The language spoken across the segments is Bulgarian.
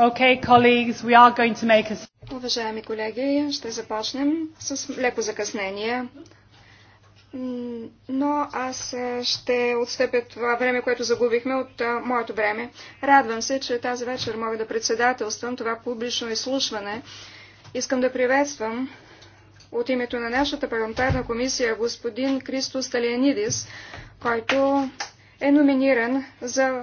Okay, colleagues, we are going to make a... Уважаеми колеги, ще започнем с леко закъснение. Но аз е, ще отстъпя това време, което загубихме от а, е, моето време. Радвам се, че тази вечер мога да председателствам това публично изслушване. Искам да приветствам от името на нашата парламентарна комисия господин Кристо Сталианидис, който е номиниран за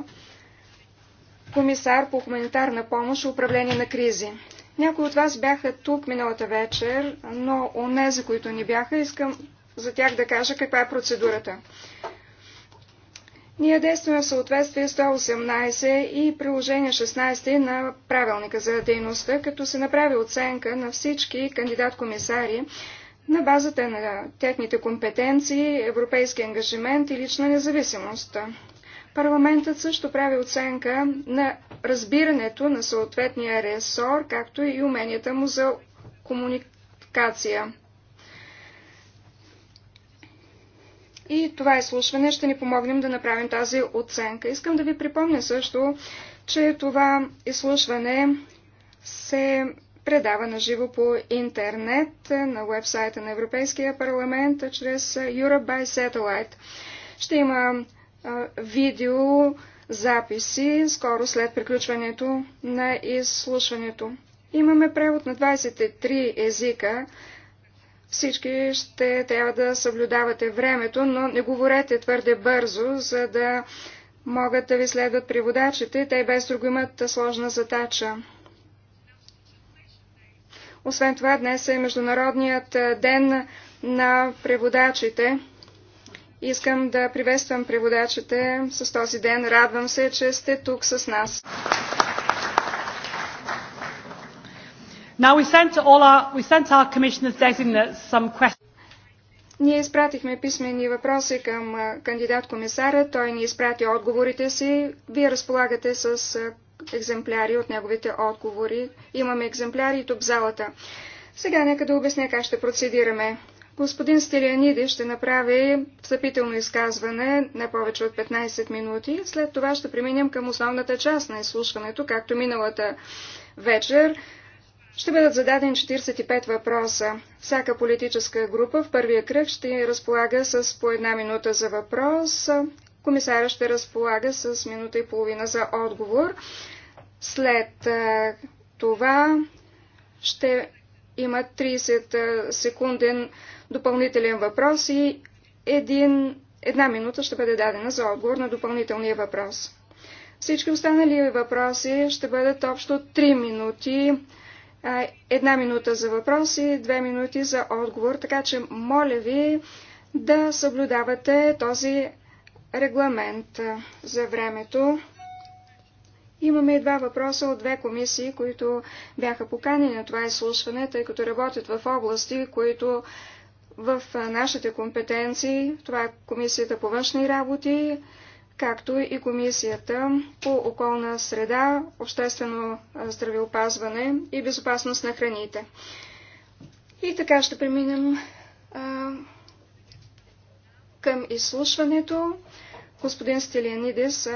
комисар по хуманитарна помощ и управление на кризи. Някои от вас бяха тук миналата вечер, но онези, които не бяха, искам за тях да кажа каква е процедурата. Ние действаме в съответствие 118 и приложение 16 на правилника за дейността, като се направи оценка на всички кандидат-комисари на базата на техните компетенции, европейски ангажимент и лична независимост. Парламентът също прави оценка на разбирането на съответния ресор, както и уменията му за комуникация. И това изслушване ще ни помогнем да направим тази оценка. Искам да ви припомня също, че това изслушване се предава на живо по интернет на вебсайта на Европейския парламент чрез Europe by Satellite. Ще има видеозаписи скоро след приключването на изслушването. Имаме превод на 23 езика. Всички ще трябва да съблюдавате времето, но не говорете твърде бързо, за да могат да ви следват преводачите. Те без друго имат сложна задача. Освен това, днес е Международният ден на преводачите. Искам да приветствам преводачите с този ден. Радвам се, че сте тук с нас. Now we sent all our, we sent our commissioners designates some questions. Ние изпратихме писмени въпроси към кандидат-комисаря. Той ни изпрати отговорите си. Вие разполагате с екземпляри от неговите отговори. Имаме екземпляри и тук в залата. Сега нека да обясня как ще процедираме. Господин Стерианиди ще направи встъпително изказване не повече от 15 минути. След това ще преминем към основната част на изслушването, както миналата вечер. Ще бъдат зададени 45 въпроса. Всяка политическа група в първия кръг ще разполага с по една минута за въпрос. Комисаря ще разполага с минута и половина за отговор. След това ще има 30 секунден допълнителен въпрос и един, една минута ще бъде дадена за отговор на допълнителния въпрос. Всички останали въпроси ще бъдат общо 3 минути. Една минута за въпроси, две минути за отговор, така че моля ви да съблюдавате този регламент за времето. Имаме и два въпроса от две комисии, които бяха поканени на това изслушване, тъй като работят в области, които в нашите компетенции, това е Комисията по външни работи, както и Комисията по околна среда, обществено здравеопазване и безопасност на храните. И така ще преминем а, към изслушването. Господин Стилианидис,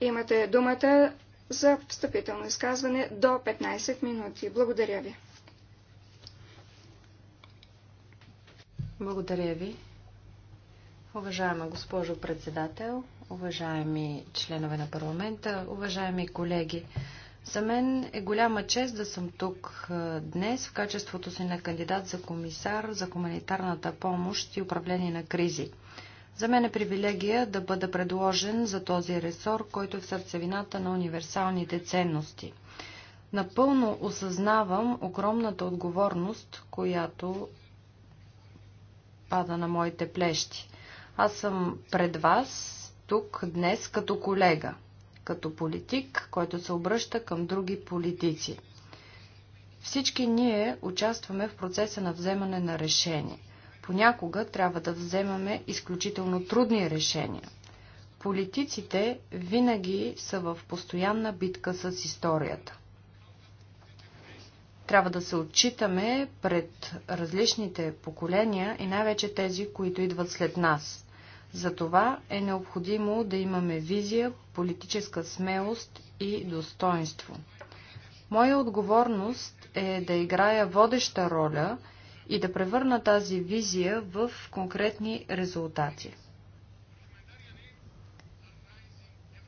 имате думата за встъпително изказване до 15 минути. Благодаря ви. Благодаря ви. Уважаема госпожо председател, уважаеми членове на парламента, уважаеми колеги, за мен е голяма чест да съм тук днес в качеството си на кандидат за комисар за хуманитарната помощ и управление на кризи. За мен е привилегия да бъда предложен за този ресор, който е в сърцевината на универсалните ценности. Напълно осъзнавам огромната отговорност, която пада на моите плещи. Аз съм пред вас тук днес като колега, като политик, който се обръща към други политици. Всички ние участваме в процеса на вземане на решение. Понякога трябва да вземаме изключително трудни решения. Политиците винаги са в постоянна битка с историята. Трябва да се отчитаме пред различните поколения и най-вече тези, които идват след нас. За това е необходимо да имаме визия, политическа смелост и достоинство. Моя отговорност е да играя водеща роля и да превърна тази визия в конкретни резултати.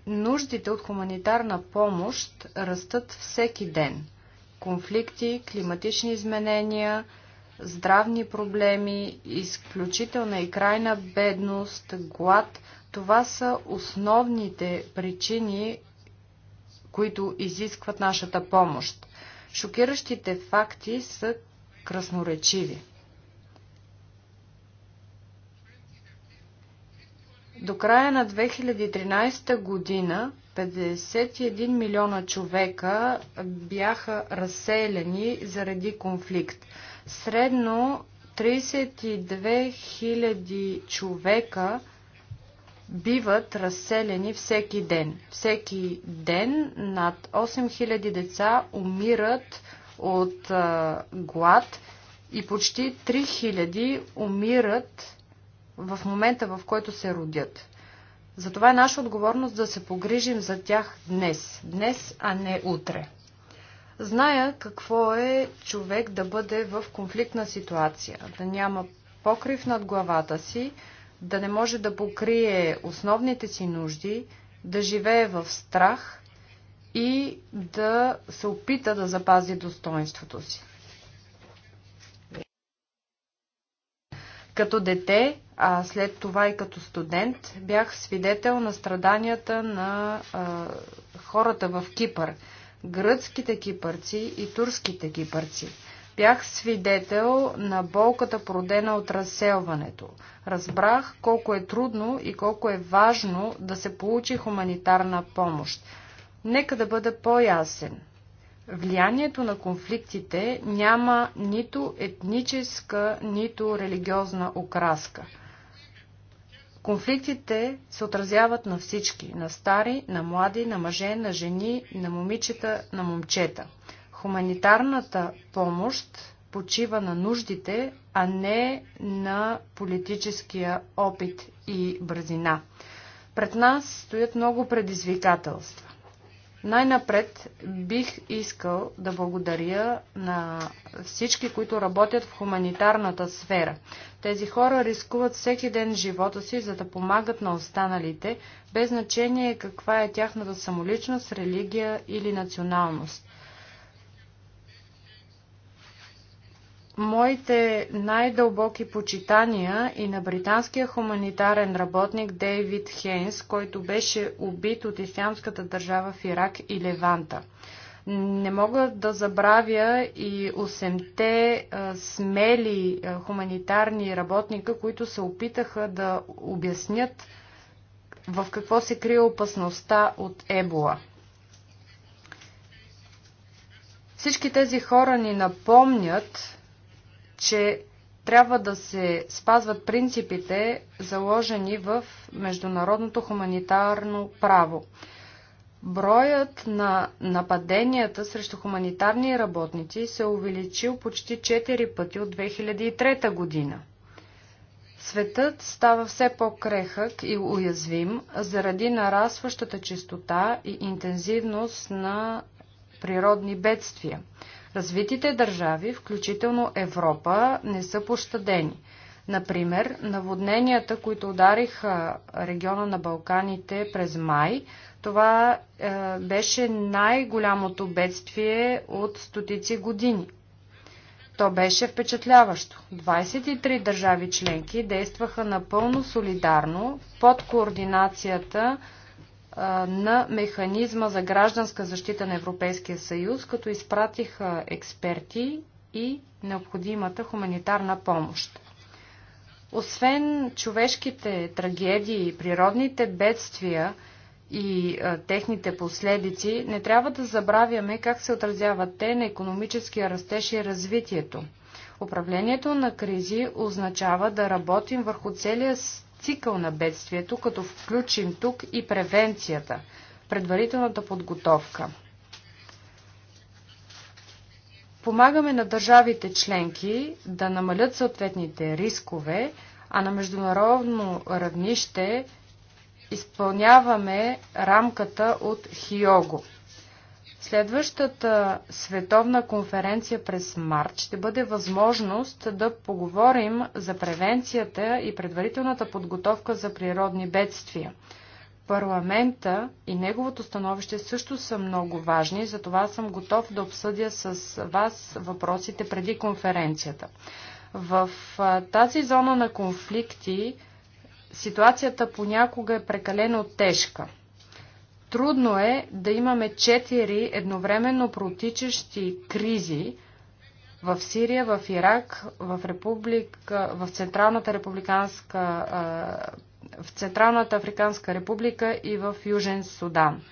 Нуждите от хуманитарна помощ растат всеки ден конфликти, климатични изменения, здравни проблеми, изключителна и крайна бедност, глад. Това са основните причини, които изискват нашата помощ. Шокиращите факти са красноречиви. До края на 2013 година 51 милиона човека бяха разселени заради конфликт. Средно 32 хиляди човека биват разселени всеки ден. Всеки ден над 8 хиляди деца умират от а, глад и почти 3000 умират в момента, в който се родят. Затова е наша отговорност да се погрижим за тях днес. Днес, а не утре. Зная какво е човек да бъде в конфликтна ситуация, да няма покрив над главата си, да не може да покрие основните си нужди, да живее в страх и да се опита да запази достоинството си. Като дете, а след това и като студент, бях свидетел на страданията на а, хората в Кипър. Гръцките кипърци и турските кипърци. Бях свидетел на болката, породена от разселването. Разбрах колко е трудно и колко е важно да се получи хуманитарна помощ. Нека да бъда по-ясен влиянието на конфликтите няма нито етническа, нито религиозна окраска. Конфликтите се отразяват на всички на стари, на млади, на мъже, на жени, на момичета, на момчета. Хуманитарната помощ почива на нуждите, а не на политическия опит и бързина. Пред нас стоят много предизвикателства. Най-напред бих искал да благодаря на всички, които работят в хуманитарната сфера. Тези хора рискуват всеки ден живота си, за да помагат на останалите, без значение каква е тяхната самоличност, религия или националност. моите най-дълбоки почитания и на британския хуманитарен работник Дейвид Хейнс, който беше убит от ислямската държава в Ирак и Леванта. Не мога да забравя и 8-те смели хуманитарни работника, които се опитаха да обяснят в какво се крие опасността от ебола. Всички тези хора ни напомнят, че трябва да се спазват принципите, заложени в международното хуманитарно право. Броят на нападенията срещу хуманитарни работници се е увеличил почти 4 пъти от 2003 година. Светът става все по-крехък и уязвим заради нарастващата чистота и интензивност на природни бедствия – Развитите държави, включително Европа, не са пощадени. Например, наводненията, които удариха региона на Балканите през май, това е, беше най-голямото бедствие от стотици години. То беше впечатляващо. 23 държави членки действаха напълно солидарно под координацията на механизма за гражданска защита на Европейския съюз, като изпратиха експерти и необходимата хуманитарна помощ. Освен човешките трагедии, природните бедствия и а, техните последици, не трябва да забравяме как се отразяват те на економическия растеж и развитието. Управлението на кризи означава да работим върху целия цикъл на бедствието, като включим тук и превенцията, предварителната подготовка. Помагаме на държавите членки да намалят съответните рискове, а на международно равнище изпълняваме рамката от Хиого – Следващата световна конференция през март ще бъде възможност да поговорим за превенцията и предварителната подготовка за природни бедствия. Парламента и неговото становище също са много важни, затова съм готов да обсъдя с вас въпросите преди конференцията. В тази зона на конфликти ситуацията понякога е прекалено тежка – Трудно е да имаме четири едновременно протичащи кризи в Сирия, в Ирак, в, република, в Централната републиканска в Централната Африканска република и в Южен Судан.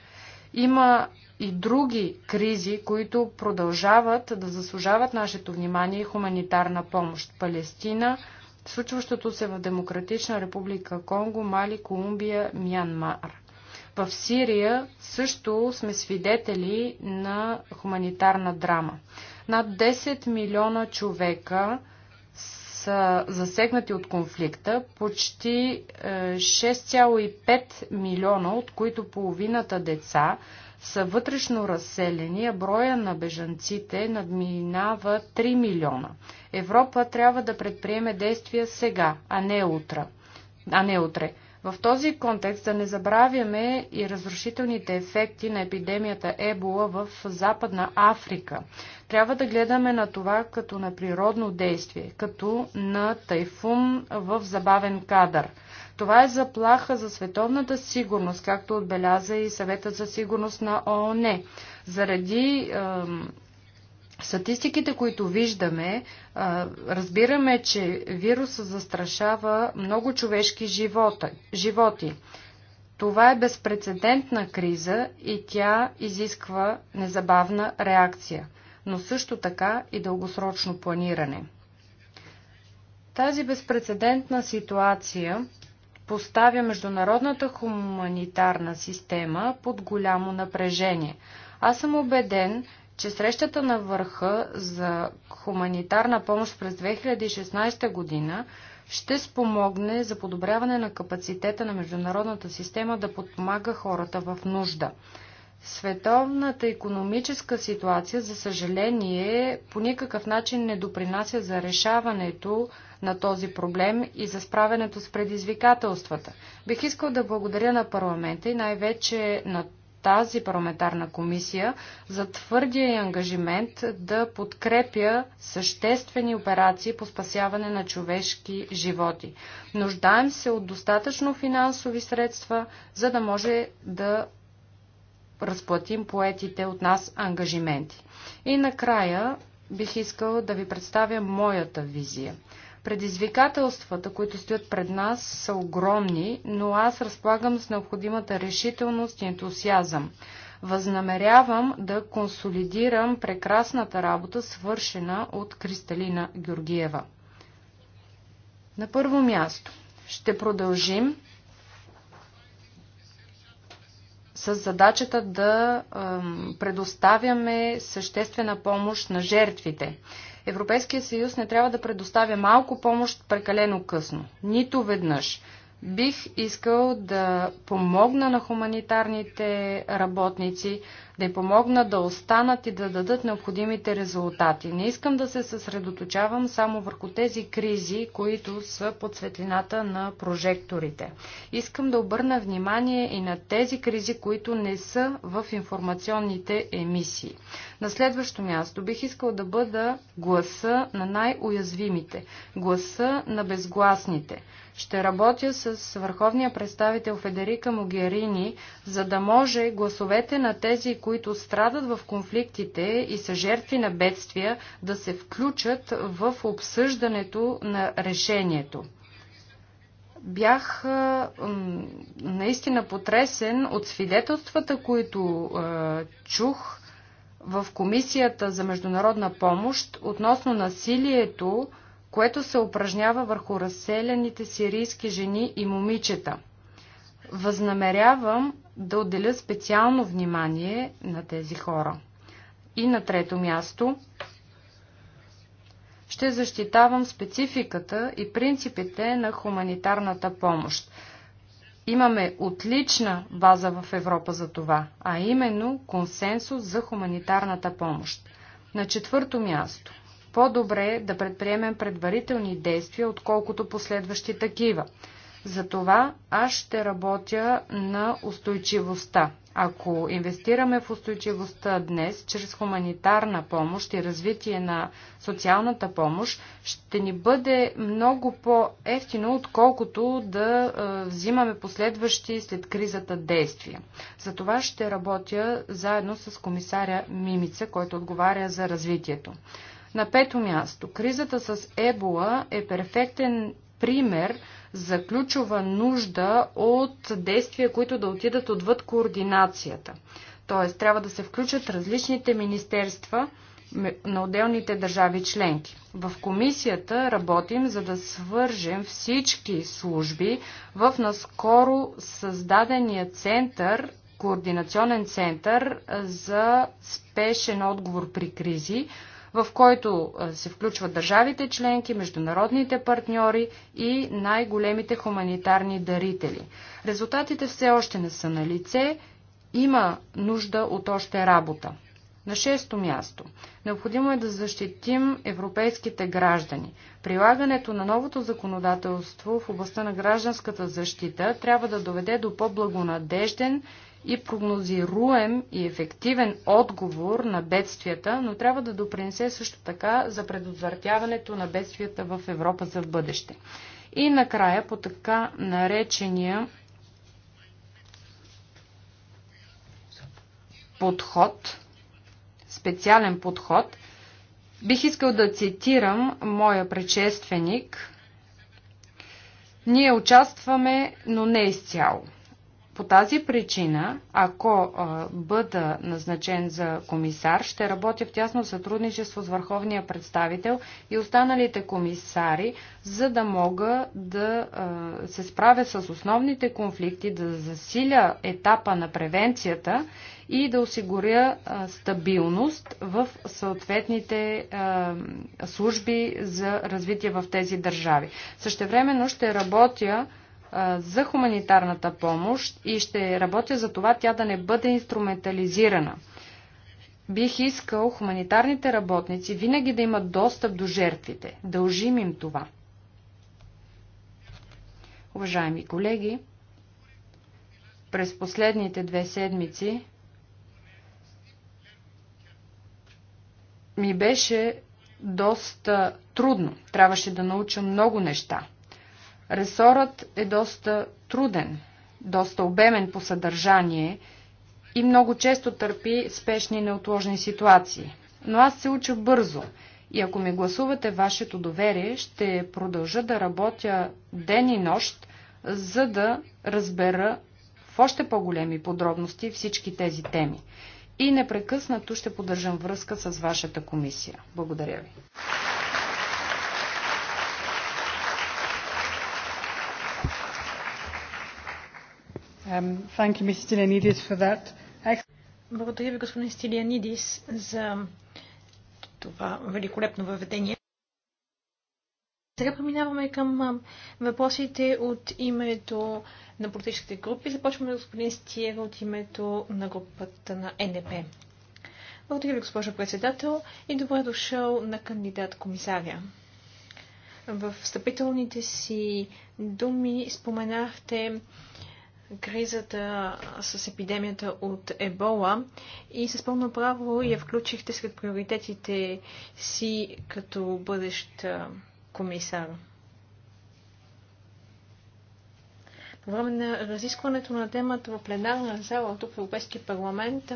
Има и други кризи, които продължават да заслужават нашето внимание и хуманитарна помощ. Палестина, случващото се в Демократична република Конго, Мали, Колумбия, Мянмар. В Сирия също сме свидетели на хуманитарна драма. Над 10 милиона човека са засегнати от конфликта, почти 6,5 е, милиона, от които половината деца са вътрешно разселени, а броя на бежанците надминава 3 милиона. Европа трябва да предприеме действия сега, а не утре. А не утре. В този контекст да не забравяме и разрушителните ефекти на епидемията Ебола в Западна Африка. Трябва да гледаме на това като на природно действие, като на тайфун в забавен кадър. Това е заплаха за световната сигурност, както отбеляза и съветът за сигурност на ООН. Заради е, статистиките, които виждаме, разбираме, че вируса застрашава много човешки живота, животи. Това е безпредседентна криза и тя изисква незабавна реакция, но също така и дългосрочно планиране. Тази безпредседентна ситуация поставя международната хуманитарна система под голямо напрежение. Аз съм убеден, че срещата на върха за хуманитарна помощ през 2016 година ще спомогне за подобряване на капацитета на международната система да подпомага хората в нужда. Световната економическа ситуация, за съжаление, по никакъв начин не допринася за решаването на този проблем и за справянето с предизвикателствата. Бих искал да благодаря на парламента и най-вече на тази парламентарна комисия за твърдия и ангажимент да подкрепя съществени операции по спасяване на човешки животи. Нуждаем се от достатъчно финансови средства, за да може да разплатим поетите от нас ангажименти. И накрая бих искал да ви представя моята визия. Предизвикателствата, които стоят пред нас, са огромни, но аз разполагам с необходимата решителност и ентусиазъм. Възнамерявам да консолидирам прекрасната работа, свършена от Кристалина Георгиева. На първо място ще продължим с задачата да предоставяме съществена помощ на жертвите. Европейския съюз не трябва да предоставя малко помощ прекалено късно. Нито веднъж. Бих искал да помогна на хуманитарните работници, да им помогна да останат и да дадат необходимите резултати. Не искам да се съсредоточавам само върху тези кризи, които са под светлината на прожекторите. Искам да обърна внимание и на тези кризи, които не са в информационните емисии. На следващо място бих искал да бъда гласа на най-уязвимите, гласа на безгласните – ще работя с върховния представител Федерика Могерини, за да може гласовете на тези, които страдат в конфликтите и са жертви на бедствия, да се включат в обсъждането на решението бях наистина потресен от свидетелствата, които чух в Комисията за международна помощ относно насилието, което се упражнява върху разселените сирийски жени и момичета. Възнамерявам да отделя специално внимание на тези хора. И на трето място ще защитавам спецификата и принципите на хуманитарната помощ. Имаме отлична база в Европа за това, а именно консенсус за хуманитарната помощ. На четвърто място по-добре е да предприемем предварителни действия, отколкото последващи такива. Затова аз ще работя на устойчивостта. Ако инвестираме в устойчивостта днес, чрез хуманитарна помощ и развитие на социалната помощ, ще ни бъде много по-ефтино, отколкото да взимаме последващи след кризата действия. За това ще работя заедно с комисаря Мимица, който отговаря за развитието. На пето място, кризата с Ебола е перфектен пример за ключова нужда от действия, които да отидат отвъд координацията. Тоест, трябва да се включат различните министерства на отделните държави членки. В комисията работим за да свържем всички служби в наскоро създадения център, координационен център за спешен отговор при кризи, в който се включват държавите членки, международните партньори и най-големите хуманитарни дарители. Резултатите все още не са на лице, има нужда от още работа. На шесто място. Необходимо е да защитим европейските граждани. Прилагането на новото законодателство в областта на гражданската защита трябва да доведе до по-благонадежден и прогнозируем и ефективен отговор на бедствията, но трябва да допринесе също така за предотвратяването на бедствията в Европа за в бъдеще. И накрая по така наречения подход, специален подход, бих искал да цитирам моя предшественик. Ние участваме, но не изцяло. По тази причина, ако бъда назначен за комисар, ще работя в тясно сътрудничество с върховния представител и останалите комисари, за да мога да се справя с основните конфликти, да засиля етапа на превенцията и да осигуря стабилност в съответните служби за развитие в тези държави. Същевременно ще работя за хуманитарната помощ и ще работя за това тя да не бъде инструментализирана. Бих искал хуманитарните работници винаги да имат достъп до жертвите. Дължим им това. Уважаеми колеги, през последните две седмици ми беше доста трудно. Трябваше да науча много неща. Ресорът е доста труден, доста обемен по съдържание и много често търпи спешни и неотложни ситуации. Но аз се уча бързо и ако ми гласувате вашето доверие, ще продължа да работя ден и нощ, за да разбера в още по-големи подробности всички тези теми. И непрекъснато ще поддържам връзка с вашата комисия. Благодаря ви. Um, Благодаря ви, господин Стилианидис, за това великолепно въведение. Сега преминаваме към въпросите от името на политическите групи. Започваме с господин Стиер от името на групата на НДП. Благодаря ви, госпожо председател, и добре дошъл на кандидат комисаря. В встъпителните си думи споменахте кризата с епидемията от ебола и с пълно право я включихте сред приоритетите си като бъдещ комисар. По време на разискването на темата в пленарна зала тук в Европейския парламент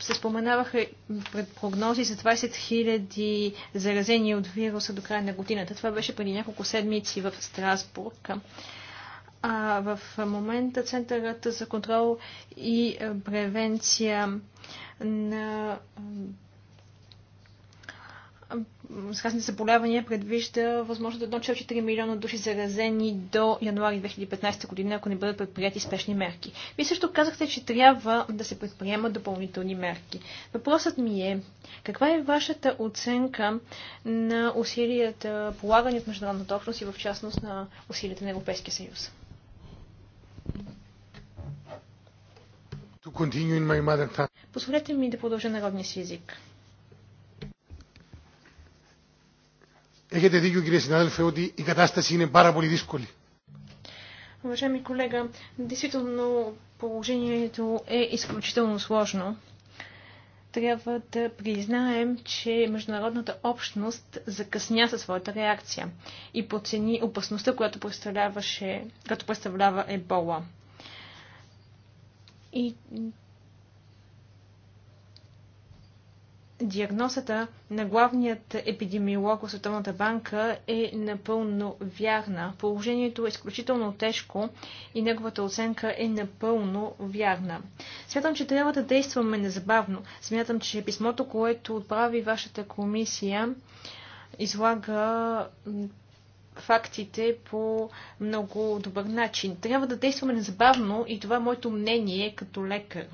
се споменаваха пред прогнози за 20 000 заразени от вируса до края на годината. Това беше преди няколко седмици в Страсбург. А в момента Центърът за контрол и превенция на Сказаните заболявания предвижда възможност да 4 милиона души заразени до януари 2015 година, ако не бъдат предприяти спешни мерки. Вие също казахте, че трябва да се предприемат допълнителни мерки. Въпросът ми е, каква е вашата оценка на усилията, полагани от международната общност и в частност на усилията на Европейския съюз? Позволете ми да продължа народния си език. Έχετε δίκιο κύριε συνάδελφε ότι η κατάσταση είναι πάρα πολύ δύσκολη. Уважаеми колега, действително положението е изключително сложно трябва да признаем, че международната общност закъсня със своята реакция и подцени опасността, която, представляваше, която представлява ебола. И диагнозата на главният епидемиолог от Световната банка е напълно вярна. Положението е изключително тежко и неговата оценка е напълно вярна. Смятам, че трябва да действаме незабавно. Смятам, че писмото, което отправи вашата комисия, излага фактите по много добър начин. Трябва да действаме незабавно и това е моето мнение като лекар.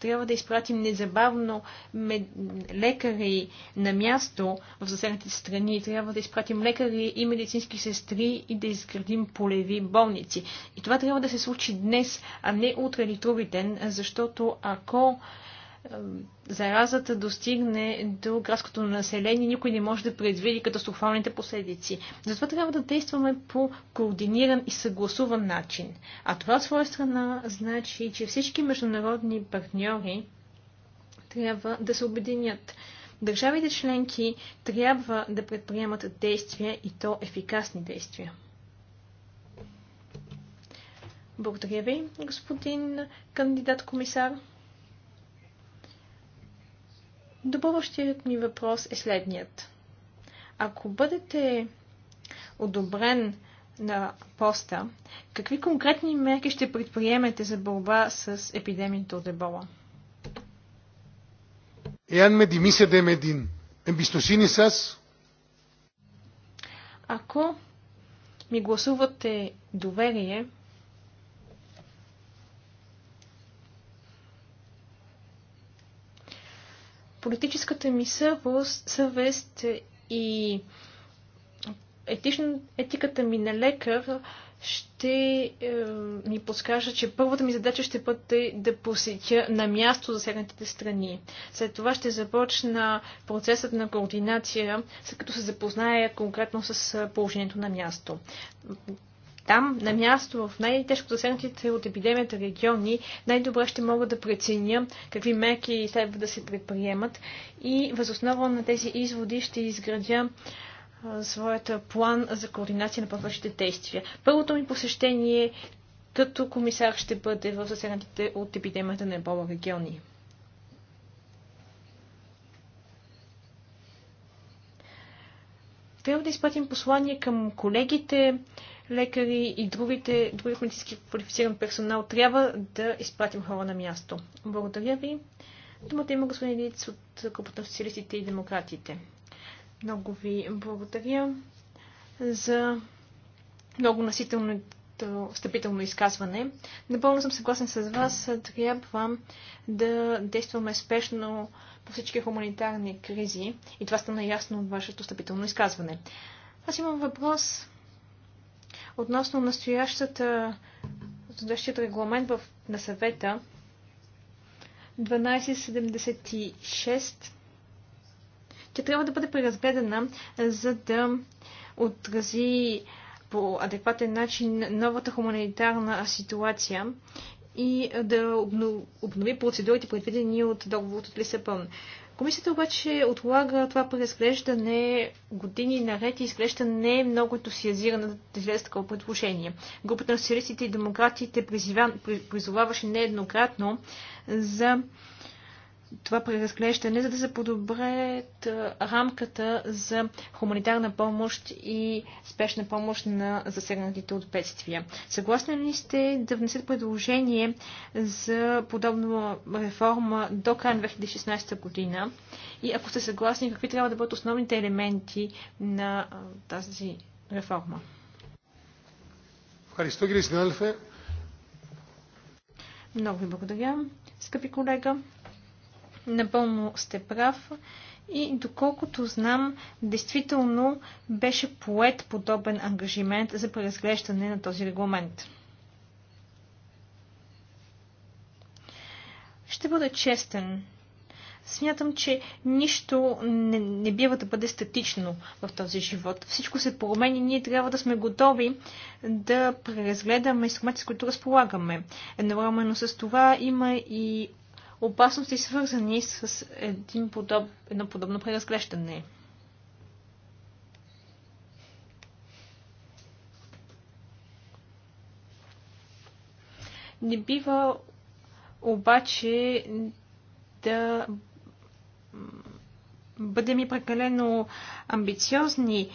Трябва да изпратим незабавно лекари на място в засегнатите страни. Трябва да изпратим лекари и медицински сестри и да изградим полеви болници. И това трябва да се случи днес, а не утре или ден, защото ако заразата достигне до градското население, никой не може да предвиди катастрофалните последици. Затова трябва да действаме по координиран и съгласуван начин. А това от своя страна значи, че всички международни партньори трябва да се обединят. Държавите членки трябва да предприемат действия и то ефикасни действия. Благодаря ви, господин кандидат комисар. Добъващият ми въпрос е следният. Ако бъдете одобрен на поста, какви конкретни мерки ще предприемете за борба с епидемията от ебола? Εάν με τιμήσετε με един. Ембистосини σας, ако ми гласувате доверие, политическата ми съвост, съвест и етична, етиката ми на лекар ще е, ми подскажа, че първата ми задача ще бъде да посетя на място засегнатите страни. След това ще започна процесът на координация, след като се запозная конкретно с е, положението на място. Там, на място, в най-тежко засегнатите от епидемията региони, най-добре ще мога да преценя какви мерки следва да се предприемат и възоснова на тези изводи ще изградя своята план за координация на пътващите действия. Първото ми посещение като комисар ще бъде в засегнатите от епидемията на ебола региони. Трябва да изпратим послание към колегите, лекари и другите, други медицински квалифициран персонал, трябва да изпратим хора на място. Благодаря ви. Думата има господин Лиц от групата на социалистите и демократите. Много ви благодаря за много насително встъпително изказване. Напълно съм съгласен с вас. Трябва да действаме спешно по всички хуманитарни кризи. И това стана ясно от вашето встъпително изказване. Аз имам въпрос относно настоящата настоящият регламент в, на съвета 1276. Тя трябва да бъде преразгледана, за да отрази по адекватен начин новата хуманитарна ситуация и да обнови процедурите, предвидени от договорът от Лисабон. Комисията обаче отлага това преразглеждане години наред и изглежда не е много ентусиазирана да излезе такова предложение. Групата на социалистите и демократите призоваваше нееднократно за това преразглеждане, за да се подобрят рамката за хуманитарна помощ и спешна помощ на засегнатите от бедствия. Съгласни ли сте да внесете предложение за подобна реформа до края на 2016 година? И ако сте съгласни, какви трябва да бъдат основните елементи на тази реформа? Много ви благодаря, скъпи колега. Напълно сте прав. И доколкото знам, действително беше поет подобен ангажимент за преразглеждане на този регламент. Ще бъда честен. Смятам, че нищо не, не бива да бъде статично в този живот. Всичко се промени. Ние трябва да сме готови да преразгледаме инструментите, с които разполагаме. Едновременно с това има и опасности, свързани с един подоб... едно подобно преразглеждане. Не бива обаче да бъдем и прекалено амбициозни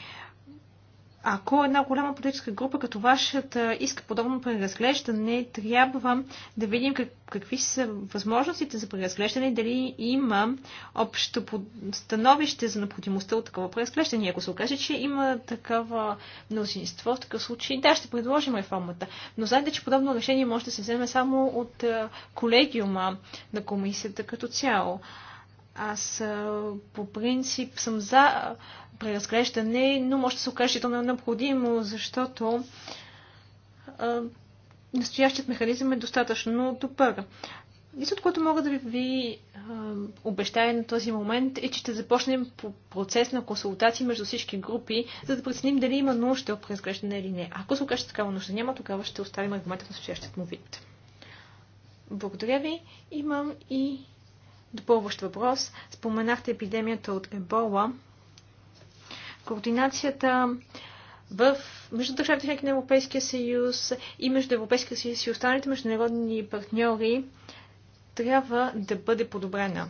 ако една голяма политическа група като вашата иска подобно преразглеждане, трябва да видим как, какви са възможностите за преразглеждане и дали има общо становище за необходимостта от такова преразглеждане. Ако се окаже, че има такава мнозинство, в такъв случай да, ще предложим реформата. Но знаете, че подобно решение може да се вземе само от колегиума на комисията като цяло. Аз по принцип съм за преразглеждане, но може да се окаже, че то не е необходимо, защото а, настоящият механизъм е достатъчно добър. Единственото, което мога да ви, ви обещая на този момент е, че ще започнем по процес на консултации между всички групи, за да преценим дали има нужда от преразглеждане или не. Ако се окаже, че такава нужда няма, тогава ще оставим аргумента на настоящият му вид. Благодаря ви. Имам и Допълващ въпрос. Споменахте епидемията от ебола. Координацията в между държавите на Европейския съюз и между Европейския съюз и останалите международни партньори трябва да бъде подобрена.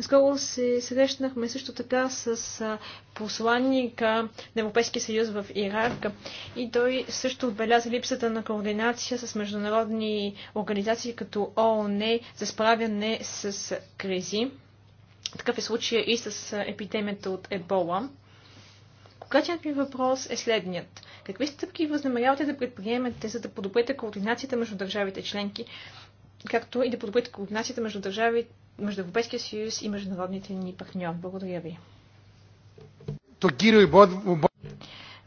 Скоро се срещнахме също така с посланника на Европейския съюз в Ирак и той също отбеляза липсата на координация с международни организации като ООН за справяне с кризи. Такъв е случая и с епидемията от ебола. Конкретният ми въпрос е следният. Какви стъпки възнамерявате да предприемете, за да подобрите координацията между държавите членки, както и да подобрите координацията между държави, между Европейския съюз и международните ни партньори. Благодаря ви.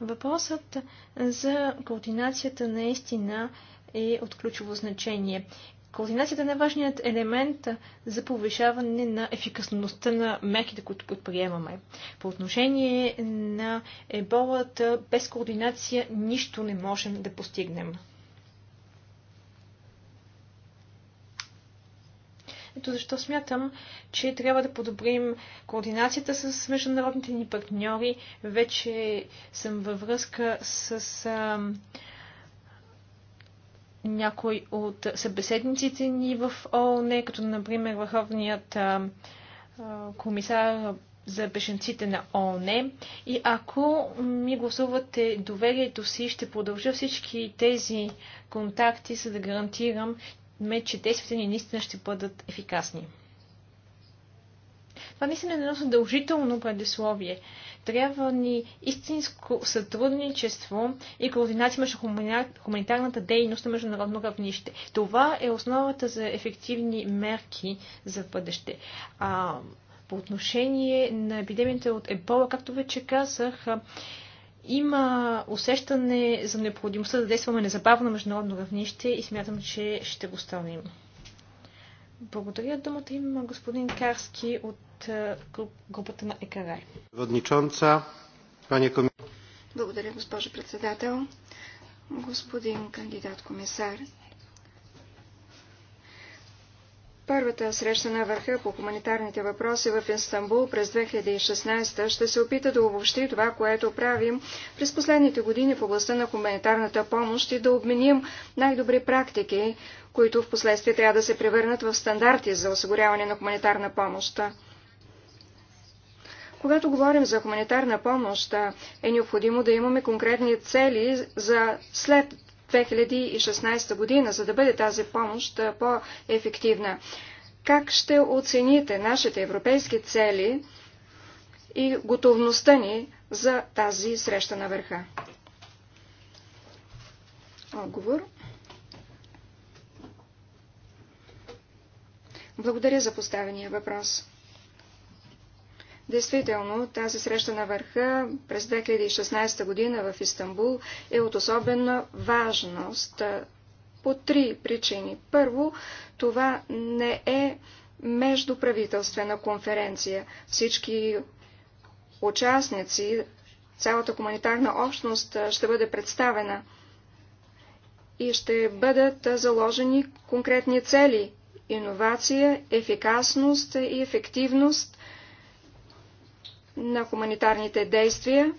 Въпросът за координацията наистина е от ключово значение. Координацията е най-важният елемент за повишаване на ефикасността на мерките, които предприемаме. По отношение на еболата, без координация нищо не можем да постигнем. Ето защо смятам, че трябва да подобрим координацията с международните ни партньори. Вече съм във връзка с а, някой от събеседниците ни в ООН, като например Върховният а, комисар за бешенците на ООН. И ако ми гласувате доверието си, ще продължа всички тези контакти, за да гарантирам, ме, че тези ни наистина ще бъдат ефикасни. Това наистина е едно задължително предисловие. Трябва ни истинско сътрудничество и координация между хуманитарната дейност на международно равнище. Това е основата за ефективни мерки за бъдеще. А по отношение на епидемията от ебола, както вече казах, има усещане за необходимостта да действаме незабавно на международно равнище и смятам, че ще го станем. Благодаря. Думата има господин Карски от е, групата на ЕКРАЙ. Водничонца, Благодаря, госпожо председател. Господин кандидат комисар, Първата среща на върха по хуманитарните въпроси в Истанбул през 2016 ще се опита да обобщи това, което правим през последните години в областта на хуманитарната помощ и да обменим най-добри практики, които в последствие трябва да се превърнат в стандарти за осигуряване на хуманитарна помощ. Когато говорим за хуманитарна помощ, е необходимо да имаме конкретни цели за след 2016 година, за да бъде тази помощ по-ефективна. Как ще оцените нашите европейски цели и готовността ни за тази среща на върха? Отговор. Благодаря за поставения въпрос. Действително, тази среща на върха през 2016 година в Истанбул е от особена важност по три причини. Първо, това не е междуправителствена конференция. Всички участници, цялата хуманитарна общност ще бъде представена и ще бъдат заложени конкретни цели – иновация, ефикасност и ефективност – на хуманитарните действия.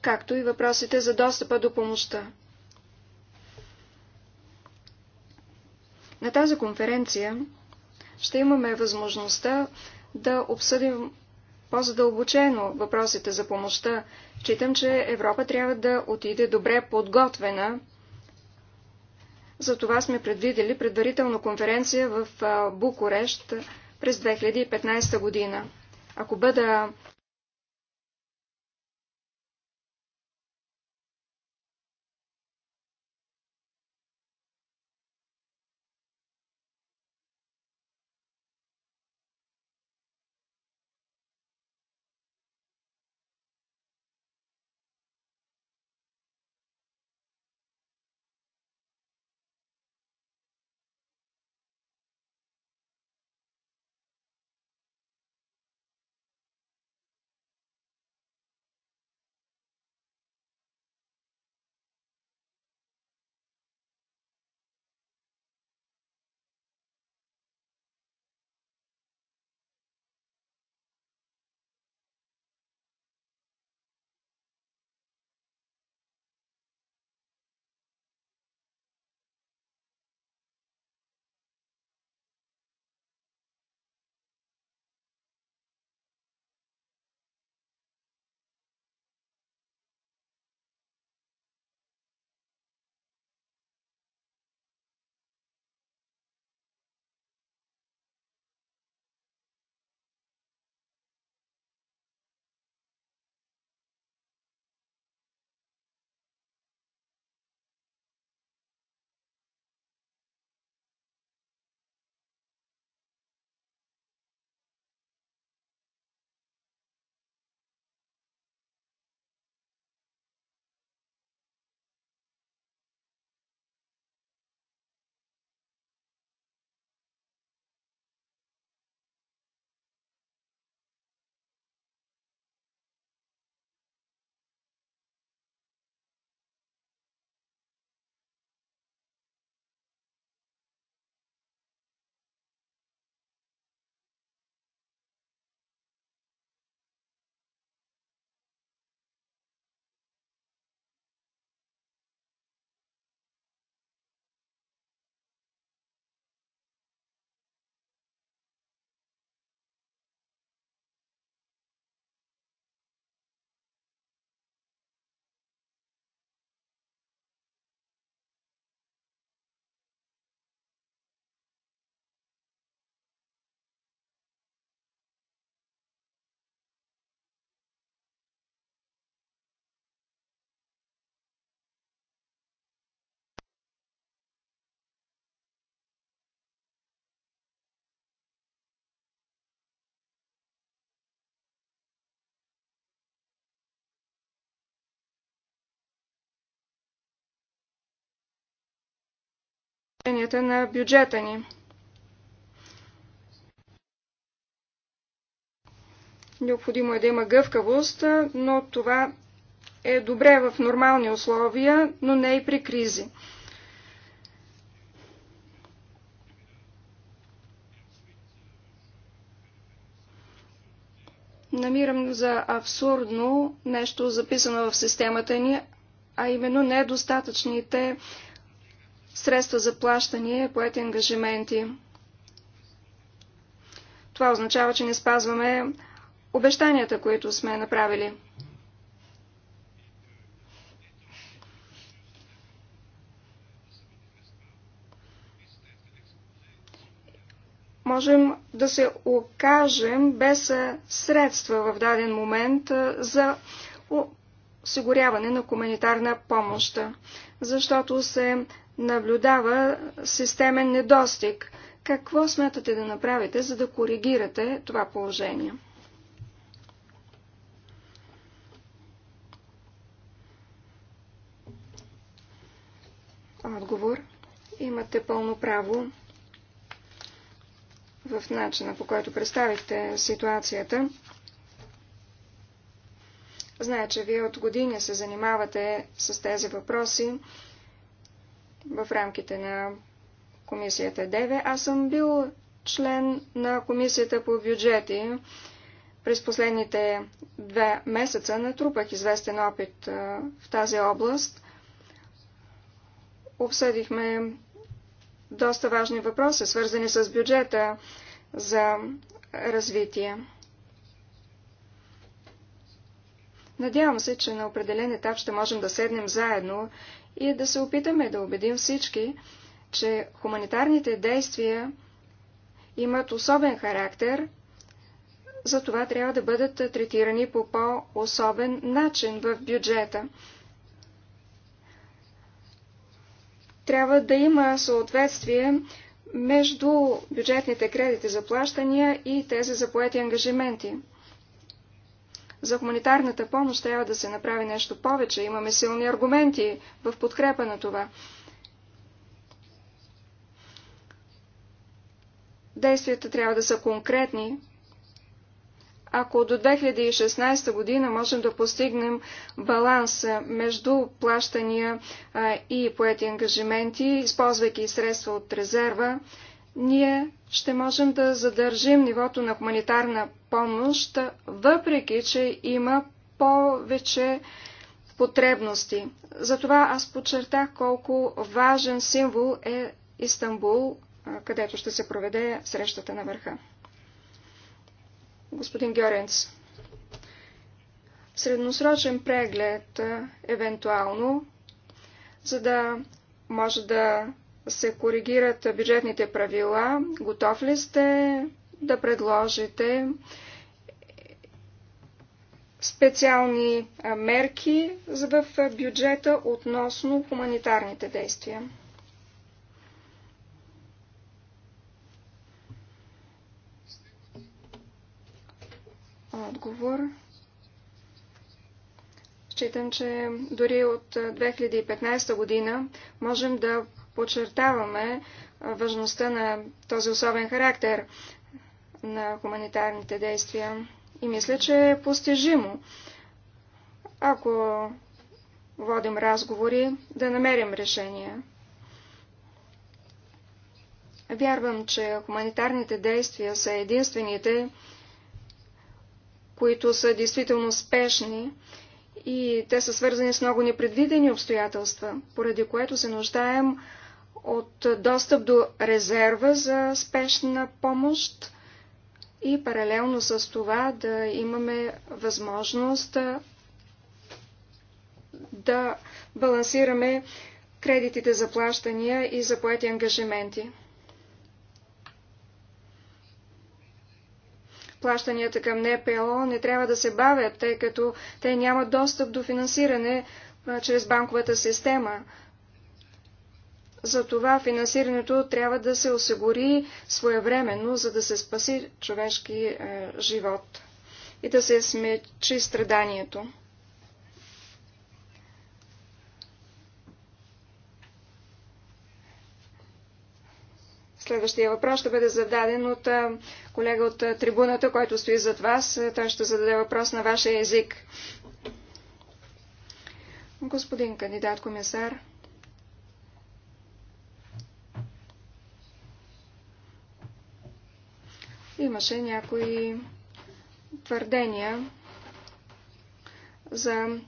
както и въпросите за достъпа до помощта. На тази конференция ще имаме възможността да обсъдим по-задълбочено въпросите за помощта. Читам, че Европа трябва да отиде добре подготвена за това сме предвидели предварителна конференция в Букурещ през 2015 година. Ако бъда изискванията на бюджета ни. Необходимо е да има гъвкавост, но това е добре в нормални условия, но не и при кризи. намирам за абсурдно нещо записано в системата ни, а именно недостатъчните средства за плащане, поети ангажименти. Това означава, че не спазваме обещанията, които сме направили. Можем да се окажем без средства в даден момент за осигуряване на хуманитарна помощ защото се наблюдава системен недостиг. Какво смятате да направите, за да коригирате това положение? Отговор. Имате пълно право в начина по който представихте ситуацията. Зная, че вие от години се занимавате с тези въпроси в рамките на комисията ДЕВЕ. Аз съм бил член на комисията по бюджети. През последните две месеца натрупах известен опит в тази област. Обсъдихме доста важни въпроси, свързани с бюджета за развитие. Надявам се, че на определен етап ще можем да седнем заедно и да се опитаме да убедим всички, че хуманитарните действия имат особен характер, за това трябва да бъдат третирани по по-особен начин в бюджета. Трябва да има съответствие между бюджетните кредити за плащания и тези за поети ангажименти. За хуманитарната помощ трябва да се направи нещо повече. Имаме силни аргументи в подкрепа на това. Действията трябва да са конкретни. Ако до 2016 година можем да постигнем баланс между плащания и поети ангажименти, използвайки средства от резерва, ние ще можем да задържим нивото на хуманитарна помощ, въпреки че има повече потребности. Затова аз подчертах колко важен символ е Истанбул, където ще се проведе срещата на върха. Господин Гьоренц, средносрочен преглед, евентуално, за да може да се коригират бюджетните правила, готов ли сте да предложите специални мерки в бюджета относно хуманитарните действия? Отговор. Считам, че дори от 2015 година можем да подчертаваме важността на този особен характер на хуманитарните действия. И мисля, че е постижимо, ако водим разговори, да намерим решения. Вярвам, че хуманитарните действия са единствените, които са действително спешни и те са свързани с много непредвидени обстоятелства, поради което се нуждаем от достъп до резерва за спешна помощ и паралелно с това да имаме възможност да, балансираме кредитите за плащания и за поети ангажименти. Плащанията към НПО не трябва да се бавят, тъй като те нямат достъп до финансиране чрез банковата система. За това финансирането трябва да се осигури своевременно, за да се спаси човешки е, живот и да се смечи страданието. Следващия въпрос ще бъде зададен от е, колега от е, трибуната, който стои зад вас. Е, той ще зададе въпрос на вашия език. Господин кандидат комисар. имаше някои твърдения за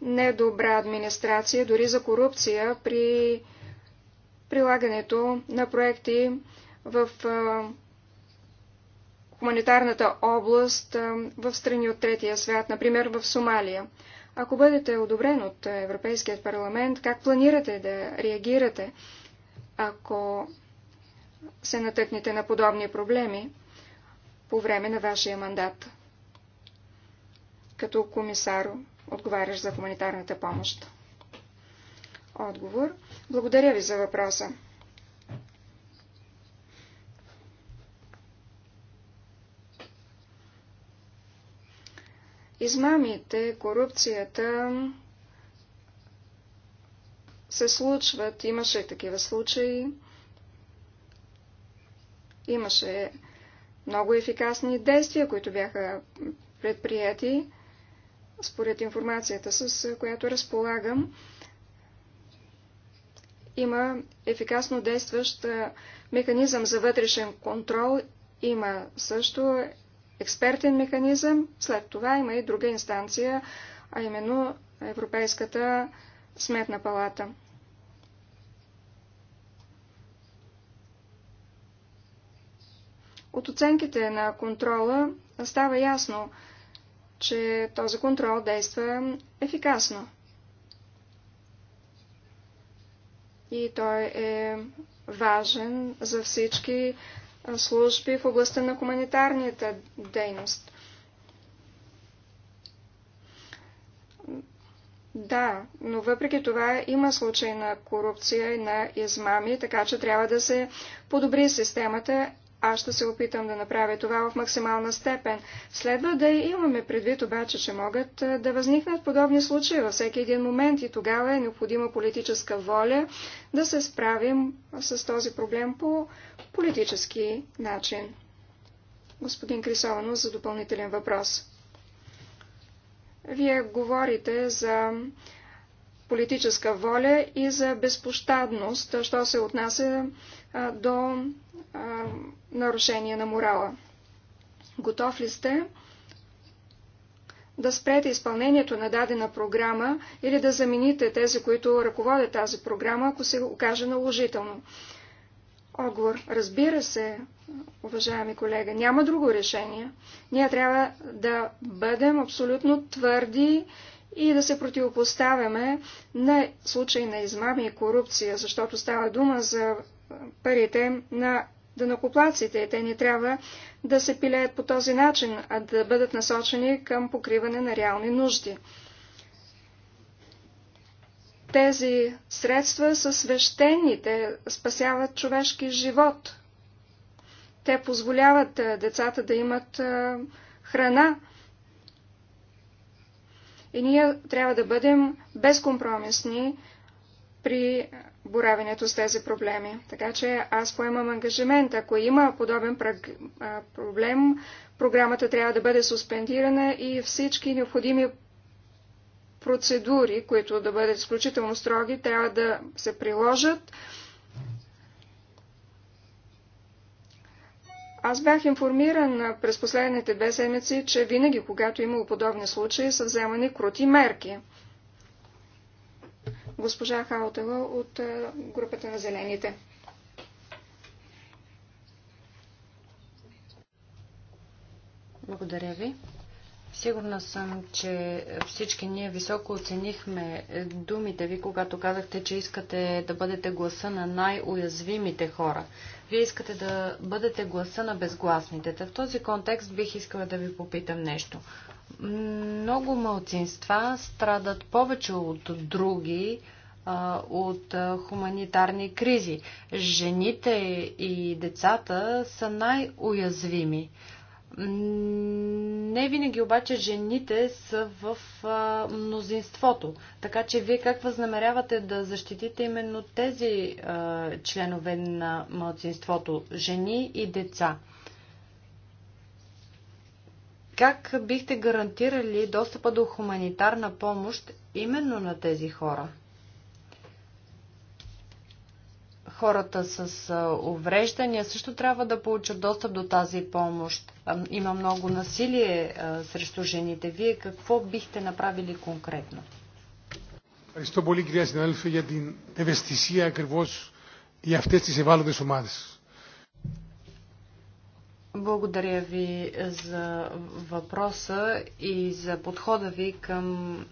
недобра администрация, дори за корупция при прилагането на проекти в хуманитарната област в страни от третия свят, например в Сомалия. Ако бъдете одобрен от Европейският парламент, как планирате да реагирате, ако се натъкнете на подобни проблеми? по време на вашия мандат като комисар, отговаряш за хуманитарната помощ? Отговор. Благодаря ви за въпроса. Измамите, корупцията се случват. Имаше такива случаи. Имаше много ефикасни действия, които бяха предприяти, според информацията, с която разполагам. Има ефикасно действащ механизъм за вътрешен контрол, има също експертен механизъм, след това има и друга инстанция, а именно Европейската сметна палата. От оценките на контрола става ясно, че този контрол действа ефикасно. И той е важен за всички служби в областта на хуманитарната дейност. Да, но въпреки това има случай на корупция и на измами, така че трябва да се подобри системата аз ще се опитам да направя това в максимална степен. Следва да имаме предвид обаче, че могат да възникнат подобни случаи във всеки един момент и тогава е необходима политическа воля да се справим с този проблем по политически начин. Господин Крисовано за допълнителен въпрос. Вие говорите за политическа воля и за безпощадност, що се отнася а, до а, нарушение на морала. Готов ли сте да спрете изпълнението на дадена програма или да замените тези, които ръководят тази програма, ако се окаже наложително? Отговор. Разбира се, уважаеми колега, няма друго решение. Ние трябва да бъдем абсолютно твърди и да се противопоставяме на случай на измами и корупция, защото става дума за парите на дънокоплаците. Те не трябва да се пилеят по този начин, а да бъдат насочени към покриване на реални нужди. Тези средства са свещени, те спасяват човешки живот. Те позволяват децата да имат храна. И ние трябва да бъдем безкомпромисни при боравенето с тези проблеми. Така че аз поемам ангажимент. Ако има подобен праг... проблем, програмата трябва да бъде суспендирана и всички необходими процедури, които да бъдат изключително строги, трябва да се приложат. Аз бях информиран през последните две седмици, че винаги, когато е имало подобни случаи, са вземани крути мерки госпожа Хаутела от е, групата на зелените. Благодаря ви. Сигурна съм, че всички ние високо оценихме е, думите ви, когато казахте, че искате да бъдете гласа на най-уязвимите хора. Вие искате да бъдете гласа на безгласните. в този контекст бих искала да ви попитам нещо. Много мълцинства страдат повече от други от хуманитарни кризи. Жените и децата са най-уязвими. Не винаги обаче жените са в а, мнозинството. Така че вие как възнамерявате да защитите именно тези а, членове на мълцинството: жени и деца? Как бихте гарантирали достъпа до хуманитарна помощ именно на тези хора? хората с увреждания също трябва да получат достъп до тази помощ. Има много насилие срещу жените. Вие какво бихте направили конкретно? Ευχαριστώ πολύ κυρία συνάδελφε για την ευαισθησία ακριβώς για αυτές τις ευάλωτες ομάδες. Благодаря ви за въпроса и за подхода ви към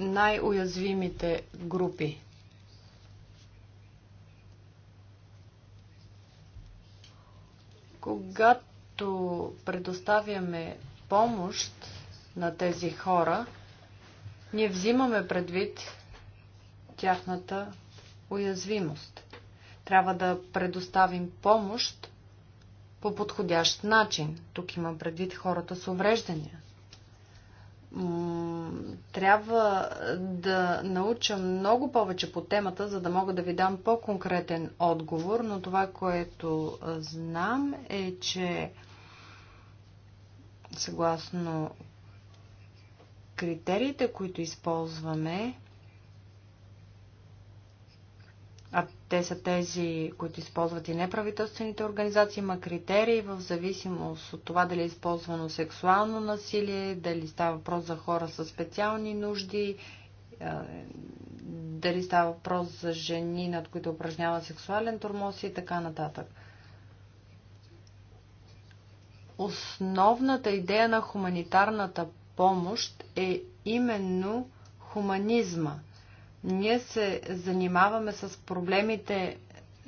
най-уязвимите групи. Когато предоставяме помощ на тези хора, ние взимаме предвид тяхната уязвимост. Трябва да предоставим помощ по подходящ начин. Тук имам предвид хората с увреждания. Трябва да науча много повече по темата, за да мога да ви дам по-конкретен отговор, но това, което знам е, че съгласно критериите, които използваме, а те са тези, които използват и неправителствените организации, има критерии в зависимост от това дали е използвано сексуално насилие, дали става въпрос за хора с специални нужди, е, дали става въпрос за жени, над които упражнява сексуален тормоз и така нататък. Основната идея на хуманитарната помощ е именно хуманизма – ние се занимаваме с проблемите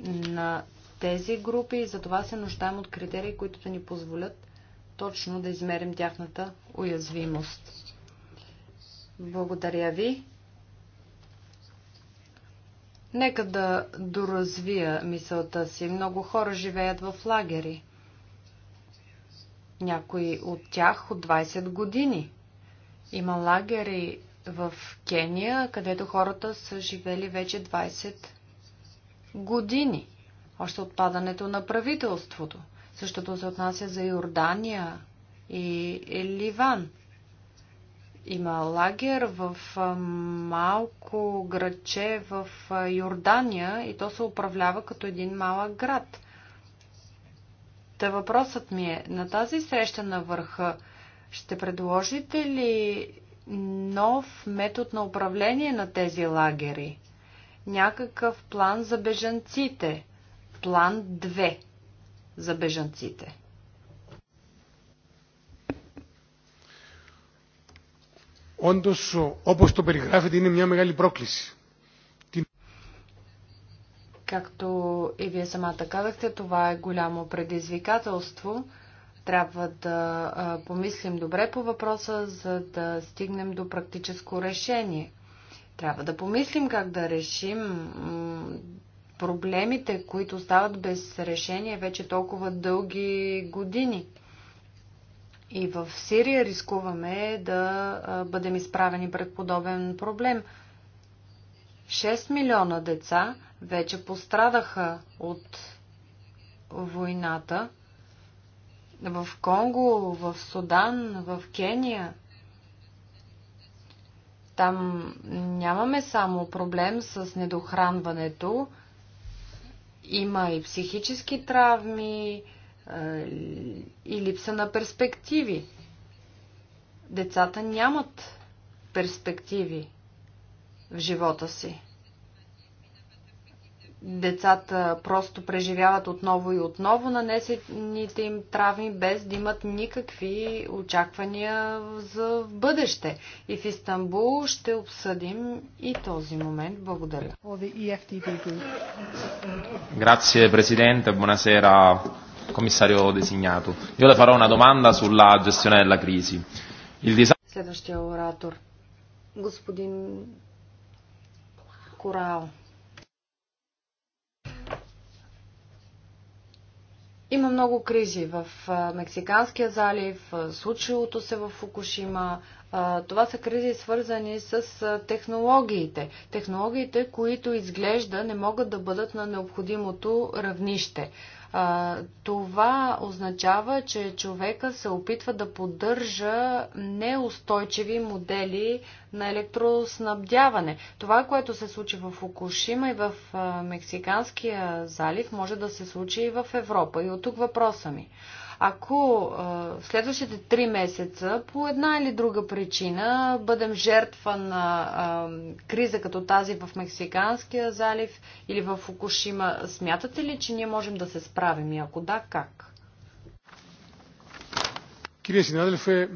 на тези групи и затова се нуждаем от критерии, които да ни позволят точно да измерим тяхната уязвимост. Благодаря ви. Нека да доразвия мисълта си. Много хора живеят в лагери. Някои от тях от 20 години. Има лагери в Кения, където хората са живели вече 20 години, още от падането на правителството. Същото се отнася за Йордания и Ливан. Има лагер в малко градче в Йордания и то се управлява като един малък град. Та въпросът ми е, на тази среща на върха ще предложите ли нов метод на управление на тези лагери, някакъв план за бежанците, план 2 за бежанците. Όντως, όπως το περιγράφετε, είναι μια μεγάλη πρόκληση. Както и вие самата казахте, това е голямо предизвикателство – трябва да помислим добре по въпроса, за да стигнем до практическо решение. Трябва да помислим как да решим проблемите, които стават без решение вече толкова дълги години. И в Сирия рискуваме да бъдем изправени пред подобен проблем. 6 милиона деца вече пострадаха от войната в Конго, в Судан, в Кения. Там нямаме само проблем с недохранването, има и психически травми е, и липса на перспективи. Децата нямат перспективи в живота си децата просто преживяват отново и отново нанесените им травми, без да имат никакви очаквания за бъдеще. И в Истанбул ще обсъдим и този момент. Благодаря. Грация, президент, Бонасера, комисарио designato. Io le farò una domanda sulla gestione della crisi. Il disastro... Следващия оратор. Господин Корал. Има много кризи в Мексиканския залив, случилото се в Фукушима. Това са кризи свързани с технологиите. Технологиите, които изглежда не могат да бъдат на необходимото равнище. Това означава, че човека се опитва да поддържа неустойчиви модели на електроснабдяване. Това, което се случи в Фукушима и в Мексиканския залив, може да се случи и в Европа. И от тук въпроса ми. Ако в следващите три месеца по една или друга причина бъдем жертва на криза като тази в Мексиканския залив или в Фукушима, смятате ли, че ние можем да се справим? И ако да, как? Κύριε συνάδελφε,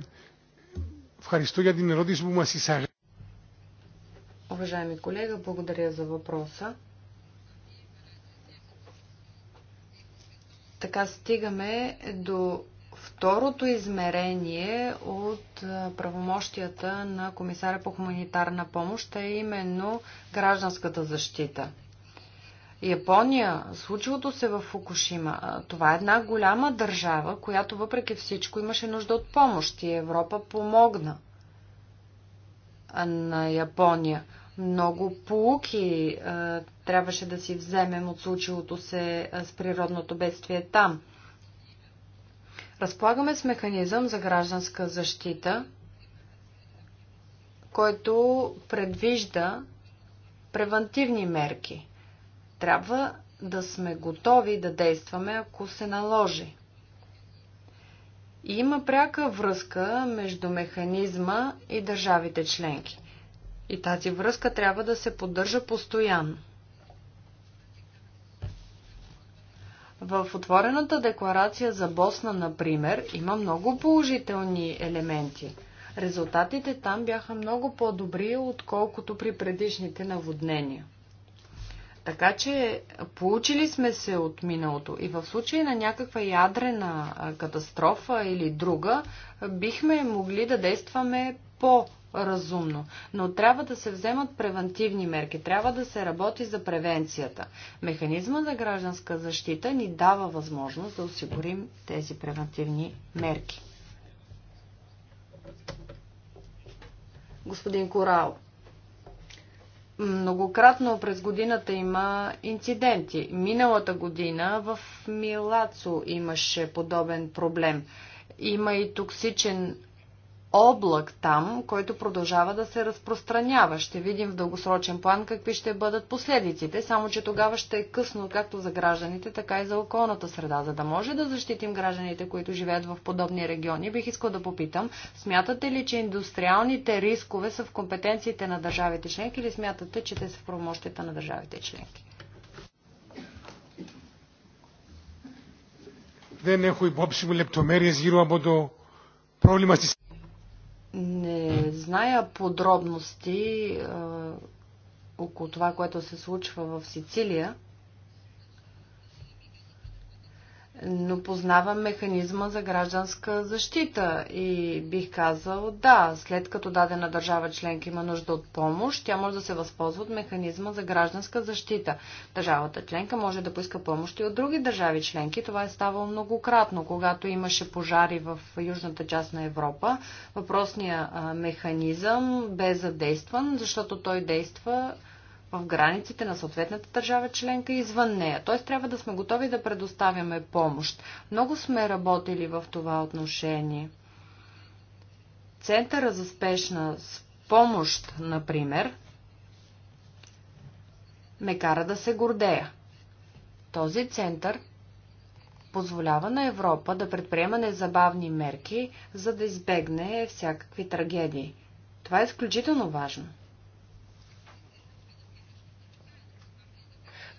ευχαριστώ για την ερώτηση που μας Уважаеми колега, благодаря за въпроса. Така стигаме до второто измерение от правомощията на комисаря по хуманитарна помощ, е именно гражданската защита. Япония, случилото се в Фукушима, това е една голяма държава, която въпреки всичко имаше нужда от помощ и Европа помогна на Япония. Много полуки трябваше да си вземем от случилото се с природното бедствие там. Разполагаме с механизъм за гражданска защита, който предвижда превантивни мерки. Трябва да сме готови да действаме, ако се наложи. И има пряка връзка между механизма и държавите членки. И тази връзка трябва да се поддържа постоянно. В отворената декларация за Босна, например, има много положителни елементи. Резултатите там бяха много по-добри, отколкото при предишните наводнения. Така че получили сме се от миналото и в случай на някаква ядрена катастрофа или друга, бихме могли да действаме по разумно. Но трябва да се вземат превентивни мерки, трябва да се работи за превенцията. Механизма за гражданска защита ни дава възможност да осигурим тези превентивни мерки. Господин Корал, многократно през годината има инциденти. Миналата година в Милацо имаше подобен проблем. Има и токсичен облак там, който продължава да се разпространява. Ще видим в дългосрочен план какви ще бъдат последиците, само че тогава ще е късно както за гражданите, така и за околната среда. За да може да защитим гражданите, които живеят в подобни региони, бих искал да попитам, смятате ли, че индустриалните рискове са в компетенциите на държавите членки или смятате, че те са в промощите на държавите членки? Δεν έχω υπόψη μου λεπτομέρειες γύρω από το πρόβλημα στις не зная подробности а, около това, което се случва в Сицилия, но познавам механизма за гражданска защита и бих казал да, след като дадена държава членка има нужда от помощ, тя може да се възползва от механизма за гражданска защита. Държавата членка може да поиска помощ и от други държави членки. Това е ставало многократно. Когато имаше пожари в южната част на Европа, въпросният механизъм бе задействан, защото той действа в границите на съответната държава членка и извън нея. Т.е. трябва да сме готови да предоставяме помощ. Много сме работили в това отношение. Центъра за спешна помощ, например, ме кара да се гордея. Този център позволява на Европа да предприема незабавни мерки, за да избегне всякакви трагедии. Това е изключително важно.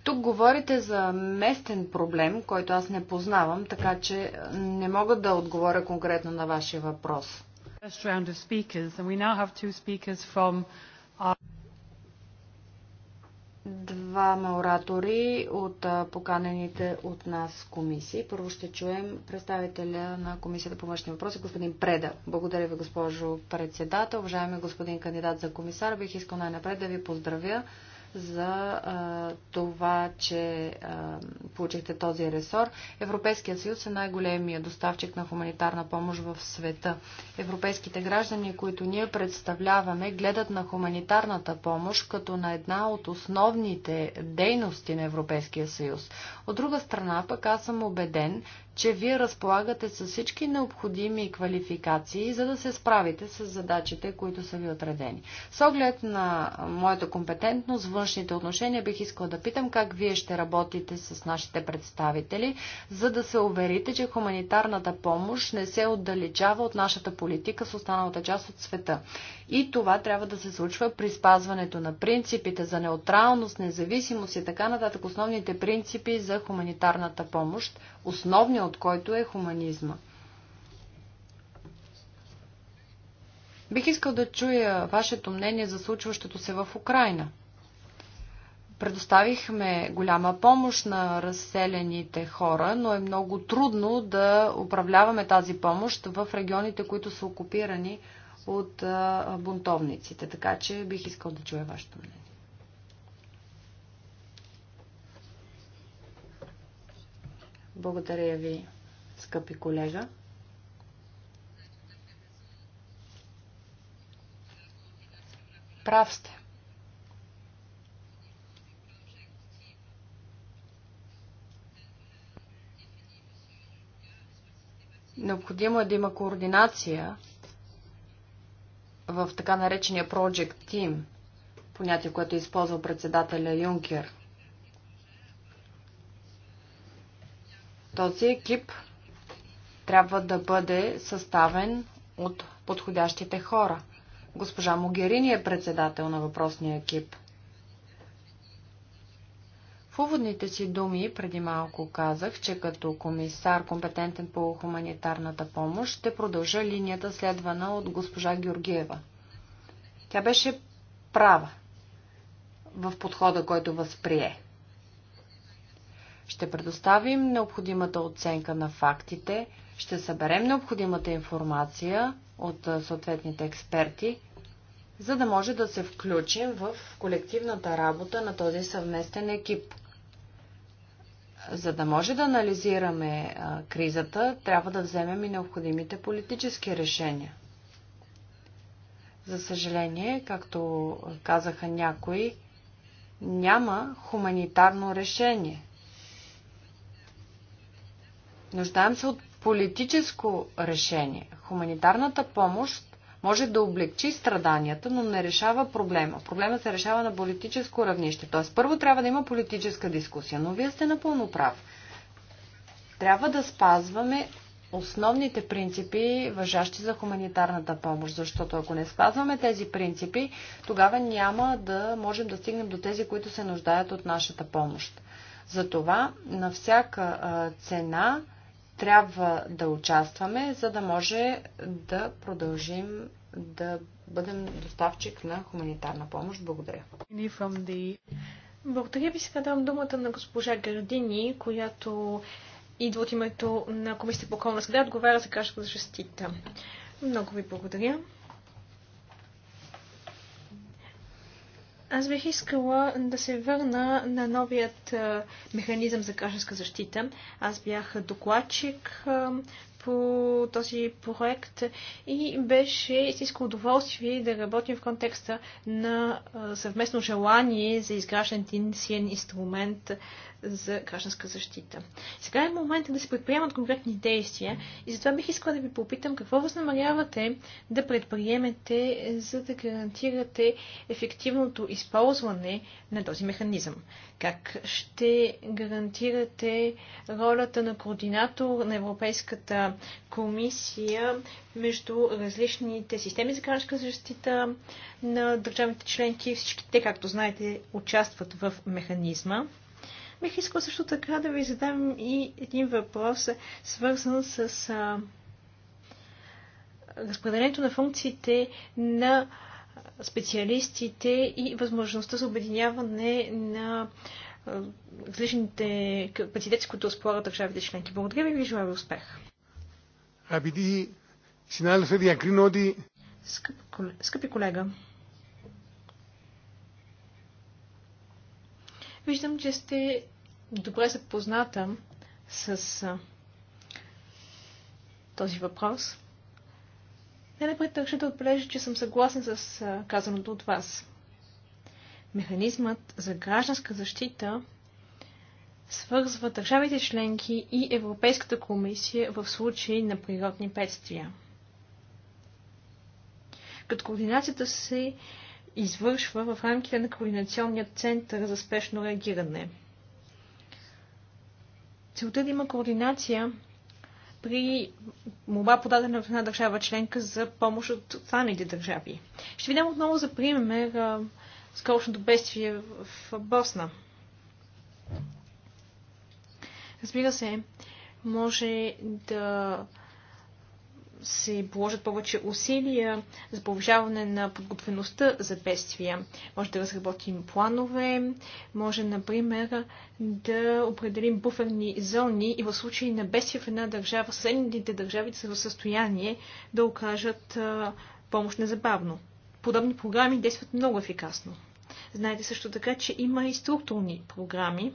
Тук говорите за местен проблем, който аз не познавам, така че е, не мога да отговоря конкретно на вашия въпрос. Двама оратори от поканените от нас комисии. Първо ще чуем представителя на Комисията по външни въпроси, господин Преда. Благодаря ви, госпожо председател. Уважаеми господин кандидат за комисар, бих искал най-напред да ви поздравя за а, това, че а, получихте този ресор. Европейският съюз е най-големия доставчик на хуманитарна помощ в света. Европейските граждани, които ние представляваме, гледат на хуманитарната помощ като на една от основните дейности на Европейския съюз. От друга страна, пък аз съм убеден, че вие разполагате с всички необходими квалификации, за да се справите с задачите, които са ви отредени. С оглед на моята компетентност, външните отношения, бих искала да питам как вие ще работите с нашите представители, за да се уверите, че хуманитарната помощ не се отдалечава от нашата политика с останалата част от света. И това трябва да се случва при спазването на принципите за неутралност, независимост и така нататък, основните принципи за хуманитарната помощ основният от който е хуманизма. Бих искал да чуя вашето мнение за случващото се в Украина. Предоставихме голяма помощ на разселените хора, но е много трудно да управляваме тази помощ в регионите, които са окупирани от бунтовниците. Така че бих искал да чуя вашето мнение. Благодаря ви, скъпи колега. Прав сте. Необходимо е да има координация в така наречения Project Team, понятие, което е използва председателя Юнкер – Този екип трябва да бъде съставен от подходящите хора. Госпожа Могерини е председател на въпросния екип. В уводните си думи преди малко казах, че като комисар, компетентен по хуманитарната помощ, ще продължа линията следвана от госпожа Георгиева. Тя беше права в подхода, който възприе. Ще предоставим необходимата оценка на фактите, ще съберем необходимата информация от съответните експерти, за да може да се включим в колективната работа на този съвместен екип. За да може да анализираме кризата, трябва да вземем и необходимите политически решения. За съжаление, както казаха някои, няма хуманитарно решение – Нуждаем се от политическо решение. Хуманитарната помощ може да облегчи страданията, но не решава проблема. Проблема се решава на политическо равнище. Т.е. първо трябва да има политическа дискусия, но вие сте напълно прав. Трябва да спазваме основните принципи, въжащи за хуманитарната помощ, защото ако не спазваме тези принципи, тогава няма да можем да стигнем до тези, които се нуждаят от нашата помощ. Затова на всяка цена трябва да участваме, за да може да продължим да бъдем доставчик на хуманитарна помощ. Благодаря. Благодаря ви. Сега давам думата на госпожа Градини, която идва от името на Комисията по околна среда, отговаря за кашка за защита. Много ви благодаря. Аз бих искала да се върна на новият механизъм за гражданска защита. Аз бях докладчик по този проект и беше истинско удоволствие да работим в контекста на съвместно желание за изграждането си инструмент за гражданска защита. Сега е момента да се предприемат конкретни действия и затова бих искала да ви попитам какво възнамерявате да предприемете, за да гарантирате ефективното използване на този механизъм. Как ще гарантирате ролята на координатор на Европейската комисия между различните системи за гражданска защита на държавите членки. Всички те, както знаете, участват в механизма. Бих искал също така да ви задам и един въпрос, свързан с а, разпределението на функциите на специалистите и възможността за обединяване на различните капацитети, с които разполагат държавите членки. Благодаря ви и ви желая успех. Скъпи колега, Виждам, че сте добре запозната с този въпрос. Не напред държа да отбележа, че съм съгласен с казаното от вас. Механизмът за гражданска защита свързва държавите членки и Европейската комисия в случай на природни бедствия. Като координацията се извършва в рамките на Координационния център за спешно реагиране. Целта е да има координация при моба подадена в една държава членка за помощ от останалите държави. Ще ви дам отново за пример скорошното бедствие в Босна. Разбира се, може да се положат повече усилия за повишаване на подготвеността за бедствия. Може да разработим планове, може, например, да определим буферни зони и в случай на бедствия в една държава, съседните държави са в състояние да окажат помощ незабавно. Подобни програми действат много ефикасно. Знаете също така, че има и структурни програми,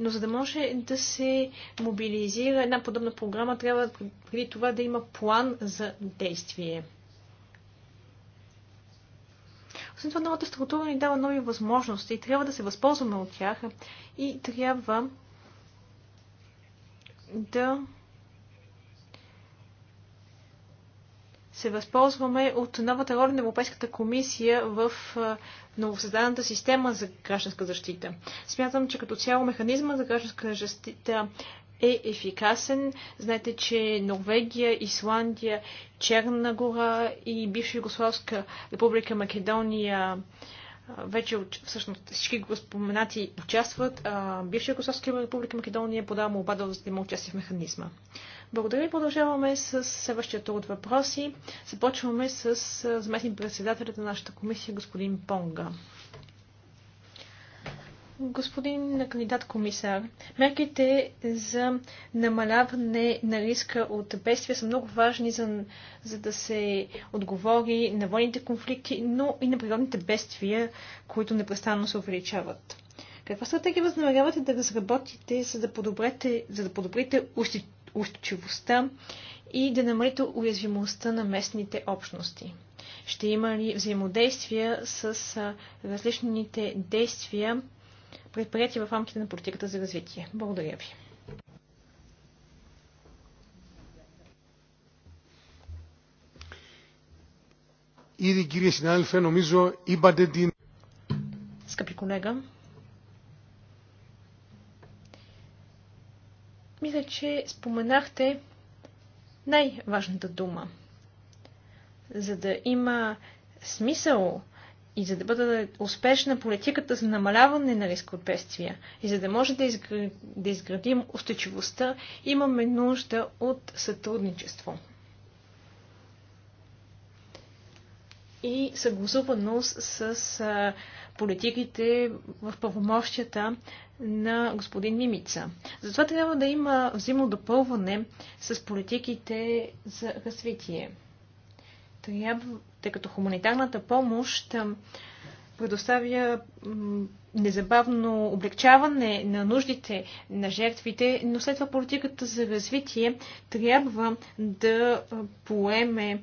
но за да може да се мобилизира една подобна програма, трябва преди това да има план за действие. Освен това, новата структура ни дава нови възможности и трябва да се възползваме от тях и трябва да се възползваме от новата роля на Европейската комисия в новосъздадената система за гражданска защита. Смятам, че като цяло механизма за гражданска защита е ефикасен. Знаете, че Норвегия, Исландия, Черна гора и бивша Югославска република Македония вече всъщност всички го споменати участват. А, бившия на република Македония подава му обада, за да има участие в механизма. Благодаря и продължаваме с следващия тур от въпроси. Започваме с заместник председателя на нашата комисия, господин Понга. Господин кандидат комисар, мерките за намаляване на риска от бедствия са много важни, за, за да се отговори на военните конфликти, но и на природните бедствия, които непрестанно се увеличават. Каква стратегия възнамерявате да разработите, за да, подобрете, за да подобрите устойчивостта и да намалите уязвимостта на местните общности? Ще има ли взаимодействия с различните действия предприятия в рамките на политиката за развитие. Благодаря ви. Ήδη κύριε συνάδελφε νομίζω είπατε την... Скъпи колега, мисля, че споменахте най-важната дума. За да има смисъл и за да бъде успешна политиката за намаляване на риска от бедствия и за да може да, изгр... да изградим устойчивостта, имаме нужда от сътрудничество. И съгласуваност с, политиките в правомощията на господин Мимица. Затова трябва да има взаимодопълване с политиките за развитие трябва, тъй като хуманитарната помощ предоставя незабавно облегчаване на нуждите на жертвите, но след това политиката за развитие трябва да поеме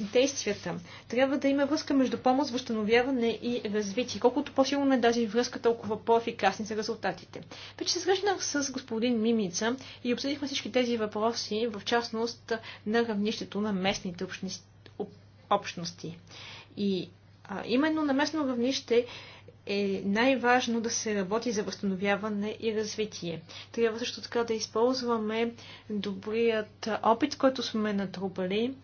действията. Трябва да има връзка между помощ, възстановяване и развитие. Колкото по-силна е тази връзка, толкова по-ефикасни са резултатите. Вече се срещнах с господин Мимица и обсъдихме всички тези въпроси, в частност на равнището на местните общности. И а, именно на местно равнище е най-важно да се работи за възстановяване и развитие. Трябва също така да използваме добрият опит, който сме натрупали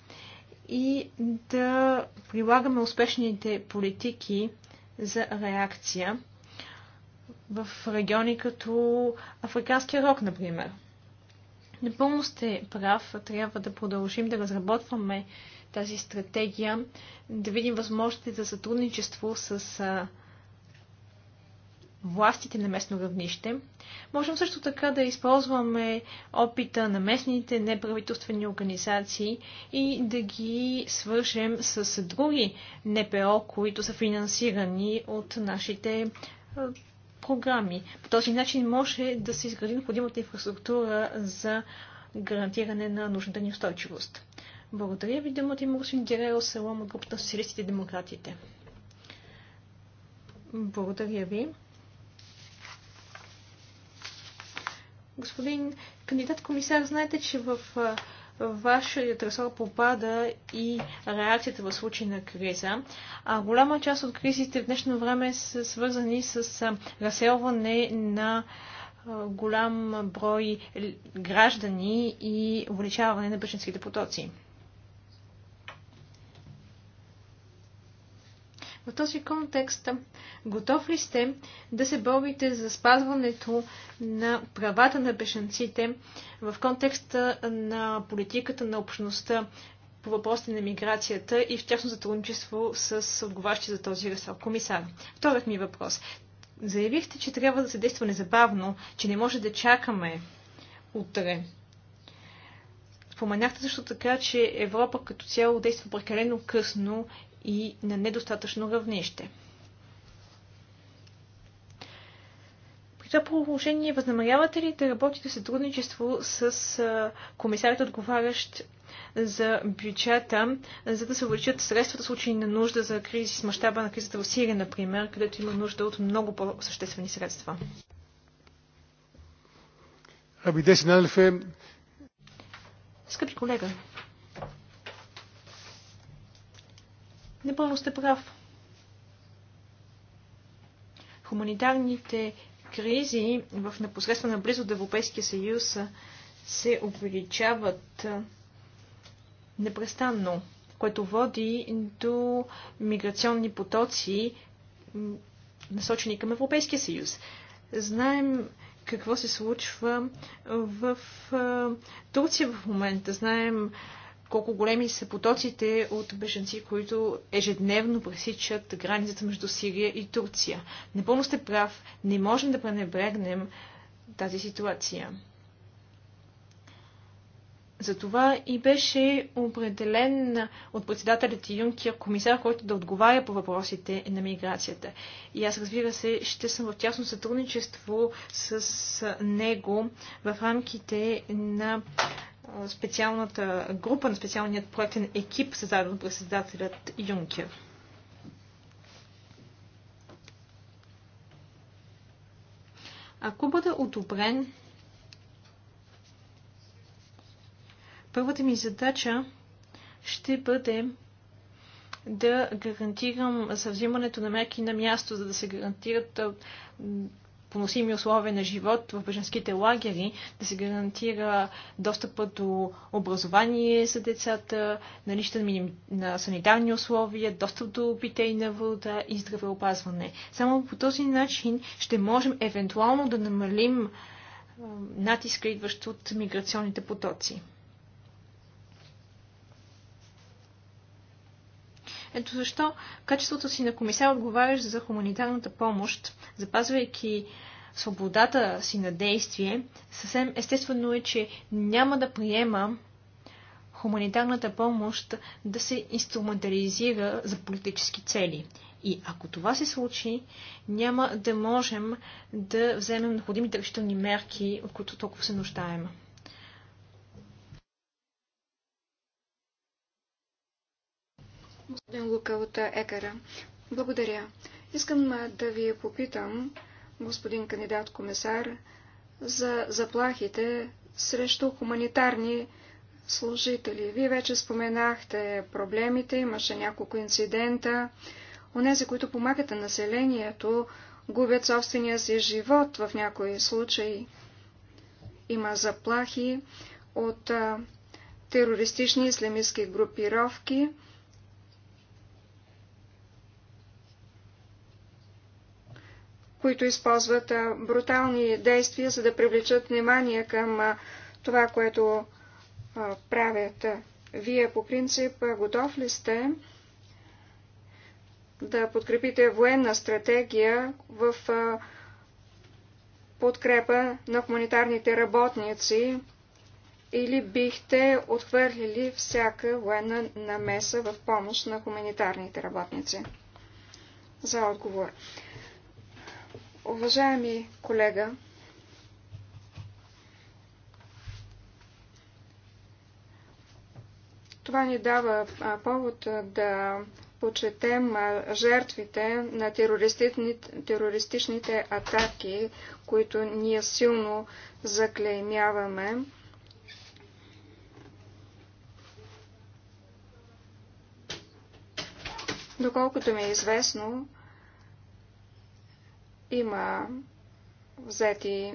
и да прилагаме успешните политики за реакция в региони като Африканския рок, например. Напълно сте прав, трябва да продължим да разработваме тази стратегия, да видим възможности за сътрудничество с властите на местно равнище. Можем също така да използваме опита на местните неправителствени организации и да ги свържем с други НПО, които са финансирани от нашите програми. По този начин може да се изгради необходимата инфраструктура за гарантиране на нужната ни устойчивост. Благодаря ви, думата има Дирео Гереро Салом от групата на социалистите и демократите. Благодаря ви. Господин кандидат комисар, знаете, че в вашия ресор попада и реакцията в случай на криза. А голяма част от кризите в днешно време са свързани с разселване на голям брой граждани и увеличаване на бежанските потоци. В този контекст, готов ли сте да се борите за спазването на правата на бешенците в контекста на политиката на общността по въпросите на миграцията и в тясно сътрудничество с отговарящи за този ресор комисар? Вторият ми въпрос. Заявихте, че трябва да се действа незабавно, че не може да чакаме утре. Споменахте също така, че Европа като цяло действа прекалено късно и на недостатъчно равнище. При това положение възнамерявате ли да работите в сътрудничество с комисарят отговарящ за бюджета, за да се увеличат средствата в случай на нужда за кризи с мащаба на кризата в Сирия, например, където има нужда от много по-съществени средства? Скъпи колега, Непълно сте прав. Хуманитарните кризи в непосредствена близо до Европейския съюз се увеличават непрестанно, което води до миграционни потоци, насочени към Европейския съюз. Знаем какво се случва в Турция в момента. Знаем колко големи са потоците от беженци, които ежедневно пресичат границата между Сирия и Турция. Непълно сте прав, не можем да пренебрегнем тази ситуация. Затова и беше определен от председателят Юнкер комисар, който да отговаря по въпросите на миграцията. И аз, разбира се, ще съм в тясно сътрудничество с него в рамките на специалната група, на специалният проектен екип, създаден от председателят Юнкер. Ако бъде одобрен, първата ми задача ще бъде да гарантирам съвзимането на мерки на място, за да се гарантират поносими условия на живот в беженските лагери, да се гарантира достъпа до образование за децата, наличие на, на санитарни условия, достъп до питейна вода и здравеопазване. Само по този начин ще можем евентуално да намалим натиска, идващ от миграционните потоци. Ето защо качеството си на комисар отговаряш за хуманитарната помощ, запазвайки свободата си на действие, съвсем естествено е, че няма да приема хуманитарната помощ да се инструментализира за политически цели. И ако това се случи, няма да можем да вземем необходимите решителни мерки, от които толкова се нуждаем. Господин Лука от Екара. Благодаря. Искам да ви попитам, господин кандидат комисар, за заплахите срещу хуманитарни служители. Вие вече споменахте проблемите, имаше няколко инцидента. Онези, които помагат на населението, губят собствения си живот в някои случаи. Има заплахи от терористични ислямистски групировки. които използват брутални действия, за да привлечат внимание към това, което правят. Вие по принцип готов ли сте да подкрепите военна стратегия в подкрепа на хуманитарните работници или бихте отхвърлили всяка военна намеса в помощ на хуманитарните работници? За отговор. Уважаеми колега, това ни дава повод да почетем жертвите на терористичните атаки, които ние силно заклеймяваме. Доколкото ми е известно, има взети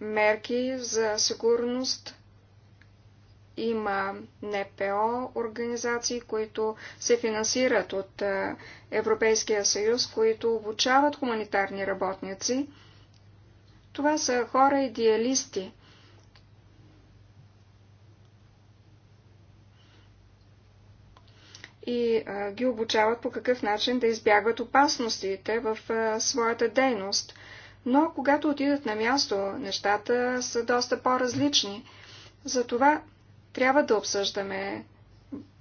мерки за сигурност. Има НПО организации, които се финансират от Европейския съюз, които обучават хуманитарни работници. Това са хора идеалисти – и а, ги обучават по какъв начин да избягват опасностите в а, своята дейност. Но когато отидат на място, нещата са доста по-различни. Затова трябва да обсъждаме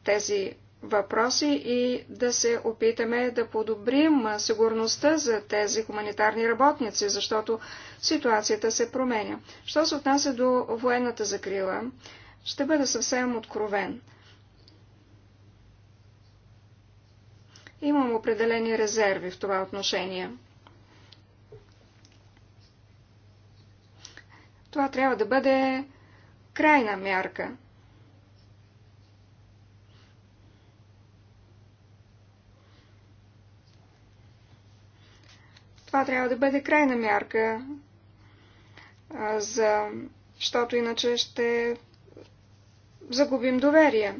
тези въпроси и да се опитаме да подобрим сигурността за тези хуманитарни работници, защото ситуацията се променя. Що се отнася до военната закрила, ще бъда съвсем откровен. Имам определени резерви в това отношение. Това трябва да бъде крайна мярка. Това трябва да бъде крайна мярка, защото иначе ще загубим доверие.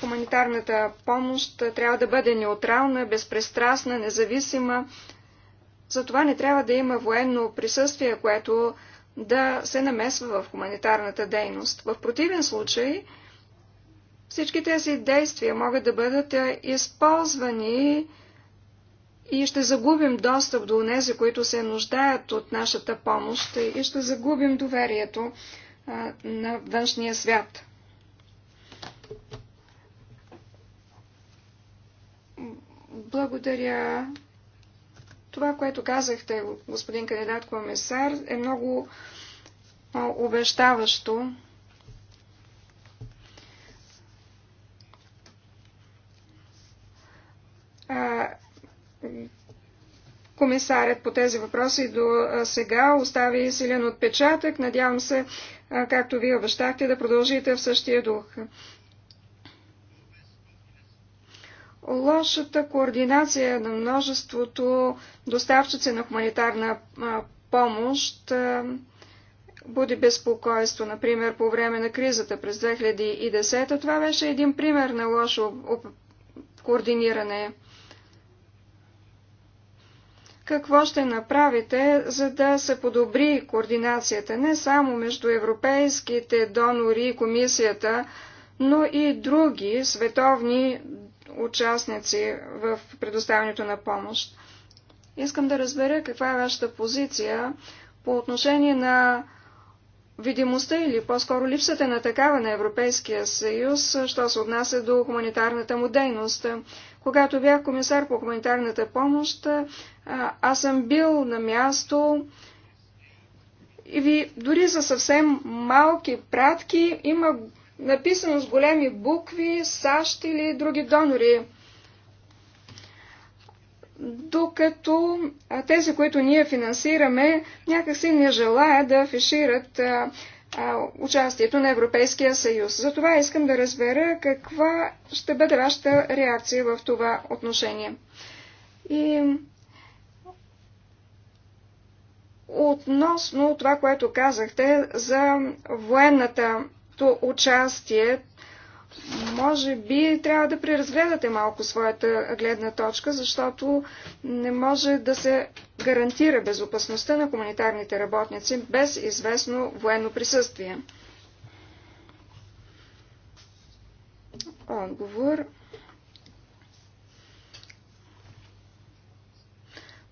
Хуманитарната помощ трябва да бъде неутрална, безпристрастна, независима. Затова не трябва да има военно присъствие, което да се намесва в хуманитарната дейност. В противен случай всички тези действия могат да бъдат използвани и ще загубим достъп до тези, които се нуждаят от нашата помощ и ще загубим доверието на външния свят. Благодаря. Това, което казахте, господин кандидат комисар, е много обещаващо. комисарят по тези въпроси до сега остави силен отпечатък. Надявам се, както вие обещахте, да продължите в същия дух лошата координация на множеството доставчици на хуманитарна помощ буди безпокойство. Например, по време на кризата през 2010 това беше един пример на лошо координиране. Какво ще направите, за да се подобри координацията не само между европейските донори и комисията, но и други световни участници в предоставянето на помощ. Искам да разбера каква е вашата позиция по отношение на видимостта или по-скоро липсата на такава на Европейския съюз, що се отнася до хуманитарната му дейност. Когато бях комисар по хуманитарната помощ, аз съм бил на място и ви дори за съвсем малки пратки има написано с големи букви САЩ или други донори. Докато тези, които ние финансираме, някакси не желаят да афишират участието на Европейския съюз. Затова искам да разбера каква ще бъде вашата реакция в това отношение. И относно това, което казахте за военната участие, може би трябва да преразгледате малко своята гледна точка, защото не може да се гарантира безопасността на хуманитарните работници без известно военно присъствие. Отговор.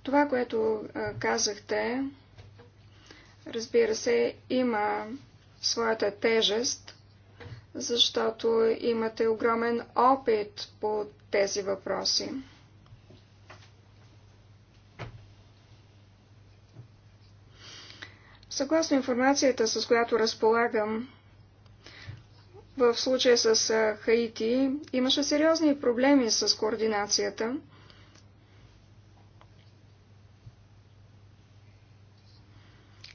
Това, което казахте, разбира се, има своята тежест, защото имате огромен опит по тези въпроси. Съгласно информацията, с която разполагам, в случая с Хаити имаше сериозни проблеми с координацията.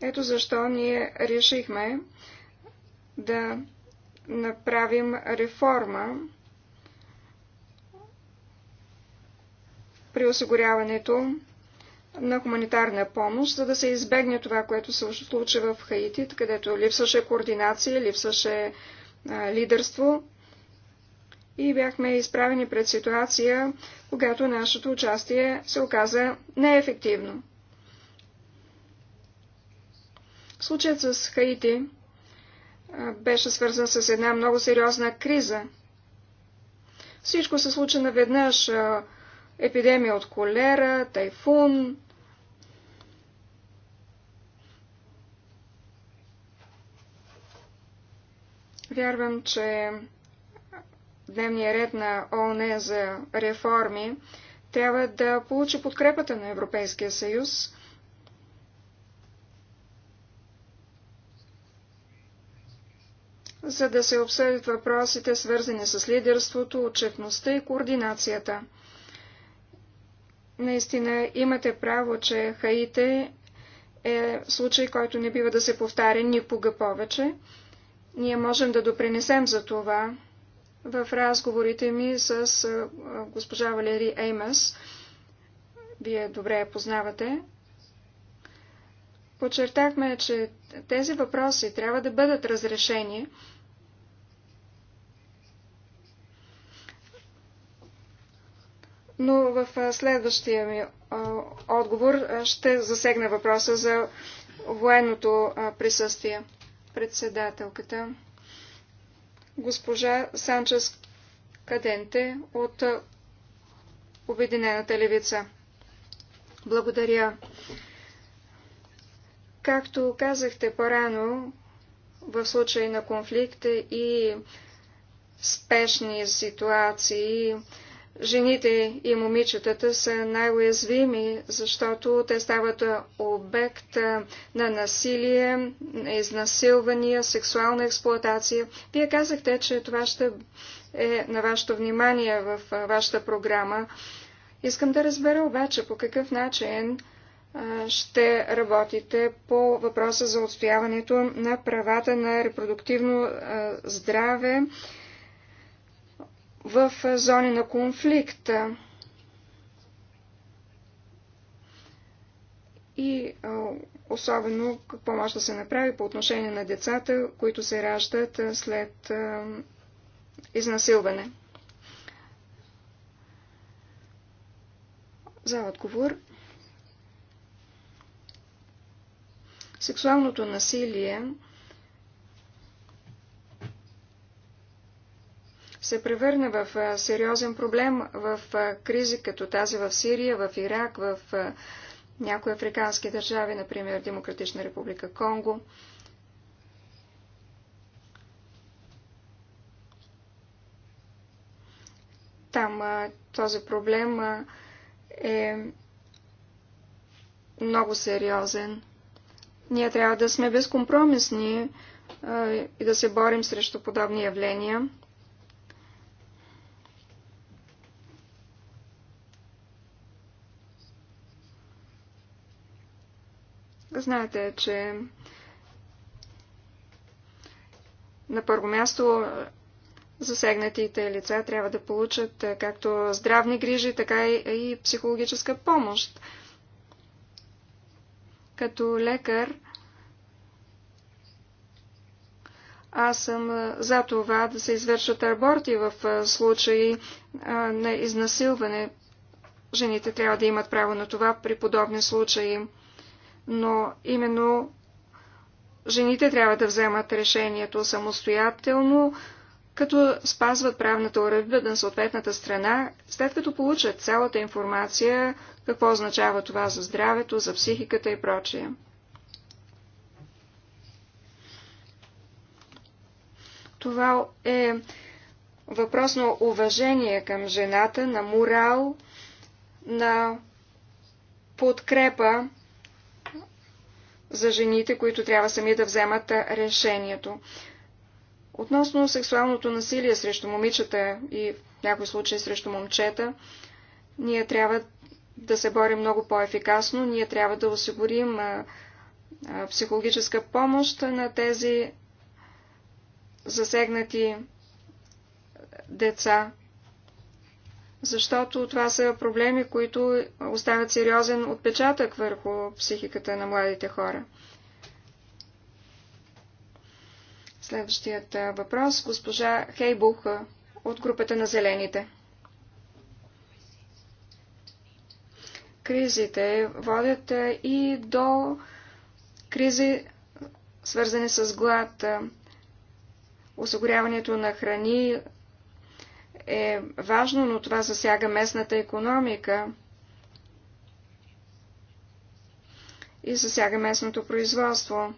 Ето защо ние решихме да направим реформа при осигуряването на хуманитарна помощ, за да се избегне това, което се случи в Хаити, където липсваше координация, липсваше а, лидерство и бяхме изправени пред ситуация, когато нашето участие се оказа неефективно. Случаят с Хаити беше свързан с една много сериозна криза. Всичко се случи наведнъж. Епидемия от колера, тайфун. Вярвам, че дневния ред на ООН за реформи трябва да получи подкрепата на Европейския съюз. за да се обсъдят въпросите, свързани с лидерството, отчетността и координацията. Наистина имате право, че Хаите е случай, който не бива да се повтаря никога повече. Ние можем да допринесем за това. В разговорите ми с госпожа Валери Еймас, вие добре я познавате, Подчертахме, че тези въпроси трябва да бъдат разрешени, но в следващия ми отговор ще засегна въпроса за военното присъствие. Председателката госпожа Санчес Каденте от Обединената левица. Благодаря. Както казахте по-рано, в случай на конфликт и спешни ситуации, Жените и момичетата са най-уязвими, защото те стават обект на насилие, изнасилвания, сексуална експлоатация. Вие казахте, че това ще е на вашето внимание в вашата програма. Искам да разбера обаче по какъв начин ще работите по въпроса за отстояването на правата на репродуктивно здраве в зони на конфликта. И особено какво може да се направи по отношение на децата, които се раждат след изнасилване. За отговор. Сексуалното насилие се превърне в сериозен проблем в кризи като тази в Сирия, в Ирак, в някои африкански държави, например Демократична република Конго. Там този проблем е много сериозен. Ние трябва да сме безкомпромисни и да се борим срещу подобни явления. Знаете, че на първо място засегнатите лица трябва да получат е, както здравни грижи, така и психологическа помощ. Като лекар аз съм е, за това да се извършат аборти в е, случаи на изнасилване. Жените трябва да имат право на това при подобни случаи но именно жените трябва да вземат решението самостоятелно, като спазват правната уредба на съответната страна, след като получат цялата информация, какво означава това за здравето, за психиката и прочие. Това е въпрос на уважение към жената, на морал, на подкрепа за жените, които трябва сами да вземат решението. Относно сексуалното насилие срещу момичета и в някои случаи срещу момчета, ние трябва да се борим много по-ефикасно, ние трябва да осигурим психологическа помощ на тези засегнати деца защото това са проблеми, които оставят сериозен отпечатък върху психиката на младите хора. Следващият въпрос госпожа Хейбух от групата на зелените. Кризите водят и до кризи, свързани с глад, осигуряването на храни, е важно, но това засяга местната економика и засяга местното производство.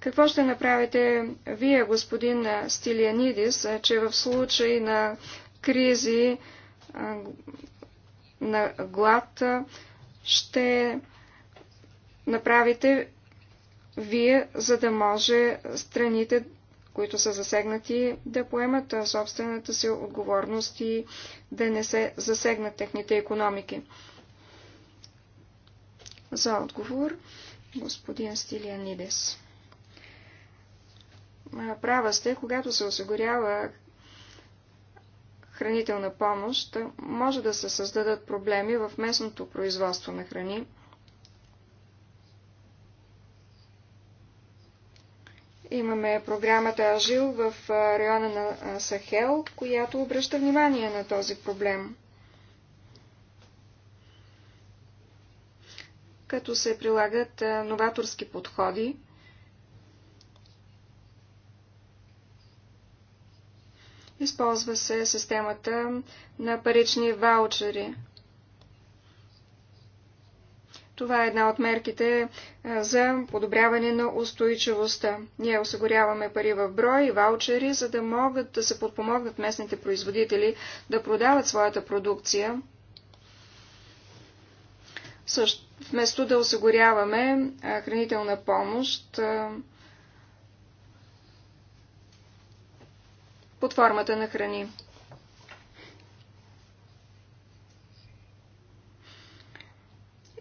Какво ще направите вие, господин Стилианидис, че в случай на кризи, на глад, ще направите вие, за да може страните които са засегнати, да поемат собствената си отговорност и да не се засегнат техните економики. За отговор господин Стилианидес. Права сте, когато се осигурява хранителна помощ, може да се създадат проблеми в местното производство на храни. Имаме програмата Ажил в района на Сахел, която обръща внимание на този проблем. Като се прилагат новаторски подходи, използва се системата на парични ваучери – това е една от мерките е, за подобряване на устойчивостта. Ние осигуряваме пари в брой и ваучери, за да могат да се подпомогнат местните производители да продават своята продукция, Също, вместо да осигуряваме е, хранителна помощ е, под формата на храни.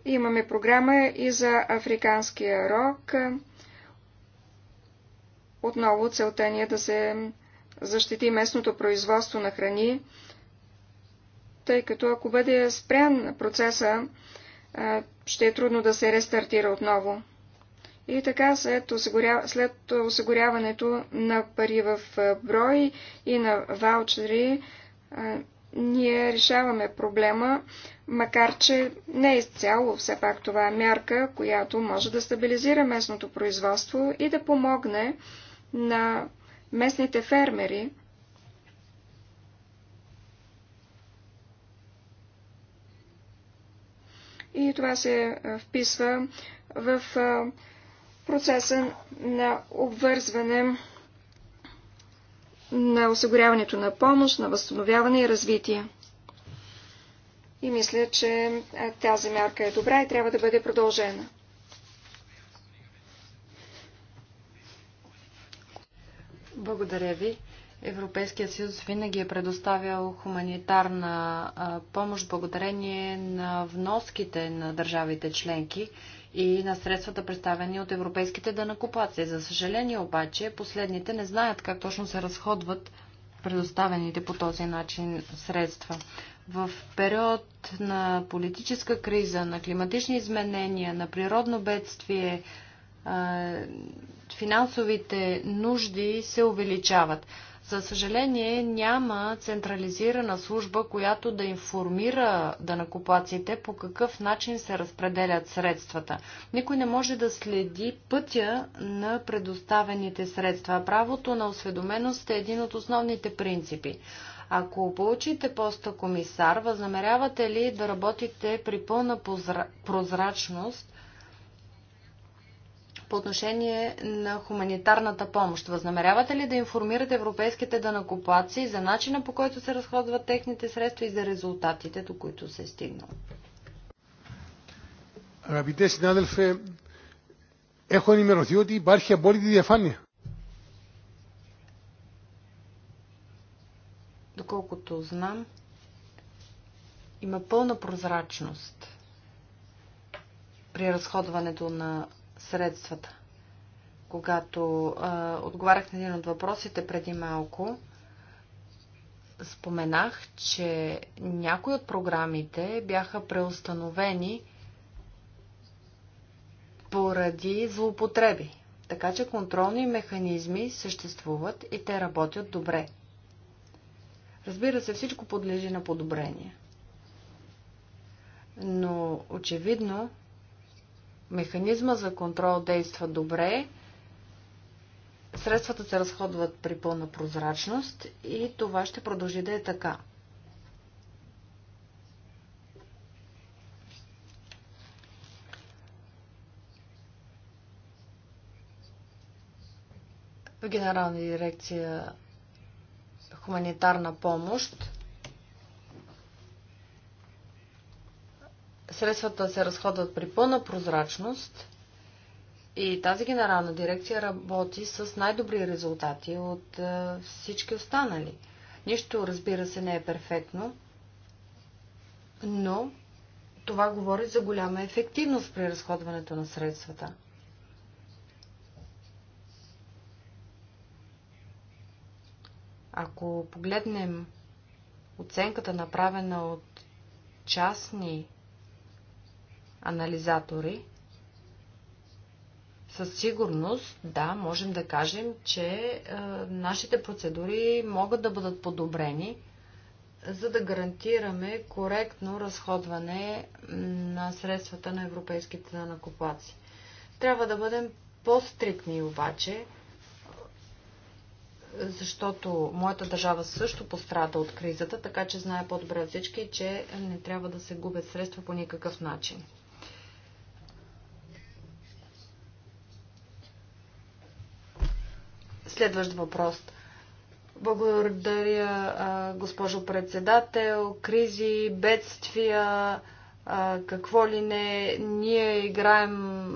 Имаме програма и за африканския рок. Отново целта ни е да се защити местното производство на храни, тъй като ако бъде спрян процеса, ще е трудно да се рестартира отново. И така, след, осигуря... след осигуряването на пари в брой и на ваучери, ние решаваме проблема, макар че не е изцяло, все пак това е мярка, която може да стабилизира местното производство и да помогне на местните фермери и това се е, вписва в е, процеса на обвързване на осигуряването на помощ, на възстановяване и развитие. И мисля, че тази мярка е добра и трябва да бъде продължена. Благодаря ви. Европейският съюз винаги е предоставял хуманитарна помощ благодарение на вноските на държавите членки и на средствата представени от европейските данакопаци. За съжаление обаче, последните не знаят как точно се разходват предоставените по този начин средства. В период на политическа криза, на климатични изменения, на природно бедствие, финансовите нужди се увеличават. За съжаление няма централизирана служба, която да информира данакоплаците по какъв начин се разпределят средствата. Никой не може да следи пътя на предоставените средства. Правото на осведоменост е един от основните принципи. Ако получите поста комисар, възнамерявате ли да работите при пълна прозрачност по отношение на хуманитарната помощ. Възнамерявате ли да информирате европейските данакоплаци за начина по който се разходват техните средства и за резултатите, до които се е стигнало? Αγαπητέ συνάδελφε, έχω ενημερωθεί ότι υπάρχει απόλυτη διαφάνεια. Доколкото знам, има пълна прозрачност при разходването на средствата. Когато а, отговарях на един от въпросите преди малко, споменах, че някои от програмите бяха преустановени поради злоупотреби. Така че контролни механизми съществуват и те работят добре. Разбира се, всичко подлежи на подобрение. Но очевидно Механизма за контрол действа добре. Средствата се разходват при пълна прозрачност и това ще продължи да е така. В Генерална дирекция хуманитарна помощ средствата се разходват при пълна прозрачност и тази генерална дирекция работи с най-добри резултати от е, всички останали. Нищо, разбира се, не е перфектно, но това говори за голяма ефективност при разходването на средствата. Ако погледнем оценката, направена от частни анализатори, със сигурност, да, можем да кажем, че е, нашите процедури могат да бъдат подобрени, за да гарантираме коректно разходване на средствата на европейските накоплаци. Трябва да бъдем по-стрикни обаче, защото моята държава също пострада от кризата, така че знае по-добре всички, че не трябва да се губят средства по никакъв начин. Следващ въпрос. Благодаря, госпожо председател. Кризи, бедствия, какво ли не, ние играем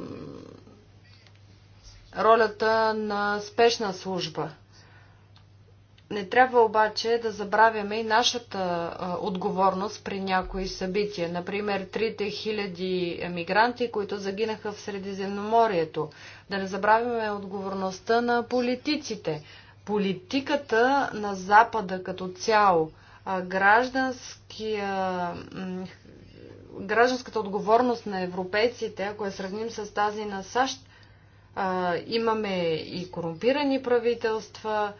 ролята на спешна служба – не трябва обаче да забравяме и нашата а, отговорност при някои събития. Например, 3000 емигранти, които загинаха в Средиземноморието. Да не забравяме отговорността на политиците. Политиката на Запада като цяло, а гражданския, гражданската отговорност на европейците, ако я сравним с тази на САЩ, а, имаме и корумпирани правителства,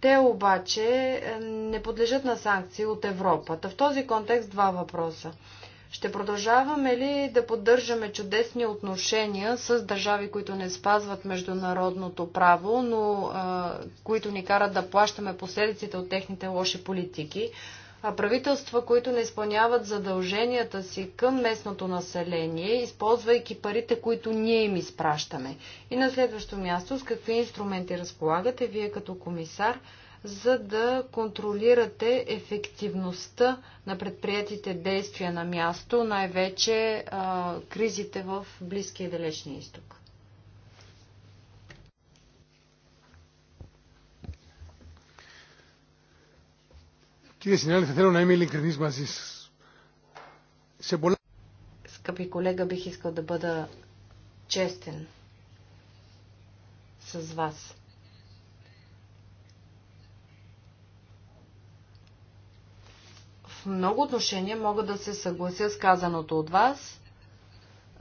те обаче е, не подлежат на санкции от Европата. В този контекст два въпроса. Ще продължаваме ли да поддържаме чудесни отношения с държави, които не спазват международното право, но а, е, които ни карат да плащаме последиците от техните лоши политики? правителства, които не изпълняват задълженията си към местното население, използвайки парите, които ние им изпращаме. И на следващо място, с какви инструменти разполагате вие като комисар, за да контролирате ефективността на предприятите действия на място, най-вече кризите в Близкия и Далечния изток? Κύριε θέλω να είμαι μαζί Σε πολλά... Скъпи колега, бих искал да бъда честен с вас. В много отношения мога да се съглася с казаното от вас,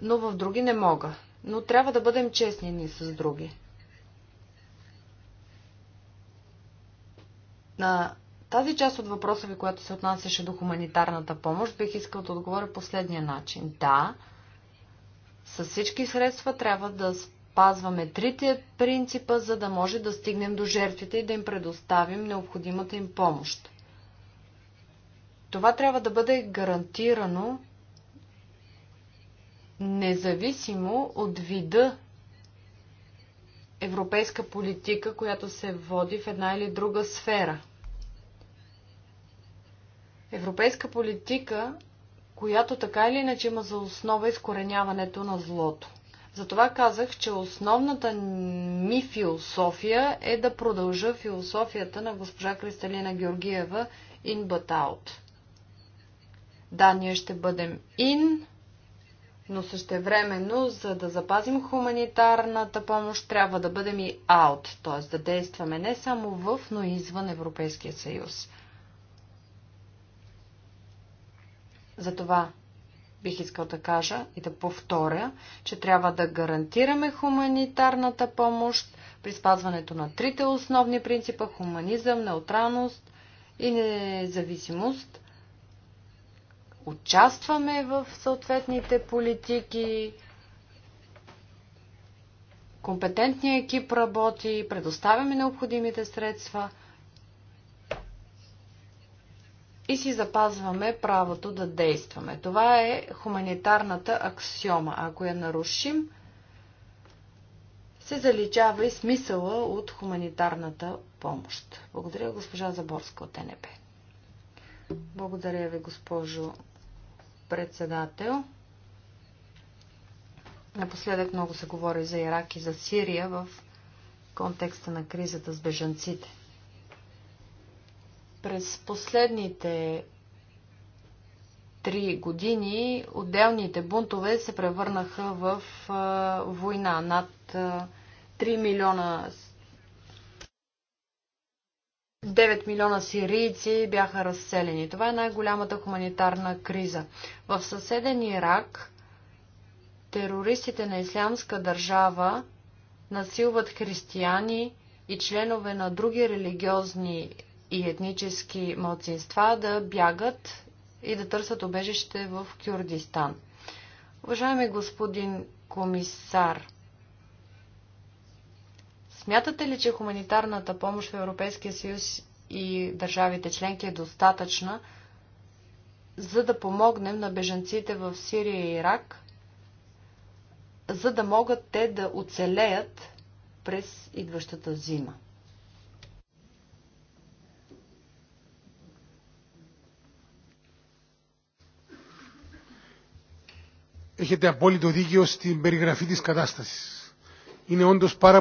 но в други не мога. Но трябва да бъдем честни ни с други. На тази част от въпроса ви, която се отнасяше до хуманитарната помощ, бих искал да отговоря последния начин. Да, с всички средства трябва да спазваме трите принципа, за да може да стигнем до жертвите и да им предоставим необходимата им помощ. Това трябва да бъде гарантирано независимо от вида европейска политика, която се води в една или друга сфера – европейска политика, която така или иначе има за основа изкореняването на злото. Затова казах, че основната ми философия е да продължа философията на госпожа Кристалина Георгиева in but out. Да, ние ще бъдем in, но същевременно, за да запазим хуманитарната помощ, трябва да бъдем и out, т.е. да действаме не само в, но и извън Европейския съюз. Затова бих искал да кажа и да повторя, че трябва да гарантираме хуманитарната помощ при спазването на трите основни принципа хуманизъм, неутралност и независимост. Участваме в съответните политики, компетентният екип работи, предоставяме необходимите средства – и си запазваме правото да действаме. Това е хуманитарната аксиома. Ако я нарушим, се заличава и смисъла от хуманитарната помощ. Благодаря госпожа Заборска от НП. Благодаря ви, госпожо председател. Напоследък много се говори за Ирак и за Сирия в контекста на кризата с бежанците. През последните три години отделните бунтове се превърнаха в а, война. Над а, 3 милиона 9 милиона сирийци бяха разселени. Това е най-голямата хуманитарна криза. В съседен Ирак терористите на ислямска държава насилват християни и членове на други религиозни и етнически младсинства да бягат и да търсят обежище в Кюрдистан. Уважаеми господин комисар, смятате ли, че хуманитарната помощ в Европейския съюз и държавите членки е достатъчна, за да помогнем на бежанците в Сирия и Ирак, за да могат те да оцелеят през идващата зима? Έχετε απόλυτο δίκιο στην περιγραφή της κατάστασης. Είναι όντως πάρα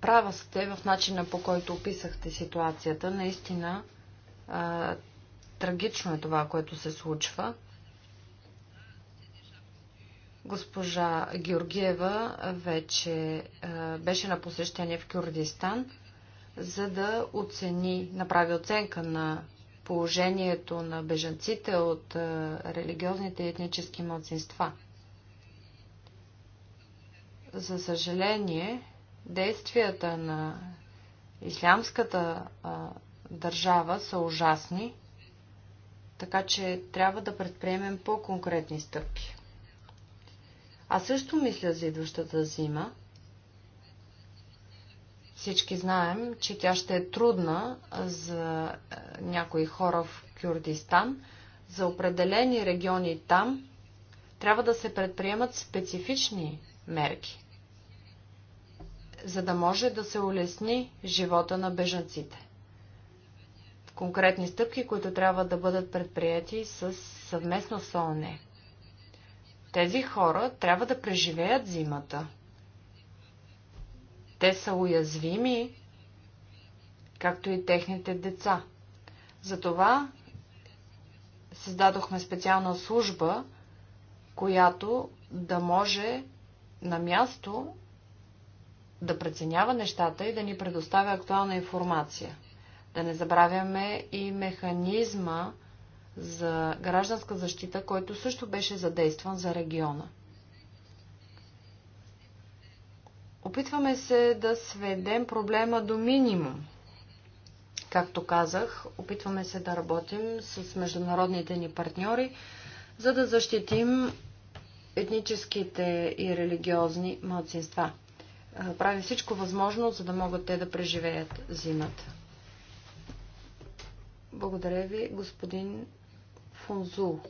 Права сте в начина по който описахте ситуацията. Наистина а, трагично е това, което се случва. Госпожа Георгиева вече а, беше на посещение в Кюрдистан, за да оцени, направи оценка на положението на бежанците от религиозните и етнически младсинства. За съжаление, действията на ислямската държава са ужасни, така че трябва да предприемем по-конкретни стъпки. А също мисля за идващата зима, всички знаем, че тя ще е трудна за е, някои хора в Кюрдистан. За определени региони там трябва да се предприемат специфични мерки, за да може да се улесни живота на бежанците. Конкретни стъпки, които трябва да бъдат предприяти с съвместно солне. Тези хора трябва да преживеят зимата – те са уязвими, както и техните деца. Затова създадохме специална служба, която да може на място да преценява нещата и да ни предоставя актуална информация. Да не забравяме и механизма за гражданска защита, който също беше задействан за региона. Опитваме се да сведем проблема до минимум. Както казах, опитваме се да работим с международните ни партньори, за да защитим етническите и религиозни младсинства. Е, Прави всичко възможно, за да могат те да преживеят зимата. Благодаря ви, господин Фунзул.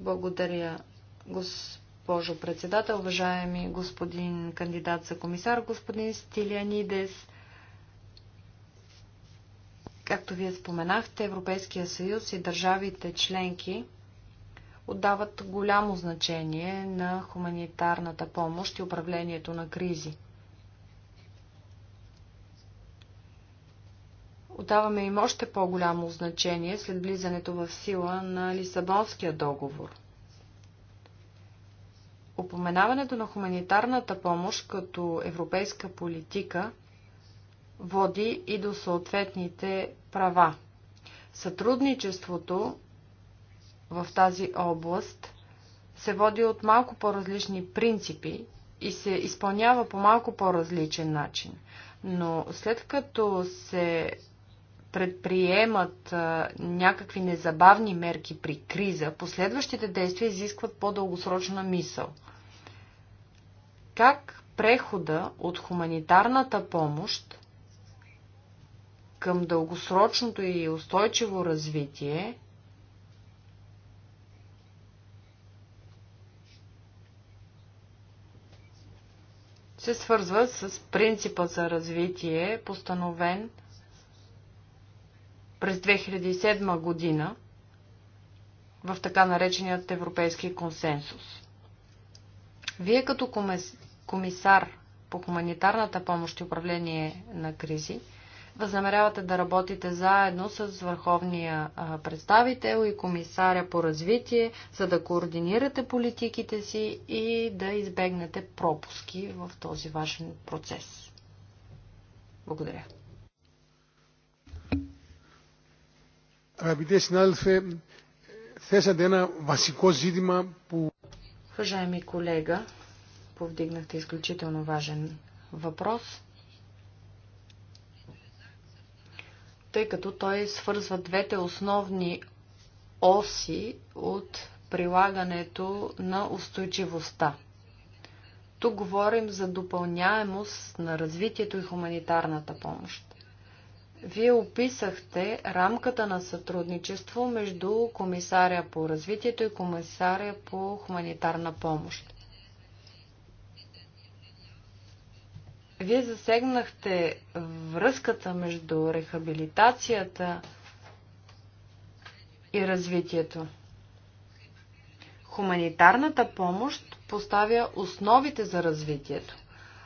Благодаря, господин госпожо председател, уважаеми господин кандидат за комисар, господин Стилианидес. Както вие споменахте, Европейския съюз и държавите членки отдават голямо значение на хуманитарната помощ и управлението на кризи. Отдаваме им още по-голямо значение след влизането в сила на Лисабонския договор – Опоменаването на хуманитарната помощ като европейска политика води и до съответните права. Сътрудничеството в тази област се води от малко по-различни принципи и се изпълнява по малко по-различен начин. Но след като се предприемат а, някакви незабавни мерки при криза, последващите действия изискват по-дългосрочна мисъл – как прехода от хуманитарната помощ към дългосрочното и устойчиво развитие се свързва с принципа за развитие, постановен през 2007 година в така нареченият европейски консенсус. Вие като комисар по хуманитарната помощ и управление на кризи, възнамерявате да работите заедно с върховния представител и комисаря по развитие, за да координирате политиките си и да избегнете пропуски в този важен процес. Благодаря. Αγαπητέ συνάδελφε, θέσατε ένα βασικό ζήτημα που... Уважаеми колега, Повдигнахте изключително важен въпрос, тъй като той свързва двете основни оси от прилагането на устойчивостта. Тук говорим за допълняемост на развитието и хуманитарната помощ. Вие описахте рамката на сътрудничество между комисаря по развитието и комисаря по хуманитарна помощ. Вие засегнахте връзката между рехабилитацията и развитието. Хуманитарната помощ поставя основите за развитието.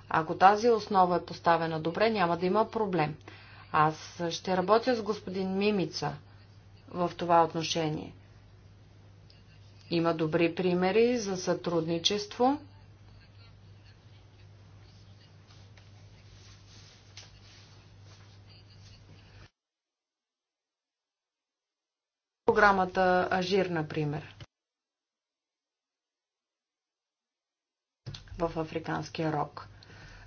Ако тази основа е поставена добре, няма да има проблем. Аз ще работя с господин Мимица в това отношение. Има добри примери за сътрудничество програмата Ажир, например, в Африканския рок.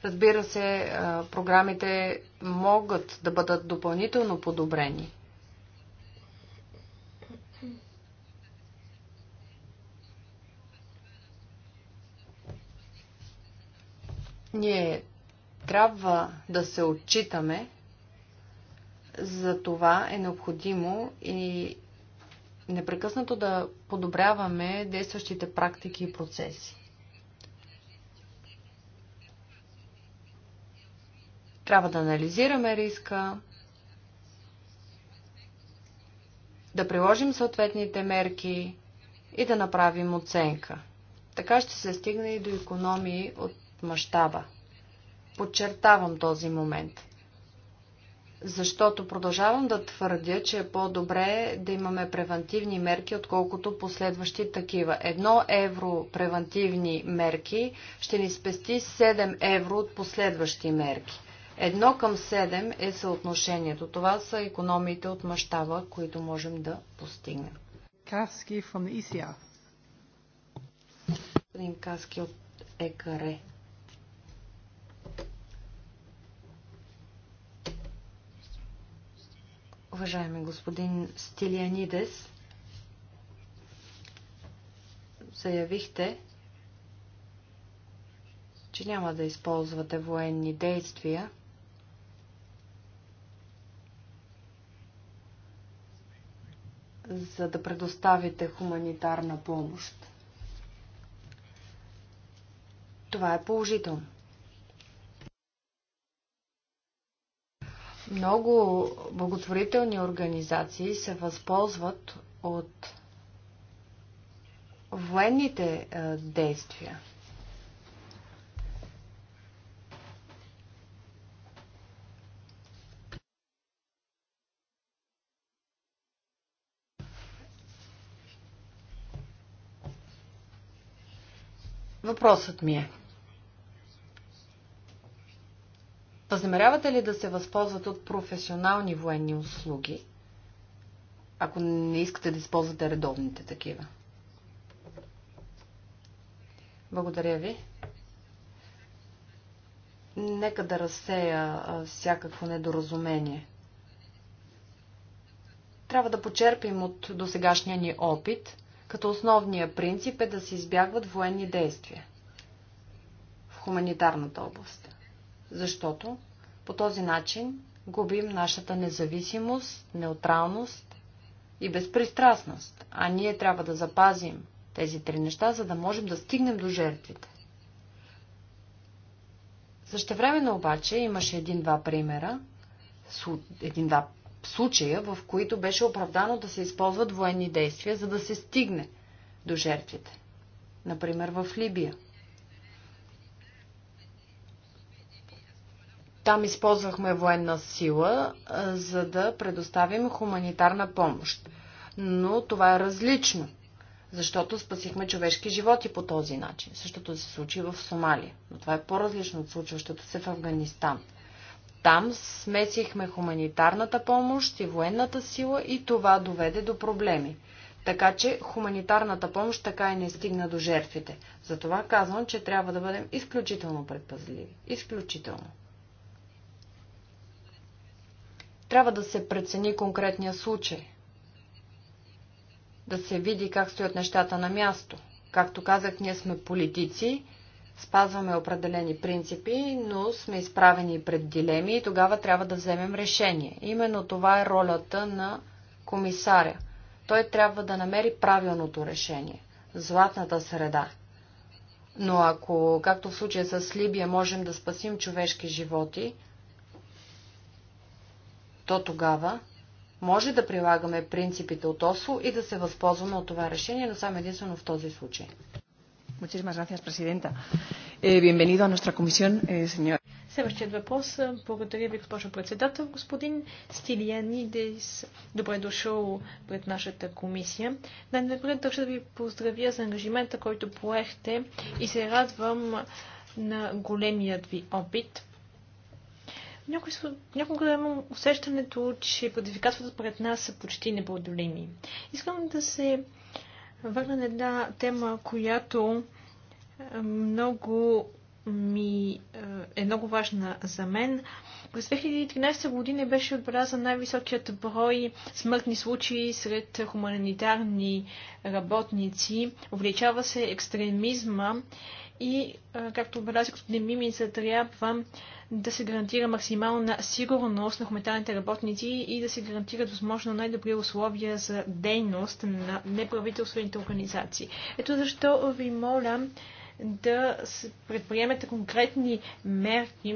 Разбира се, програмите могат да бъдат допълнително подобрени. Ние трябва да се отчитаме, за това е необходимо и непрекъснато да подобряваме действащите практики и процеси. Трябва да анализираме риска, да приложим съответните мерки и да направим оценка. Така ще се стигне и до економии от мащаба. Подчертавам този момент – защото продължавам да твърдя, че е по-добре да имаме превентивни мерки, отколкото последващи такива. Едно евро превентивни мерки ще ни спести 7 евро от последващи мерки. Едно към 7 е съотношението. Това са економиите от мащаба, които можем да постигнем. Каски from the ECR. Господин Каски от ЕКАРЕ. Уважаеми господин Стилианидес, заявихте, че няма да използвате военни действия, за да предоставите хуманитарна помощ. Това е положително. Много благотворителни организации се възползват от военните е, действия. Въпросът ми е. Възнамерявате ли да се възползват от професионални военни услуги, ако не искате да използвате редовните такива? Благодаря ви. Нека да разсея всякакво недоразумение. Трябва да почерпим от досегашния ни опит, като основния принцип е да се избягват военни действия в хуманитарната област защото по този начин губим нашата независимост, неутралност и безпристрастност, а ние трябва да запазим тези три неща, за да можем да стигнем до жертвите. Същевременно обаче имаше един-два примера, един-два случая, в които беше оправдано да се използват военни действия, за да се стигне до жертвите. Например, в Либия. Там използвахме военна сила, за да предоставим хуманитарна помощ. Но това е различно, защото спасихме човешки животи по този начин. Същото се случи в Сомалия, но това е по-различно от случващото се в Афганистан. Там смесихме хуманитарната помощ и военната сила и това доведе до проблеми. Така че хуманитарната помощ така и не стигна до жертвите. Затова казвам, че трябва да бъдем изключително предпазливи. Изключително. Трябва да се прецени конкретния случай. Да се види как стоят нещата на място. Както казах, ние сме политици, спазваме определени принципи, но сме изправени пред дилеми и тогава трябва да вземем решение. Именно това е ролята на комисаря. Той трябва да намери правилното решение. Златната среда. Но ако, както в случая с Либия, можем да спасим човешки животи, то тогава може да прилагаме принципите от ОСЛО и да се възползваме от това решение, но само единствено в този случай. Muchísimas gracias, Presidenta. Eh, bienvenido a nuestra comisión, eh, señor. Следващият въпрос. Благодаря ви, госпожо председател. Господин Стилианидис, добре дошъл пред нашата комисия. Най-напред държа да ви поздравя за ангажимента, който поехте и се радвам на големият ви опит. Някой, някога имам усещането, че предизвикателствата пред нас са почти непреодолими. Искам да се върна на една тема, която много ми е много важна за мен. През 2013 година беше отбелязан най-високият брой смъртни случаи сред хуманитарни работници. Увеличава се екстремизма и, както отбеляза господин се трябва да се гарантира максимална сигурност на хуманитарните работници и да се гарантират възможно най-добри условия за дейност на неправителствените организации. Ето защо ви моля да предприемете конкретни мерки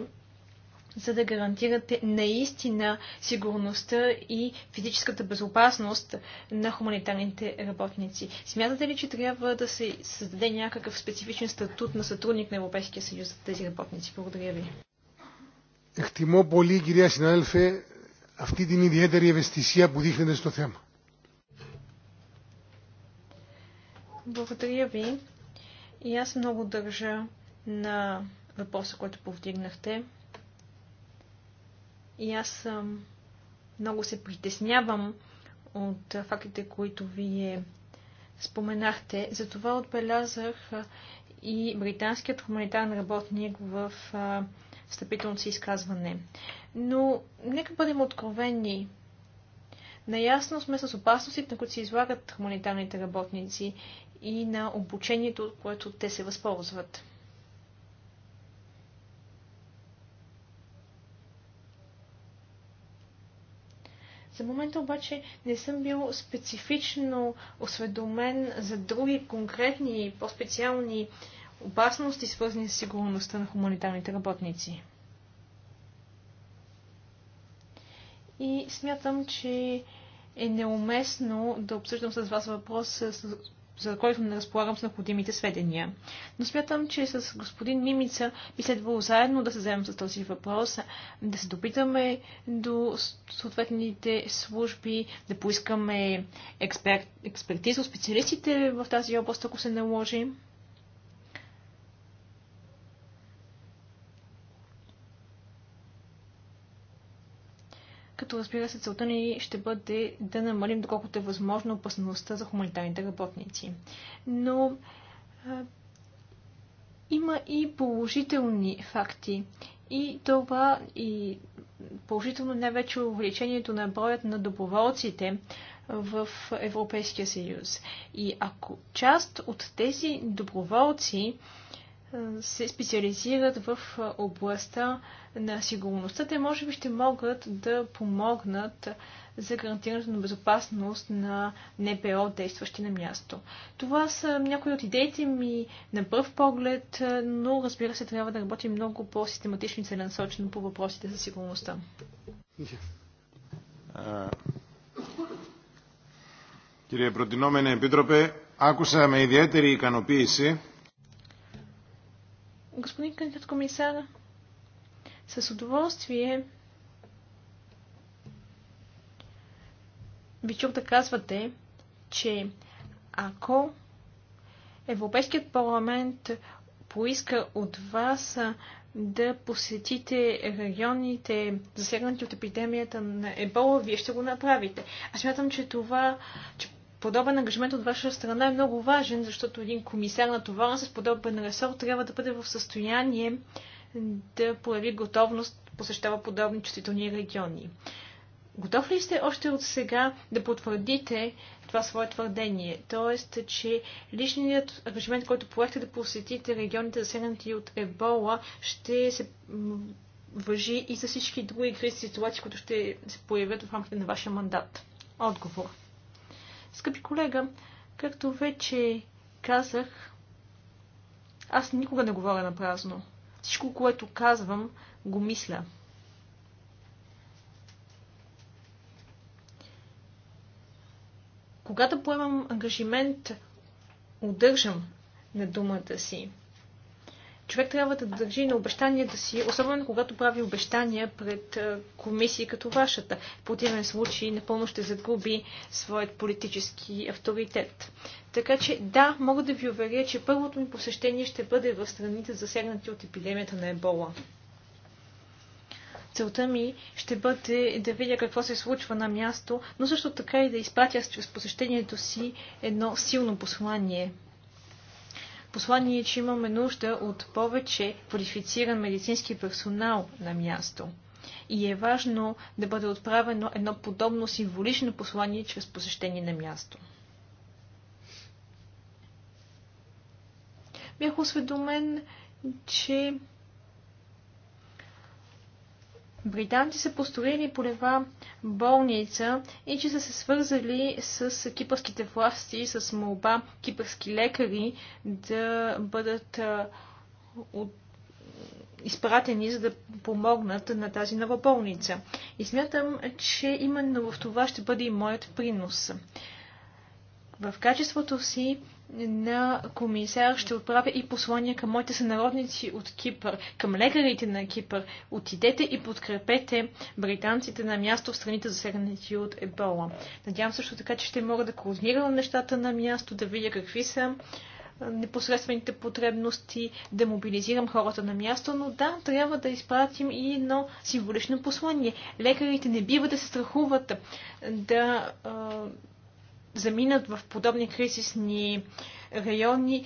за да гарантирате наистина сигурността и физическата безопасност на хуманитарните работници? Смятате ли, че трябва да се създаде някакъв специфичен статут на сътрудник на Европейския съюз за тези работници? Благодаря ви. Εκτιμώ πολύ, κυρία συνάδελφε, αυτή την ιδιαίτερη ευαισθησία που δείχνετε στο θέμα. Благодаря ви. И аз много държа на въпроса, който повдигнахте. И аз много се притеснявам от фактите, които вие споменахте. Затова отбелязах и британският хуманитарен работник в встъпителното си изказване. Но нека бъдем откровени. Наясно сме с опасностите, на които се излагат хуманитарните работници и на обучението, от което те се възползват. За момента обаче не съм бил специфично осведомен за други конкретни, по-специални опасности, свързани с сигурността на хуманитарните работници. И смятам, че е неуместно да обсъждам с вас въпрос, за който не разполагам с необходимите сведения. Но смятам, че с господин Мимица би следвало заедно да се вземем с този въпрос, да се допитаме до съответните служби, да поискаме експерт, експертиза от специалистите в тази област, ако се наложи. като разбира се целта ни ще бъде да намалим доколкото е възможно опасността за хуманитарните работници. Но а, има и положителни факти. И това и положително най-вече увеличението на броят на доброволците в Европейския съюз. И ако част от тези доброволци се специализират в областта на сигурността. Те може би ще могат да помогнат за гарантирането на безопасност на НПО, действащи на място. Това са някои от идеите ми на пръв поглед, но разбира се, трябва да работим много по-систематично и целенасочено по въпросите за сигурността. Κύριε Προτινόμενε Επίτροπε, άκουσα με ιδιαίτερη ικανοποίηση Господин кандидат комисар, с удоволствие ви чух да казвате, че ако Европейският парламент поиска от вас да посетите районите, засегнати от епидемията на ебола, вие ще го направите. Аз смятам, че това, че подобен ангажимент от ваша страна е много важен, защото един комисар на това с подобен ресор трябва да бъде в състояние да прояви готовност да посещава подобни чувствителни региони. Готов ли сте още от сега да потвърдите това свое твърдение? Тоест, че личният ангажимент, който поехте да посетите регионите засегнати от Ебола, ще се въжи и за всички други кризи ситуации, които ще се появят в рамките на вашия мандат? Отговор. Скъпи колега, както вече казах, аз никога не говоря на празно. Всичко, което казвам, го мисля. Когато поемам ангажимент, удържам на думата си човек трябва да държи на обещанията си, особено когато прави обещания пред комисии като вашата. В противен случай напълно ще загуби своят политически авторитет. Така че да, мога да ви уверя, че първото ми посещение ще бъде в страните засегнати от епидемията на ебола. Целта ми ще бъде да видя какво се случва на място, но също така и да изпратя чрез посещението си едно силно послание – послание е, че имаме нужда от повече квалифициран медицински персонал на място. И е важно да бъде отправено едно подобно символично послание чрез посещение на място. Бях осведомен, че британци са построили полева болница и че са се свързали с кипърските власти с молба кипърски лекари да бъдат от изпратени, за да помогнат на тази нова болница. И смятам, че именно в това ще бъде и моят принос. В качеството си на комисар ще отправя и послания към моите сънародници от Кипър, към лекарите на Кипър. Отидете и подкрепете британците на място в страните засегнати от Ебола. Надявам също така, че ще мога да координирам нещата на място, да видя какви са непосредствените потребности, да мобилизирам хората на място, но да, трябва да изпратим и едно символично послание. Лекарите не бива да се страхуват да заминат в подобни кризисни райони,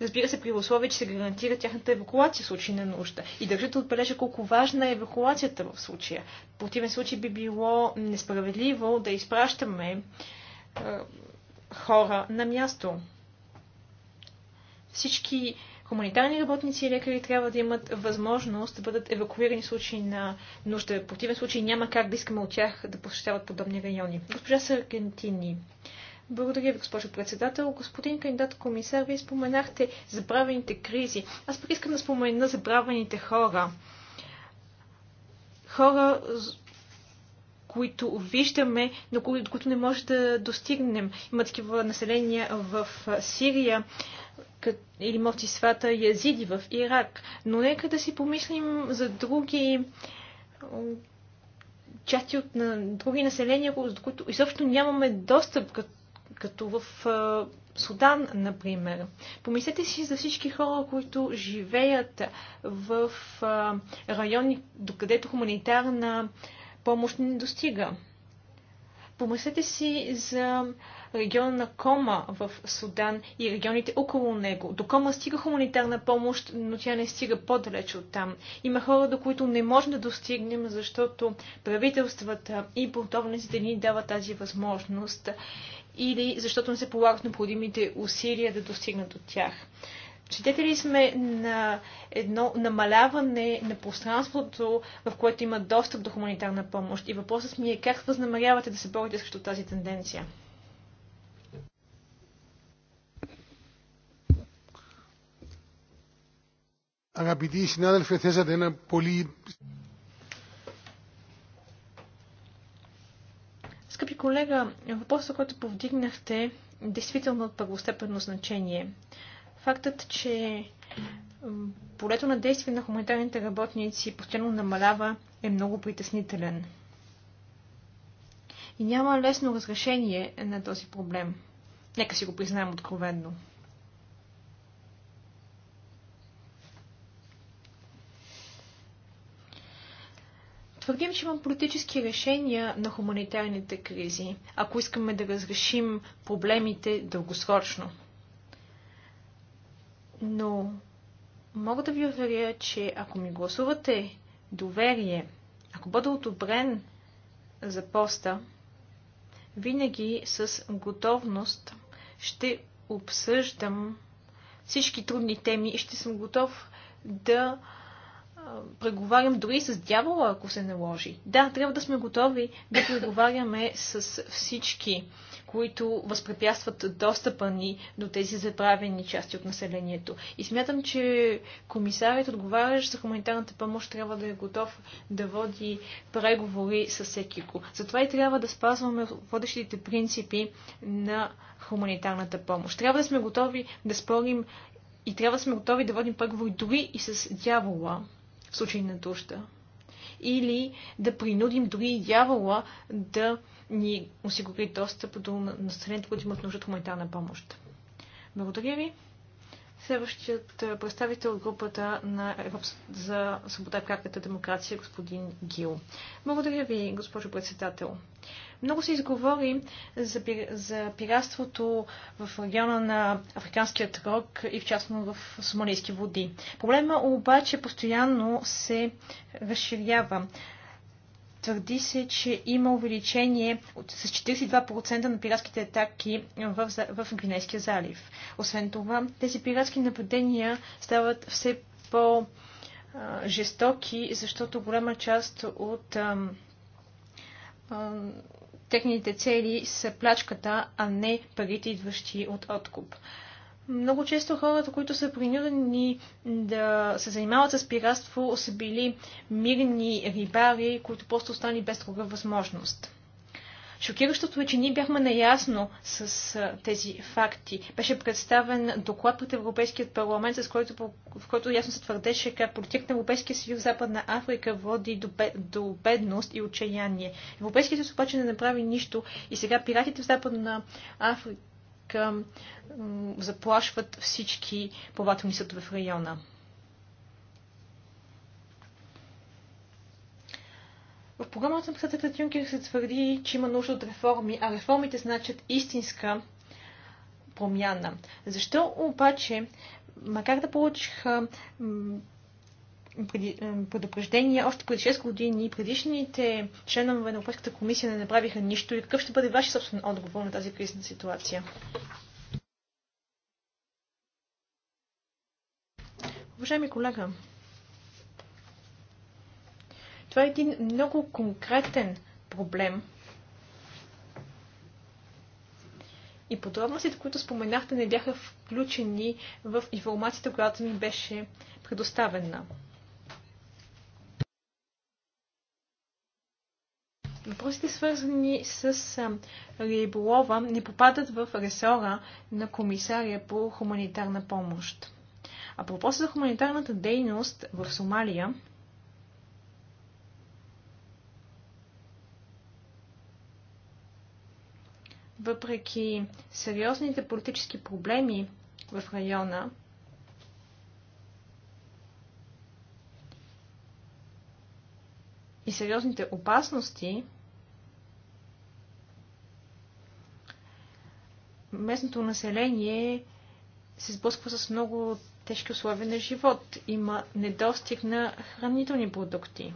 разбира се, при условие, че се гарантира тяхната евакуация в случай на нужда. И държа да отбележа колко важна е евакуацията в случая. В противен случай би било несправедливо да изпращаме е, хора на място. Всички хуманитарни работници и лекари трябва да имат възможност да бъдат евакуирани в случай на нужда. В противен случай няма как да искаме от тях да посещават подобни райони. Госпожа Саргентини, благодаря ви, госпожо председател. Господин кандидат комисар, вие споменахте забравените кризи. Аз пък искам да спомена забравените хора. Хора, които виждаме, но които не може да достигнем. Има такива населения в Сирия или моти свата язиди в Ирак. Но нека да си помислим за други части от на други населения, до които изобщо нямаме достъп, като като в Судан, например. Помислете си за всички хора, които живеят в райони, докъдето хуманитарна помощ не достига. Помислете си за региона на Кома в Судан и регионите около него. До Кома стига хуманитарна помощ, но тя не стига по-далече от там. Има хора, до които не можем да достигнем, защото правителствата и бунтовниците ни дават тази възможност или защото не се полагат необходимите усилия да достигнат до тях. ли сме на едно намаляване на пространството, в което има достъп до хуманитарна помощ. И въпросът ми е как възнамерявате да се борите срещу тази тенденция? Αγαπητοί συνάδελφοι, θέσατε ένα πολύ Скъпи колега, въпросът, който повдигнахте, е действително от първостепенно значение. Фактът, че полето на действие на хуманитарните работници постоянно намалява, е много притеснителен. И няма лесно разрешение на този проблем. Нека си го признаем откровенно. твърдим, че има политически решения на хуманитарните кризи, ако искаме да разрешим проблемите дългосрочно. Но мога да ви уверя, че ако ми гласувате доверие, ако бъда одобрен за поста, винаги с готовност ще обсъждам всички трудни теми и ще съм готов да преговарям дори с дявола, ако се наложи. Да, трябва да сме готови да преговаряме с всички, които възпрепятстват достъпа ни до тези забравени части от населението. И смятам, че комисарят, отговарящ за хуманитарната помощ, трябва да е готов да води преговори с го. Затова и трябва да спазваме водещите принципи на хуманитарната помощ. Трябва да сме готови да спорим и трябва да сме готови да водим преговори дори и с дявола в случай на нужда. Или да принудим дори дявола да ни осигури достъп до населението, което имат нужда от хуманитарна помощ. Благодаря ви. Следващият е, представител от групата на Европа за свобода, пряката демокрация, господин Гил. Благодаря ви, госпожо председател. Много се изговори за, за пиратството в региона на Африканският рог и в частно в сомалийски води. Проблема обаче постоянно се разширява. Твърди се, че има увеличение от, с 42% на пиратските атаки в, в Гвинейския залив. Освен това, тези пиратски нападения стават все по-жестоки, защото голяма част от ам, ам, техните цели са плачката, а не парите, идващи от откуп. Много често хората, които са принудени да се занимават с пиратство, са били мирни рибари, които просто останали без друга възможност. Шокиращото е, че ние бяхме наясно с а, тези факти. Беше представен доклад пред Европейският парламент, с който, в който ясно се твърдеше как политик на Европейския съюз в Западна Африка води до, бе, до бедност и отчаяние. Европейският съюз обаче не направи нищо и сега пиратите в Западна Африка сметка заплашват всички плавателни съдове в района. В програмата на председателят Юнкер се твърди, че има нужда от реформи, а реформите значат истинска промяна. Защо обаче, макар да получиха е, предупреждения още преди 6 години предишните членове на Европейската комисия не направиха нищо и какъв ще бъде вашия собствен отговор на тази кризисна ситуация? Уважаеми колега, това е един много конкретен проблем. И подробностите, които споменахте, не бяха включени в информацията, която ми беше предоставена. Въпросите, свързани с риболова, не попадат в ресора на комисария по хуманитарна помощ. А по въпроса за хуманитарната дейност в Сомалия, въпреки сериозните политически проблеми в района, и сериозните опасности, местното население се сблъсква с много тежки условия на живот. Има недостиг на хранителни продукти.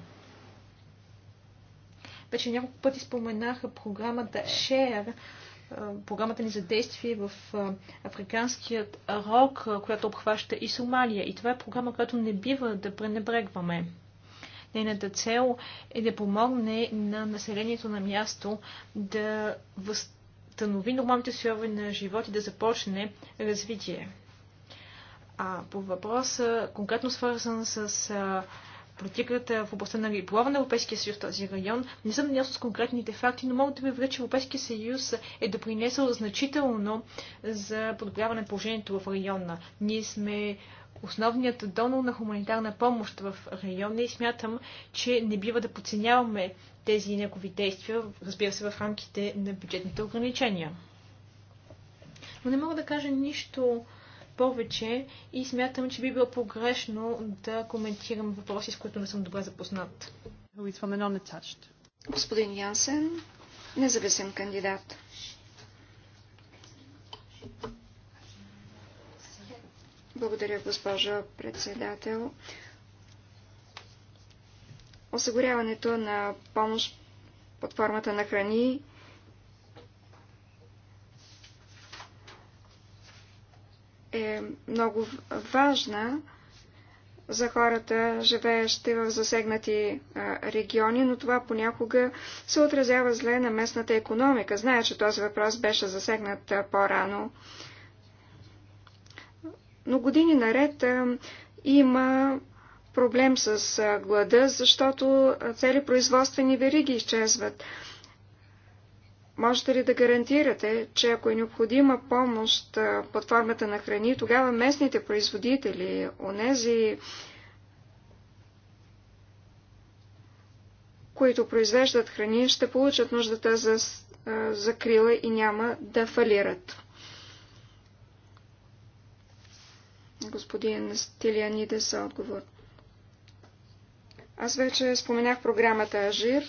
Вече няколко пъти споменаха програмата Share, програмата ни за действие в Африканският рок, която обхваща и Сомалия. И това е програма, която не бива да пренебрегваме. Нейната цел е да помогне на населението на място да възстановим установи нормалните сфери на живот и да започне развитие. А по въпроса, конкретно свързан с а, политиката в областта на риболова на Европейския съюз в този район. Не съм наясно с конкретните факти, но мога да ви уверя, че Европейския съюз е допринесъл значително за подобряване на положението в района. Ние сме основният донор на хуманитарна помощ в района и смятам, че не бива да подценяваме тези негови действия, разбира се, в рамките на бюджетните ограничения. Но не мога да кажа нищо повече и смятам, че би било погрешно да коментирам въпроси, с които не съм добре запознат. Е Господин Янсен, независим кандидат. Благодаря, госпожо председател осигуряването на помощ под формата на храни е много важна за хората, живеещи в засегнати региони, но това понякога се отразява зле на местната економика. Зная, че този въпрос беше засегнат по-рано. Но години наред има проблем с глада, защото цели производствени вериги изчезват. Можете ли да гарантирате, че ако е необходима помощ под формата на храни, тогава местните производители, онези, които произвеждат храни, ще получат нуждата за закрила и няма да фалират? Господин Стилианидес, отговор. Аз вече споменах програмата Ажир.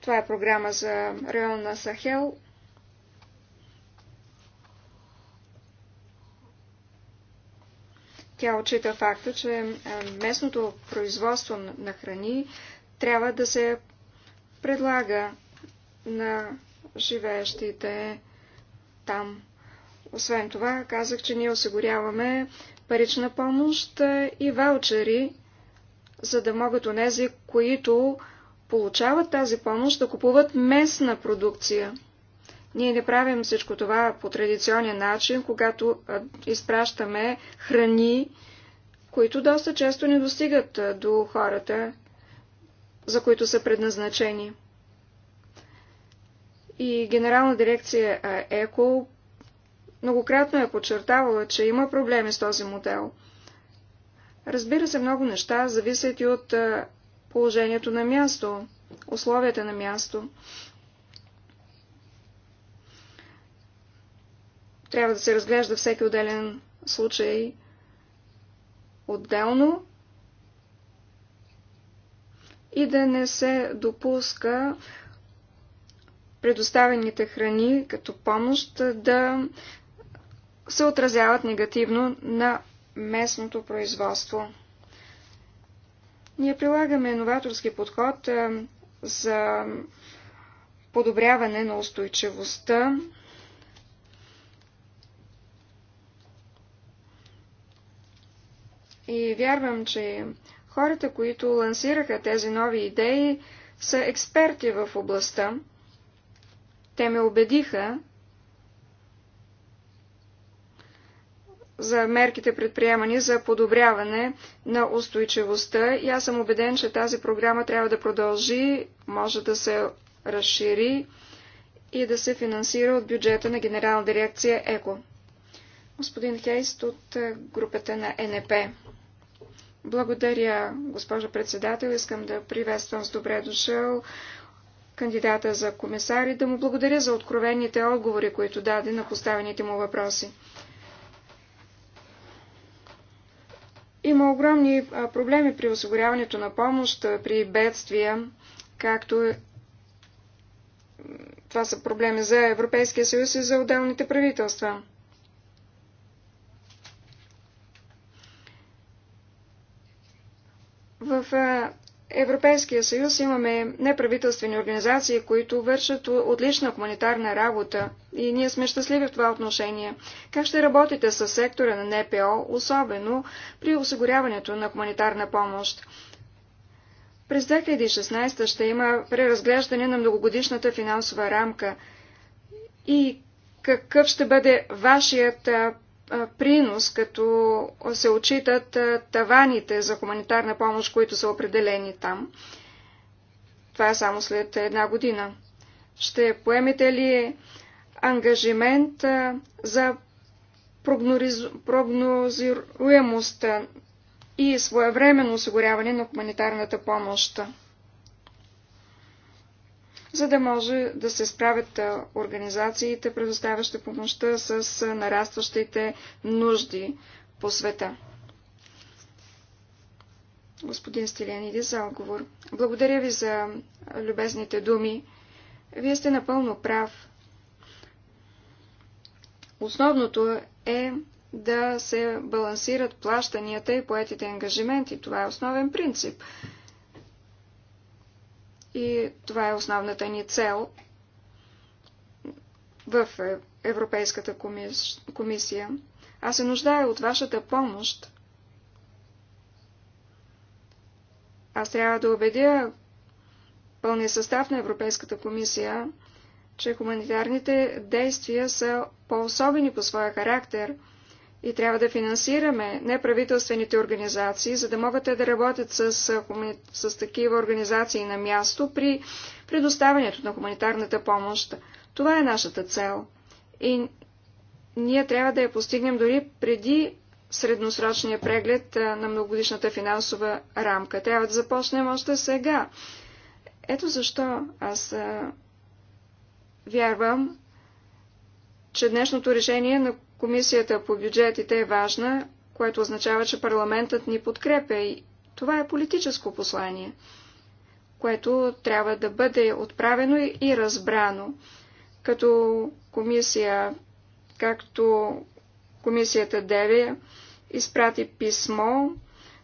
Това е програма за район на Сахел. Тя отчита факта, че е, местното производство на храни трябва да се предлага на живеещите там. Освен това, казах, че ние осигуряваме парична помощ и ваучери, за да могат онези, които получават тази помощ, да купуват местна продукция. Ние не правим всичко това по традиционен начин, когато изпращаме храни, които доста често не достигат до хората, за които са предназначени. И Генерална дирекция ЕКО многократно е подчертавала, че има проблеми с този модел. Разбира се, много неща зависят и от положението на място, условията на място. Трябва да се разглежда всеки отделен случай отделно и да не се допуска предоставените храни като помощ да се отразяват негативно на местното производство. Ние прилагаме новаторски подход е, за подобряване на устойчивостта и вярвам, че хората, които лансираха тези нови идеи, са експерти в областта. Те ме убедиха, за мерките предприемани за подобряване на устойчивостта и аз съм убеден, че тази програма трябва да продължи, може да се разшири и да се финансира от бюджета на Генерална дирекция ЕКО. Господин Хейст от е, групата на НП. Благодаря, госпожа председател. Искам да приветствам с добре дошъл кандидата за комисар и да му благодаря за откровените отговори, които даде на поставените му въпроси. Има огромни проблеми при осигуряването на помощ при бедствия, както е, това са проблеми за Европейския съюз и за отделните правителства. В Европейския съюз имаме неправителствени организации, които вършат отлична хуманитарна работа и ние сме щастливи в това отношение. Как ще работите с сектора на НПО, особено при осигуряването на хуманитарна помощ? През 2016 ще има преразглеждане на многогодишната финансова рамка и какъв ще бъде вашият принос, като се отчитат таваните за хуманитарна помощ, които са определени там. Това е само след една година. Ще поемете ли ангажимент за прогнориз... прогнозируемостта и своевременно осигуряване на хуманитарната помощ? за да може да се справят организациите, предоставящи помощта с нарастващите нужди по света. Господин Стилениди за отговор. Благодаря ви за любезните думи. Вие сте напълно прав. Основното е да се балансират плащанията и поетите ангажименти. Това е основен принцип. И това е основната ни цел в е, Европейската комисия. Аз се нуждая от вашата помощ. Аз трябва да убедя пълния състав на Европейската комисия, че хуманитарните действия са по-особени по своя характер – и трябва да финансираме неправителствените организации, за да могат те да работят с, с такива организации на място при предоставянето на хуманитарната помощ. Това е нашата цел. И ние трябва да я постигнем дори преди средносрочния преглед на многогодишната финансова рамка. Трябва да започнем още сега. Ето защо аз вярвам, че днешното решение на Комисията по бюджетите е важна, което означава, че парламентът ни подкрепя и това е политическо послание, което трябва да бъде отправено и разбрано. Като комисия, както комисията Деве изпрати писмо,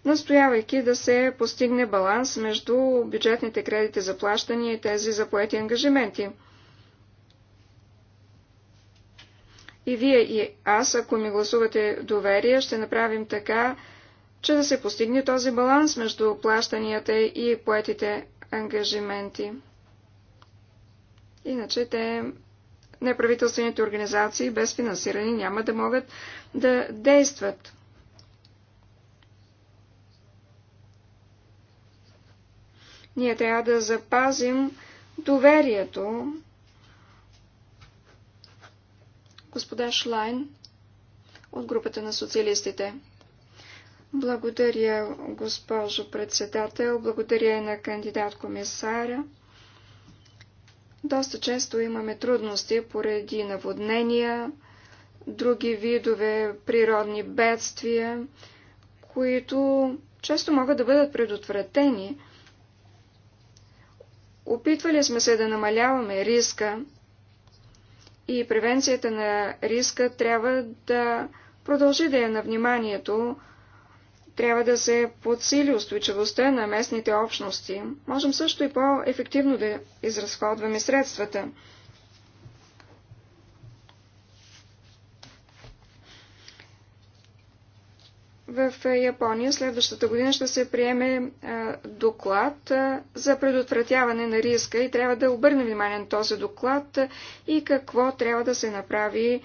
настоявайки да се постигне баланс между бюджетните кредити за плащания и тези за поети ангажименти. И вие и аз, ако ми гласувате доверие, ще направим така, че да се постигне този баланс между плащанията и поетите ангажименти. Иначе те неправителствените организации без финансиране няма да могат да действат. Ние трябва да запазим доверието Господа Шлайн от групата на социалистите. Благодаря, госпожо председател. Благодаря на кандидат-комисаря. Доста често имаме трудности поради наводнения, други видове природни бедствия, които често могат да бъдат предотвратени. Опитвали сме се да намаляваме риска, и превенцията на риска трябва да продължи да е на вниманието, трябва да се подсили устойчивостта на местните общности. Можем също и по-ефективно да изразходваме средствата. в е, Япония следващата година ще се приеме е, доклад е, за предотвратяване на риска и трябва да обърне внимание на този доклад и какво трябва да се направи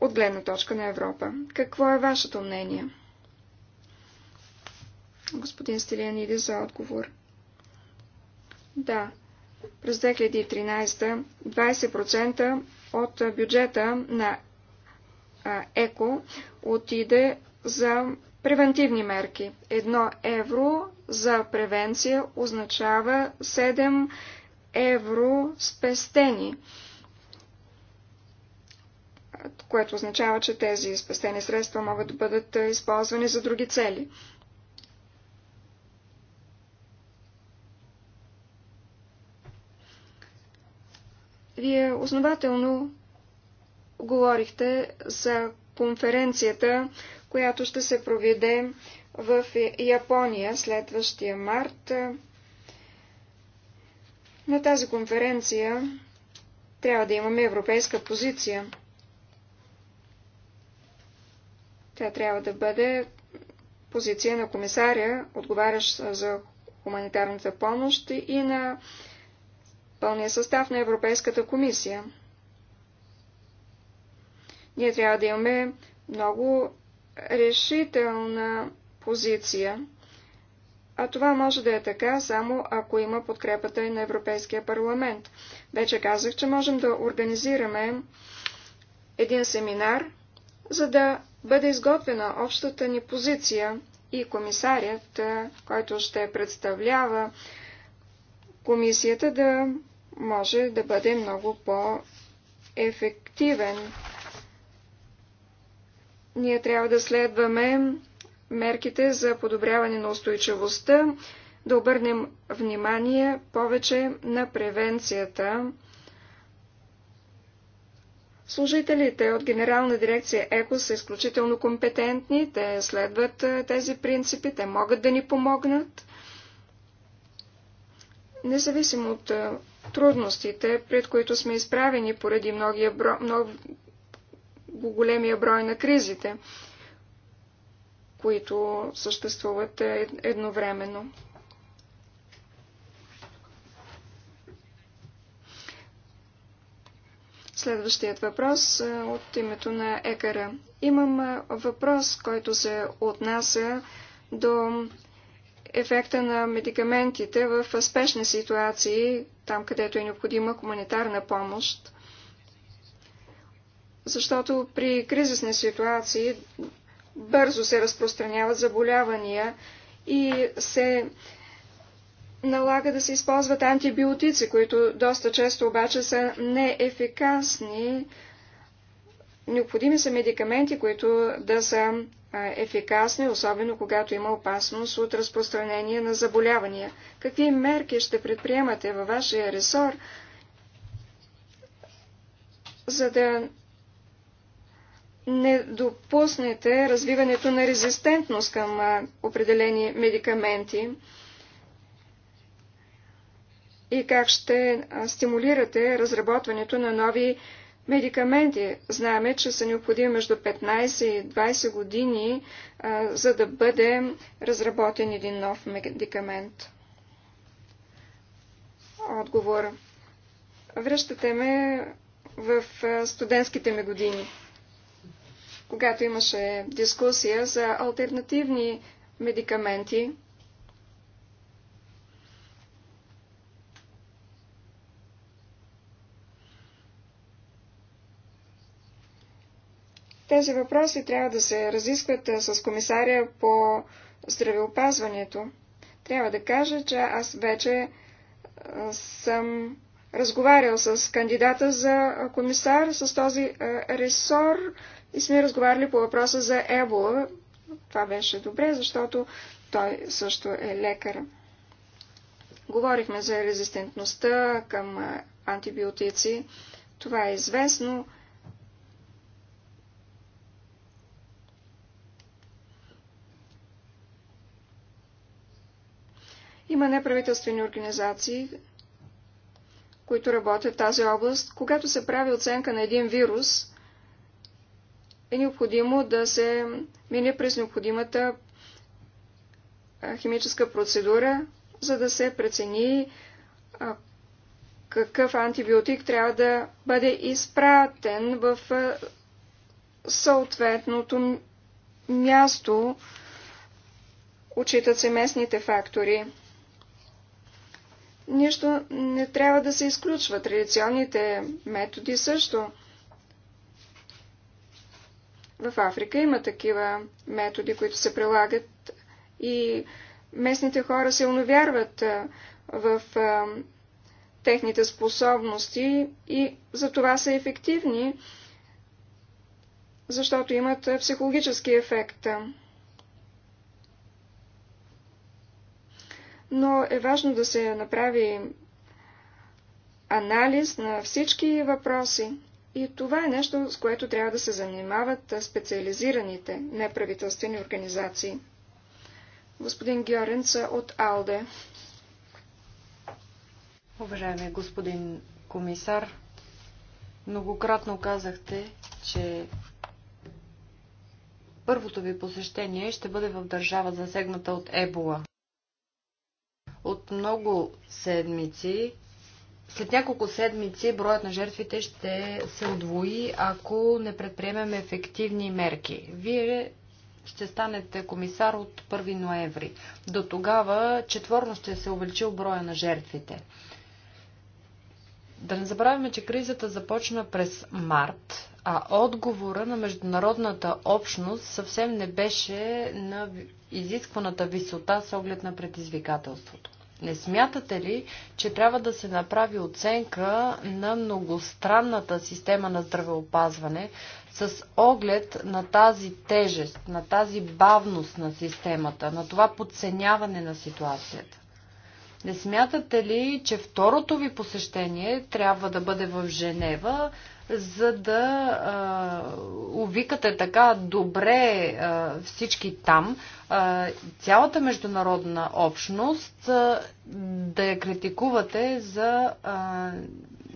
от гледна точка на Европа. Какво е вашето мнение? Господин Стилиан иде за отговор. Да. През 2013 20% от бюджета на ЕКО отиде за превентивни мерки. Едно евро за превенция означава 7 евро спестени, което означава, че тези спестени средства могат да бъдат използвани за други цели. Вие основателно говорихте за конференцията, която ще се проведе в Япония следващия март. На тази конференция трябва да имаме европейска позиция. Тя трябва да бъде позиция на комисаря, отговарящ за хуманитарната помощ и на пълния състав на Европейската комисия. Ние трябва да имаме много решителна позиция. А това може да е така само ако има подкрепата и на Европейския парламент. Вече казах, че можем да организираме един семинар, за да бъде изготвена общата ни позиция и комисарят, който ще представлява комисията, да може да бъде много по-ефективен ние трябва да следваме мерките за подобряване на устойчивостта, да обърнем внимание повече на превенцията. Служителите от Генерална дирекция ЕКО са изключително компетентни, те следват тези принципи, те могат да ни помогнат. Независимо от трудностите, пред които сме изправени поради многия бро големия брой на кризите, които съществуват е, едновременно. Следващият въпрос е, от името на Екара. Имам е, въпрос, който се отнася до ефекта на медикаментите в спешни ситуации, там където е необходима хуманитарна помощ защото при кризисни ситуации бързо се разпространяват заболявания и се налага да се използват антибиотици, които доста често обаче са неефикасни. Необходими са медикаменти, които да са ефикасни, особено когато има опасност от разпространение на заболявания. Какви мерки ще предприемате във вашия ресор, за да не допуснете развиването на резистентност към определени медикаменти и как ще стимулирате разработването на нови медикаменти. Знаеме, че са необходими между 15 и 20 години, за да бъде разработен един нов медикамент. Отговор. Връщате ме в студентските ми години когато имаше дискусия за альтернативни медикаменти. Тези въпроси трябва да се разискват с комисаря по здравеопазването. Трябва да кажа, че аз вече съм разговарял с кандидата за комисар с този ресор и сме разговаряли по въпроса за Ебола. Това беше добре, защото той също е лекар. Говорихме за резистентността към антибиотици. Това е известно. Има неправителствени организации, които работят в тази област. Когато се прави оценка на един вирус, е необходимо да се мине през необходимата химическа процедура, за да се прецени какъв антибиотик трябва да бъде изпратен в съответното място. Учитат се местните фактори. Нищо не трябва да се изключва. Традиционните методи също. В Африка има такива методи, които се прилагат и местните хора силно вярват в техните способности и за това са ефективни, защото имат психологически ефект. Но е важно да се направи анализ на всички въпроси. И това е нещо, с което трябва да се занимават специализираните неправителствени организации. Господин Георенца от АЛДЕ. Уважаеми господин комисар, многократно казахте, че първото ви посещение ще бъде в държава засегната от Ебола. От много седмици след няколко седмици броят на жертвите ще се удвои, ако не предприемем ефективни мерки. Вие ще станете комисар от 1 ноември. До тогава четворно ще се увеличил броя на жертвите. Да не забравяме, че кризата започна през март, а отговора на международната общност съвсем не беше на изискваната висота с оглед на предизвикателството. Не смятате ли, че трябва да се направи оценка на многостранната система на здравеопазване с оглед на тази тежест, на тази бавност на системата, на това подценяване на ситуацията? Не смятате ли, че второто ви посещение трябва да бъде в Женева, за да а, увикате така добре а, всички там, а, цялата международна общност а, да я критикувате за а,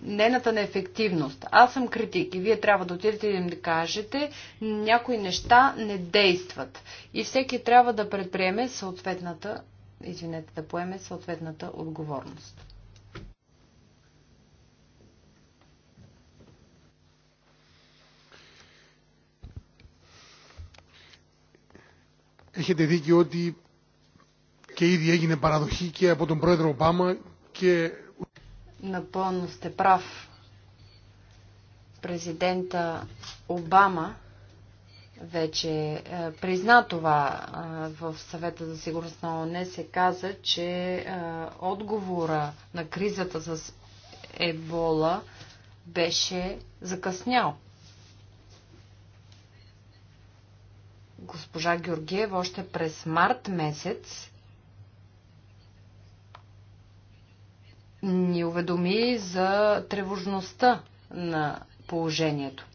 нената неефективност. Аз съм критик и вие трябва да отидете и им да кажете, някои неща не действат. И всеки трябва да предприеме съответната, извинете, да поеме съответната отговорност. έχετε δει και ότι και ήδη έγινε παραδοχή και από τον πρόεδρο Ομπάμα και... Напълно сте прав. Президента Обама вече е, призна това е, в съвета за сигурност на ОНЕ. Се каза, че е, отговора на кризата с Ебола беше закъснял. госпожа Георгиев още през март месец ни уведоми за тревожността на положението.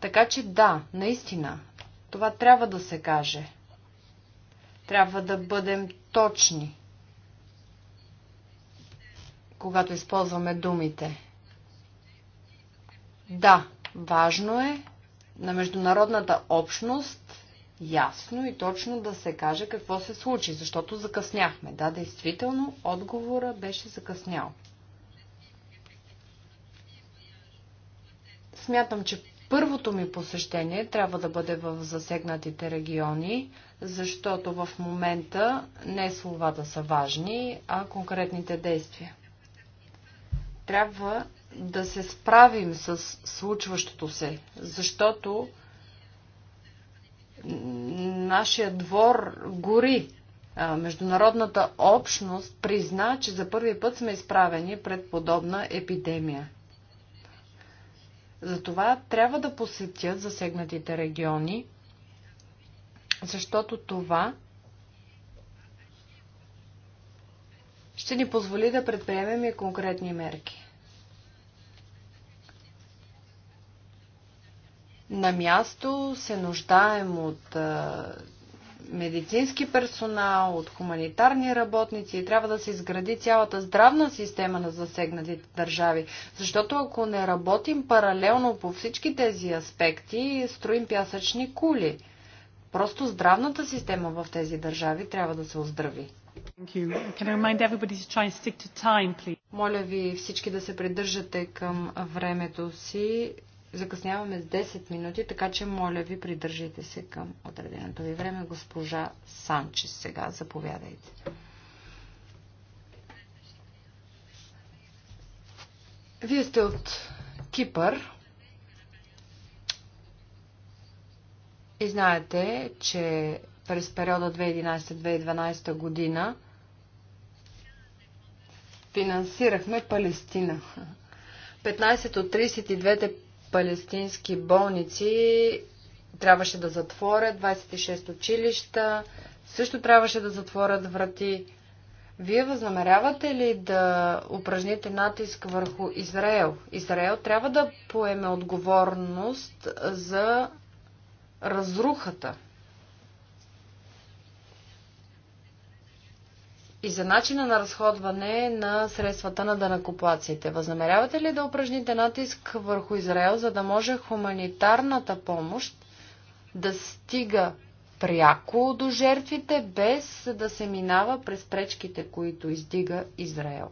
Така че да, наистина, това трябва да се каже. Трябва да бъдем точни, когато използваме думите. Да, важно е на международната общност ясно и точно да се каже какво се случи, защото закъсняхме. Да, действително, отговора беше закъснял. Смятам, че първото ми посещение трябва да бъде в засегнатите региони, защото в момента не словата са важни, а конкретните действия. Трябва да се справим с случващото се, защото нашия двор гори. Международната общност призна, че за първи път сме изправени пред подобна епидемия. Затова трябва да посетят засегнатите региони, защото това ще ни позволи да предприемем и конкретни мерки. на място се нуждаем от медицински персонал, от хуманитарни работници и трябва да се изгради цялата здравна система на засегнатите държави. Защото ако не работим паралелно по всички тези аспекти, строим пясъчни кули. Просто здравната система в тези държави трябва да се оздрави. Моля ви всички да се придържате към времето си, Закъсняваме с 10 минути, така че моля ви, придържайте се към отреденото ви време. Госпожа Санчес, сега заповядайте. Вие сте от Кипър и знаете, че през периода 2011-2012 година финансирахме Палестина. 15 от 32-те палестински болници трябваше да затворят, 26 училища също трябваше да затворят врати. Вие възнамерявате ли да упражните натиск върху Израел? Израел трябва да поеме отговорност за разрухата и за начина на разходване на средствата на данакоплаците. Възнамерявате ли да упражните натиск върху Израел, за да може хуманитарната помощ да стига пряко до жертвите, без да се минава през пречките, които издига Израел?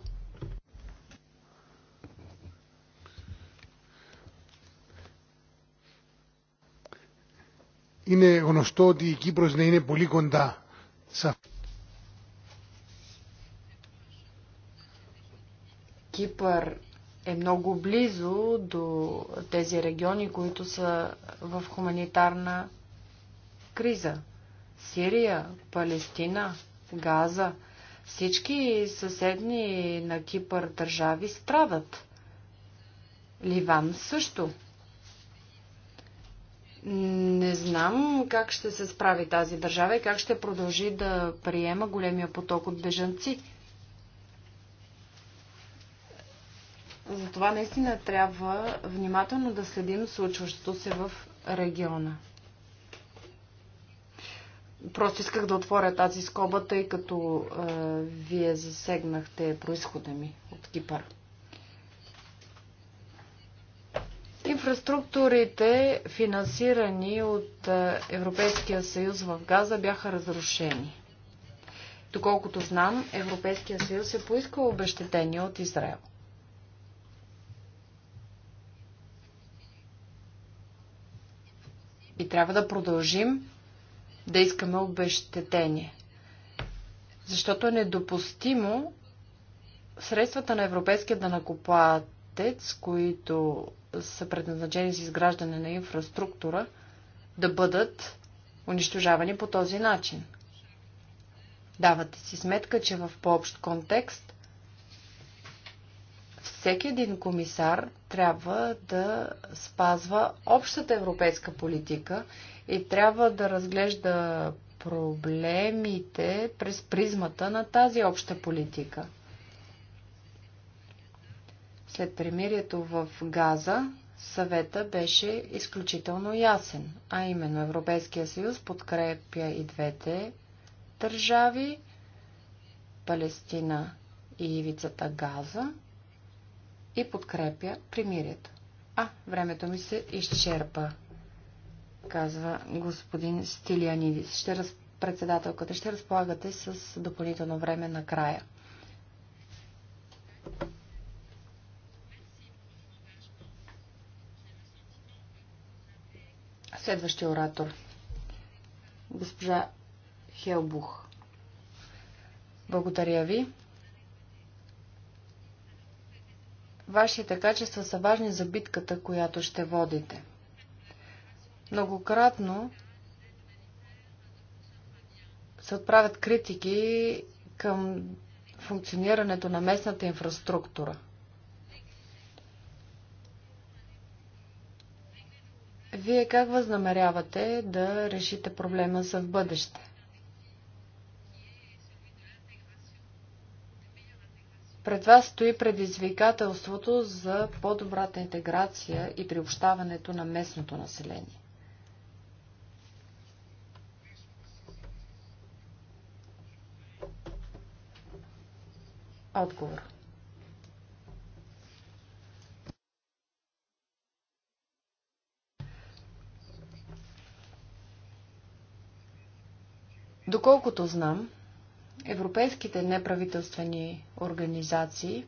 Είναι γνωστό ότι η Κύπρος να είναι πολύ κοντά σε αυτό. Кипър е много близо до тези региони, които са в хуманитарна криза. Сирия, Палестина, Газа. Всички съседни на Кипър държави страдат. Ливан също. Не знам как ще се справи тази държава и как ще продължи да приема големия поток от бежанци. Затова наистина трябва внимателно да следим случващото се в региона. Просто исках да отворя тази скоба, тъй като е, вие засегнахте происхода ми от Кипър. Инфраструктурите, финансирани от е, Европейския съюз в Газа, бяха разрушени. Доколкото знам, Европейския съюз е поискал обещетение от Израел. И трябва да продължим да искаме обещетение. Защото е недопустимо средствата на европейския данакоплатец, които са предназначени за изграждане на инфраструктура, да бъдат унищожавани по този начин. Давате си сметка, че в по-общ контекст всеки един комисар трябва да спазва общата европейска политика и трябва да разглежда проблемите през призмата на тази обща политика. След премирието в Газа, съвета беше изключително ясен, а именно Европейския съюз подкрепя и двете държави, Палестина и ивицата Газа, и подкрепя примирието. А, времето ми се изчерпа, казва господин Стилианидис. Ще раз... Председателката ще разполагате с допълнително време на края. Следващия оратор. Госпожа Хелбух. Благодаря ви. Вашите качества са важни за битката, която ще водите. Многократно се отправят критики към функционирането на местната инфраструктура. Вие как възнамерявате да решите проблема за в бъдеще? Пред вас стои предизвикателството за по-добрата интеграция и приобщаването на местното население. Отговор. Доколкото знам, Европейските неправителствени организации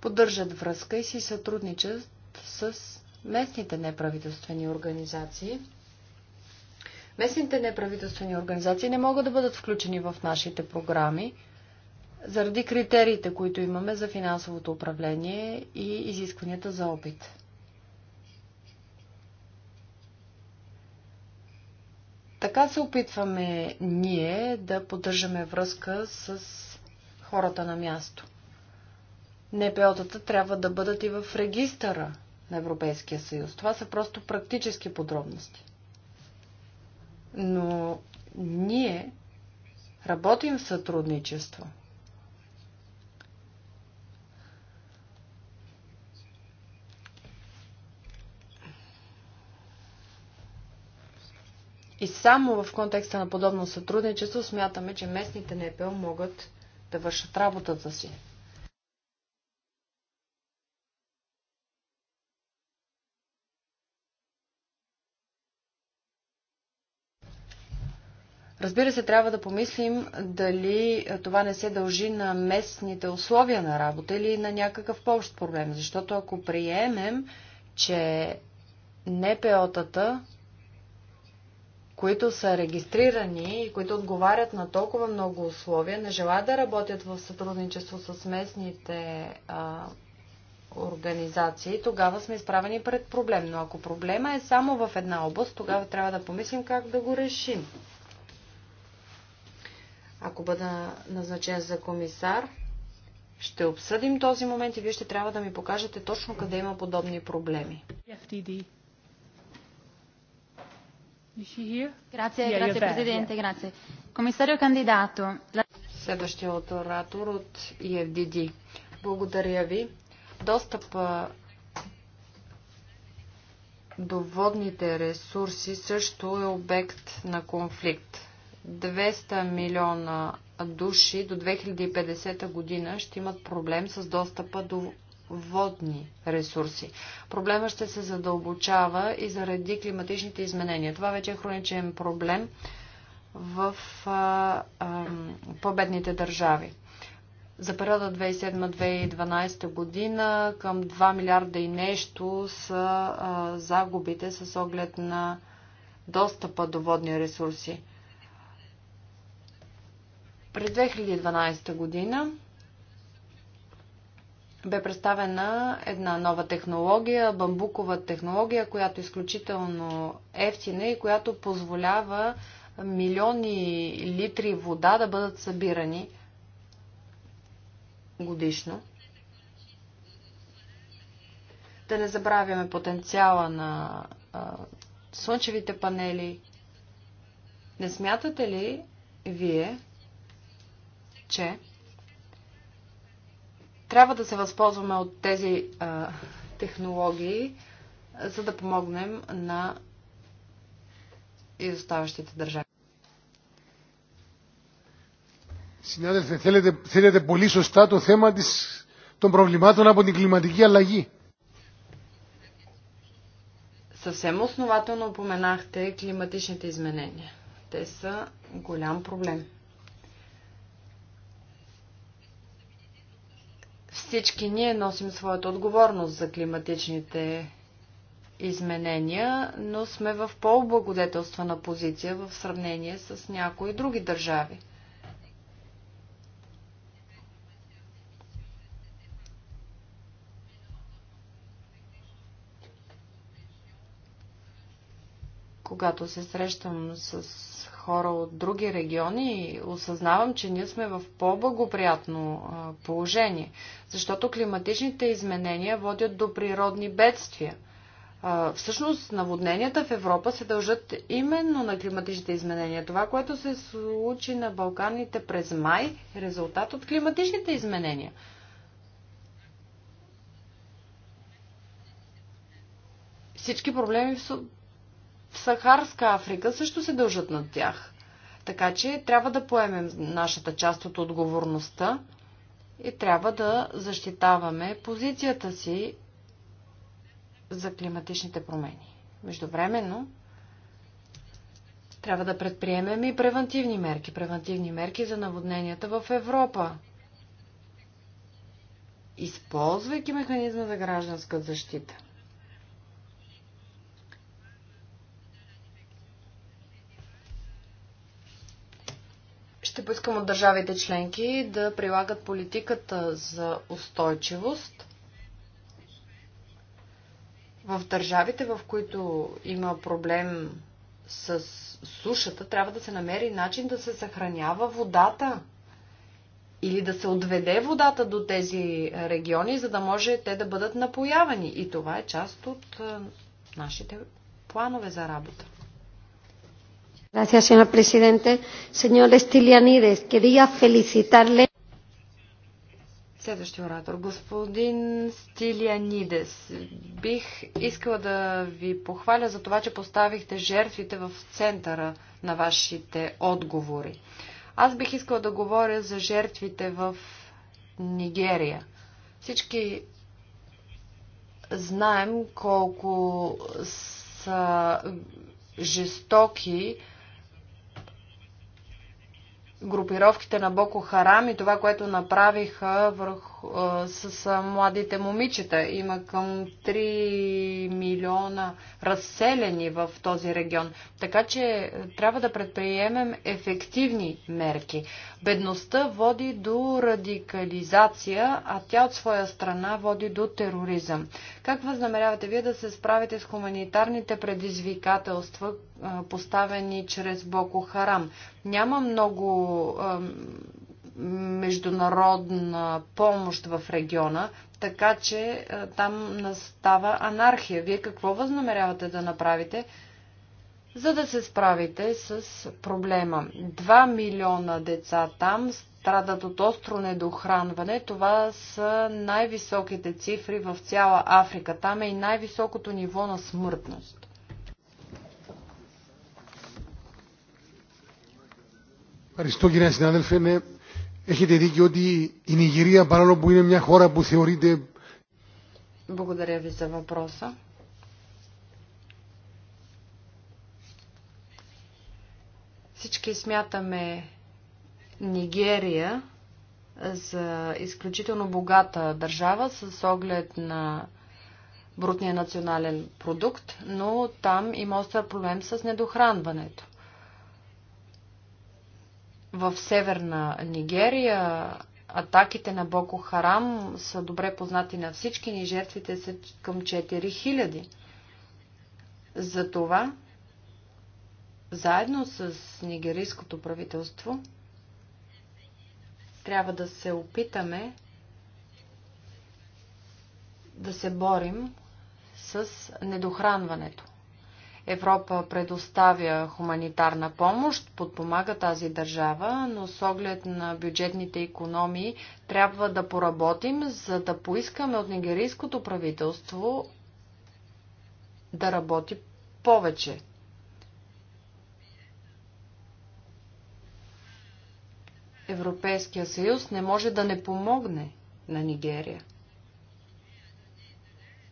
поддържат връзка и си сътрудничат с местните неправителствени организации. Местните неправителствени организации не могат да бъдат включени в нашите програми заради критериите, които имаме за финансовото управление и изискванията за опит. Така се опитваме ние да поддържаме връзка с хората на място. НПО-тата трябва да бъдат и в регистъра на Европейския съюз. Това са просто практически подробности. Но ние работим в сътрудничество – И само в контекста на подобно сътрудничество смятаме, че местните НПО могат да вършат работата си. Разбира се, трябва да помислим дали това не се дължи на местните условия на работа или на някакъв по-общ проблем. Защото ако приемем, че НПО-тата които са регистрирани и които отговарят на толкова много условия, не желаят да работят в сътрудничество с местните а, организации, тогава сме изправени пред проблем. Но ако проблема е само в една област, тогава трябва да помислим как да го решим. Ако бъда назначен за комисар, ще обсъдим този момент и вие ще трябва да ми покажете точно къде има подобни проблеми. FTD. Grazie, grazie. Комисарио кандидато. Следващият оратор от EFDD. Благодаря ви. Достъп до водните ресурси също е обект на конфликт. 200 милиона души до 2050 година ще имат проблем с достъпа до водни ресурси. Проблема ще се задълбочава и заради климатичните изменения. Това вече е хроничен проблем в а, а, победните държави. За периода 2007-2012 година към 2 милиарда и нещо са а, загубите с оглед на достъпа до водни ресурси. През 2012 година бе представена една нова технология, бамбукова технология, която е изключително ефтина и която позволява милиони литри вода да бъдат събирани годишно. Да не забравяме потенциала на а, слънчевите панели. Не смятате ли вие, че трябва да се възползваме от тези а, технологии, за да помогнем на изоставащите държави. Συνάδελφε, θέλετε, θέλετε πολύ σωστά το θέμα της, των προβλημάτων από την κλιματική αλλαγή. Съвсем основателно упоменахте климатичните изменения. Те са голям проблем. Всички ние носим своята отговорност за климатичните изменения, но сме в по-облагодетелствана позиция в сравнение с някои други държави. когато се срещам с хора от други региони, осъзнавам, че ние сме в по-благоприятно положение, защото климатичните изменения водят до природни бедствия. Всъщност наводненията в Европа се дължат именно на климатичните изменения. Това, което се случи на Балканите през май, е резултат от климатичните изменения. Всички проблеми в в Сахарска Африка също се дължат на тях. Така че трябва да поемем нашата част от отговорността и трябва да защитаваме позицията си за климатичните промени. Междувременно трябва да предприемем и превентивни мерки. Превентивни мерки за наводненията в Европа. Използвайки механизма за гражданска защита – ще поискам от държавите членки да прилагат политиката за устойчивост в държавите, в които има проблем с сушата, трябва да се намери начин да се съхранява водата или да се отведе водата до тези региони, за да може те да бъдат напоявани. И това е част от е, нашите планове за работа señor presidente. Señor stylianides quería felicitarle. Следващия оратор. Господин Стилианидес, бих искала да ви похваля за това, че поставихте жертвите в центъра на вашите отговори. Аз бих искала да говоря за жертвите в Нигерия. Всички знаем колко са жестоки групировките на Боко Харам и това, което направиха върху, а, с а, младите момичета. Има към 3 милиона разселени в този регион. Така че е, трябва да предприемем ефективни мерки. Бедността води до радикализация, а тя от своя страна води до тероризъм. Как възнамерявате вие да се справите с хуманитарните предизвикателства, поставени чрез Боко Харам? Няма много международна помощ в региона, така че там настава анархия. Вие какво възнамерявате да направите, за да се справите с проблема. 2 милиона деца там страдат от остро недохранване. Това са най-високите цифри в цяла Африка. Там е и най-високото ниво на смъртност. Ευχαριστώ κύριε συνάδελφε. Ναι, έχετε δίκιο ότι η Νιγηρία παρόλο που είναι μια χώρα που θεωρείται... Благодаря ви за въпроса. Всички смятаме Нигерия за изключително богата държава с оглед на брутния национален продукт, но там има остър проблем с недохранването. В северна Нигерия атаките на Боко Харам са добре познати на всички ни, жертвите са към 4000. Затова заедно с нигерийското правителство трябва да се опитаме да се борим с недохранването. Европа предоставя хуманитарна помощ, подпомага тази държава, но с оглед на бюджетните економии трябва да поработим, за да поискаме от нигерийското правителство да работи повече Европейския съюз не може да не помогне на Нигерия.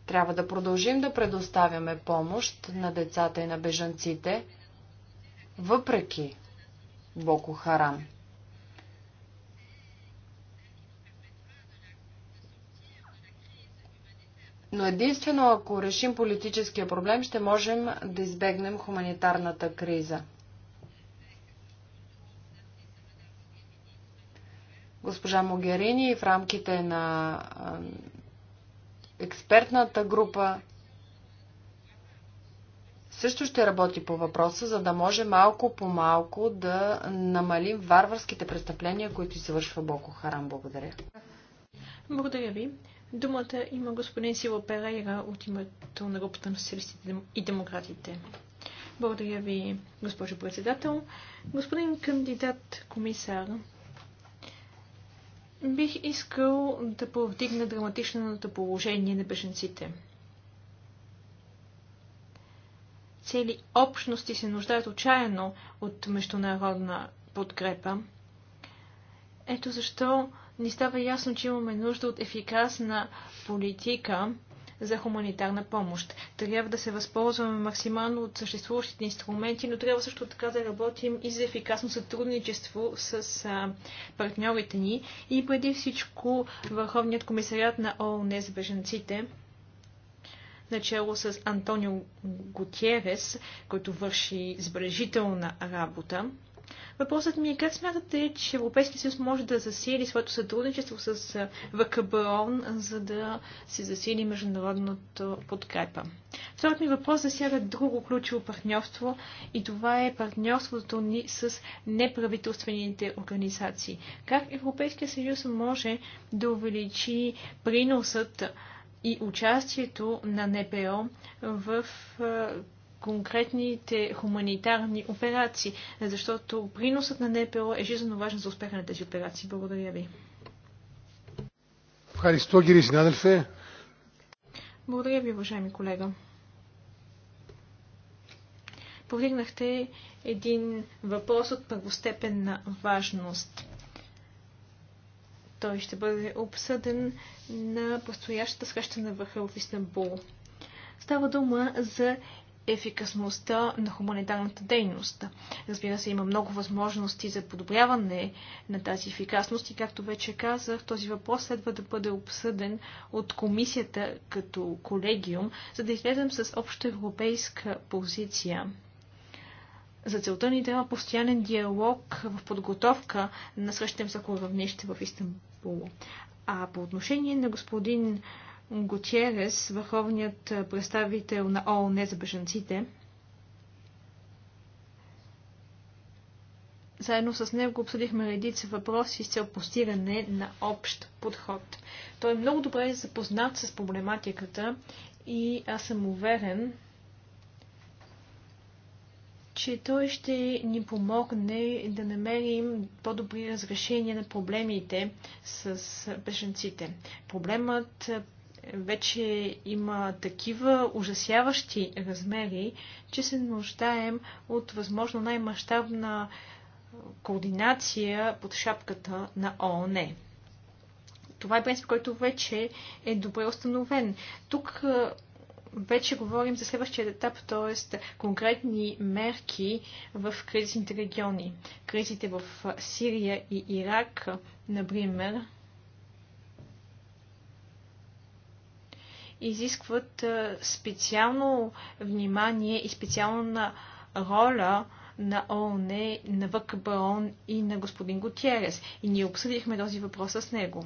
Трябва да продължим да предоставяме помощ на децата и на бежанците, въпреки Боко Харам. Но единствено ако решим политическия проблем, ще можем да избегнем хуманитарната криза. госпожа Могерини в рамките на експертната група също ще работи по въпроса, за да може малко по малко да намалим варварските престъпления, които извършва Боко Харам. Благодаря. Благодаря ви. Думата има господин Сило Перейра от името на групата на социалистите и демократите. Благодаря ви, госпожо председател. Господин кандидат комисар, Бих искал да повдигна драматичното положение на беженците. Цели общности се нуждаят отчаяно от международна подкрепа. Ето защо ни става ясно, че имаме нужда от ефикасна политика, за хуманитарна помощ. Трябва да се възползваме максимално от съществуващите инструменти, но трябва също така да работим и за ефикасно сътрудничество с партньорите ни и преди всичко Върховният комисариат на ООН за беженците начало с Антонио Готиерес, който върши сбрежителна работа. Въпросът ми е как смятате, че Европейския съюз може да засили своето сътрудничество с ВКБОН, за да се засили международното подкрепа? Вторият ми въпрос засяга друго ключово партньорство и това е партньорството ни с неправителствените организации. Как Европейския съюз може да увеличи приносът и участието на НПО в конкретните хуманитарни операции, защото приносът на НПО е жизненно важен за успеха на тези операции. Благодаря ви. Благодаря ви, уважаеми колега. Повдигнахте един въпрос от първостепенна важност. Той ще бъде обсъден на предстоящата среща на върха в Истанбул. Става дума за ефикасността на хуманитарната дейност. Разбира се, има много възможности за подобряване на тази ефикасност и, както вече казах, този въпрос следва да бъде обсъден от комисията като колегиум, за да излезем с общо европейска позиция. За целта ни трябва постоянен диалог в подготовка на срещам за в Истанбул. А по отношение на господин Гутиерес, върховният представител на ООН за бежанците, заедно с него обсъдихме редица въпроси с цел постигане на общ подход. Той е много добре запознат с проблематиката и аз съм уверен, че той ще ни помогне да намерим по-добри разрешения на проблемите с беженците. Проблемът вече има такива ужасяващи размери, че се нуждаем от възможно най-мащабна координация под шапката на ООН. Това е принцип, който вече е добре установен. Тук вече говорим за следващия етап, т.е. конкретни мерки в кризисните региони. Кризите в Сирия и Ирак, например, изискват специално внимание и специална роля на ООН, на ВКБОН и на господин Гутиерес. И ние обсъдихме този въпрос с него.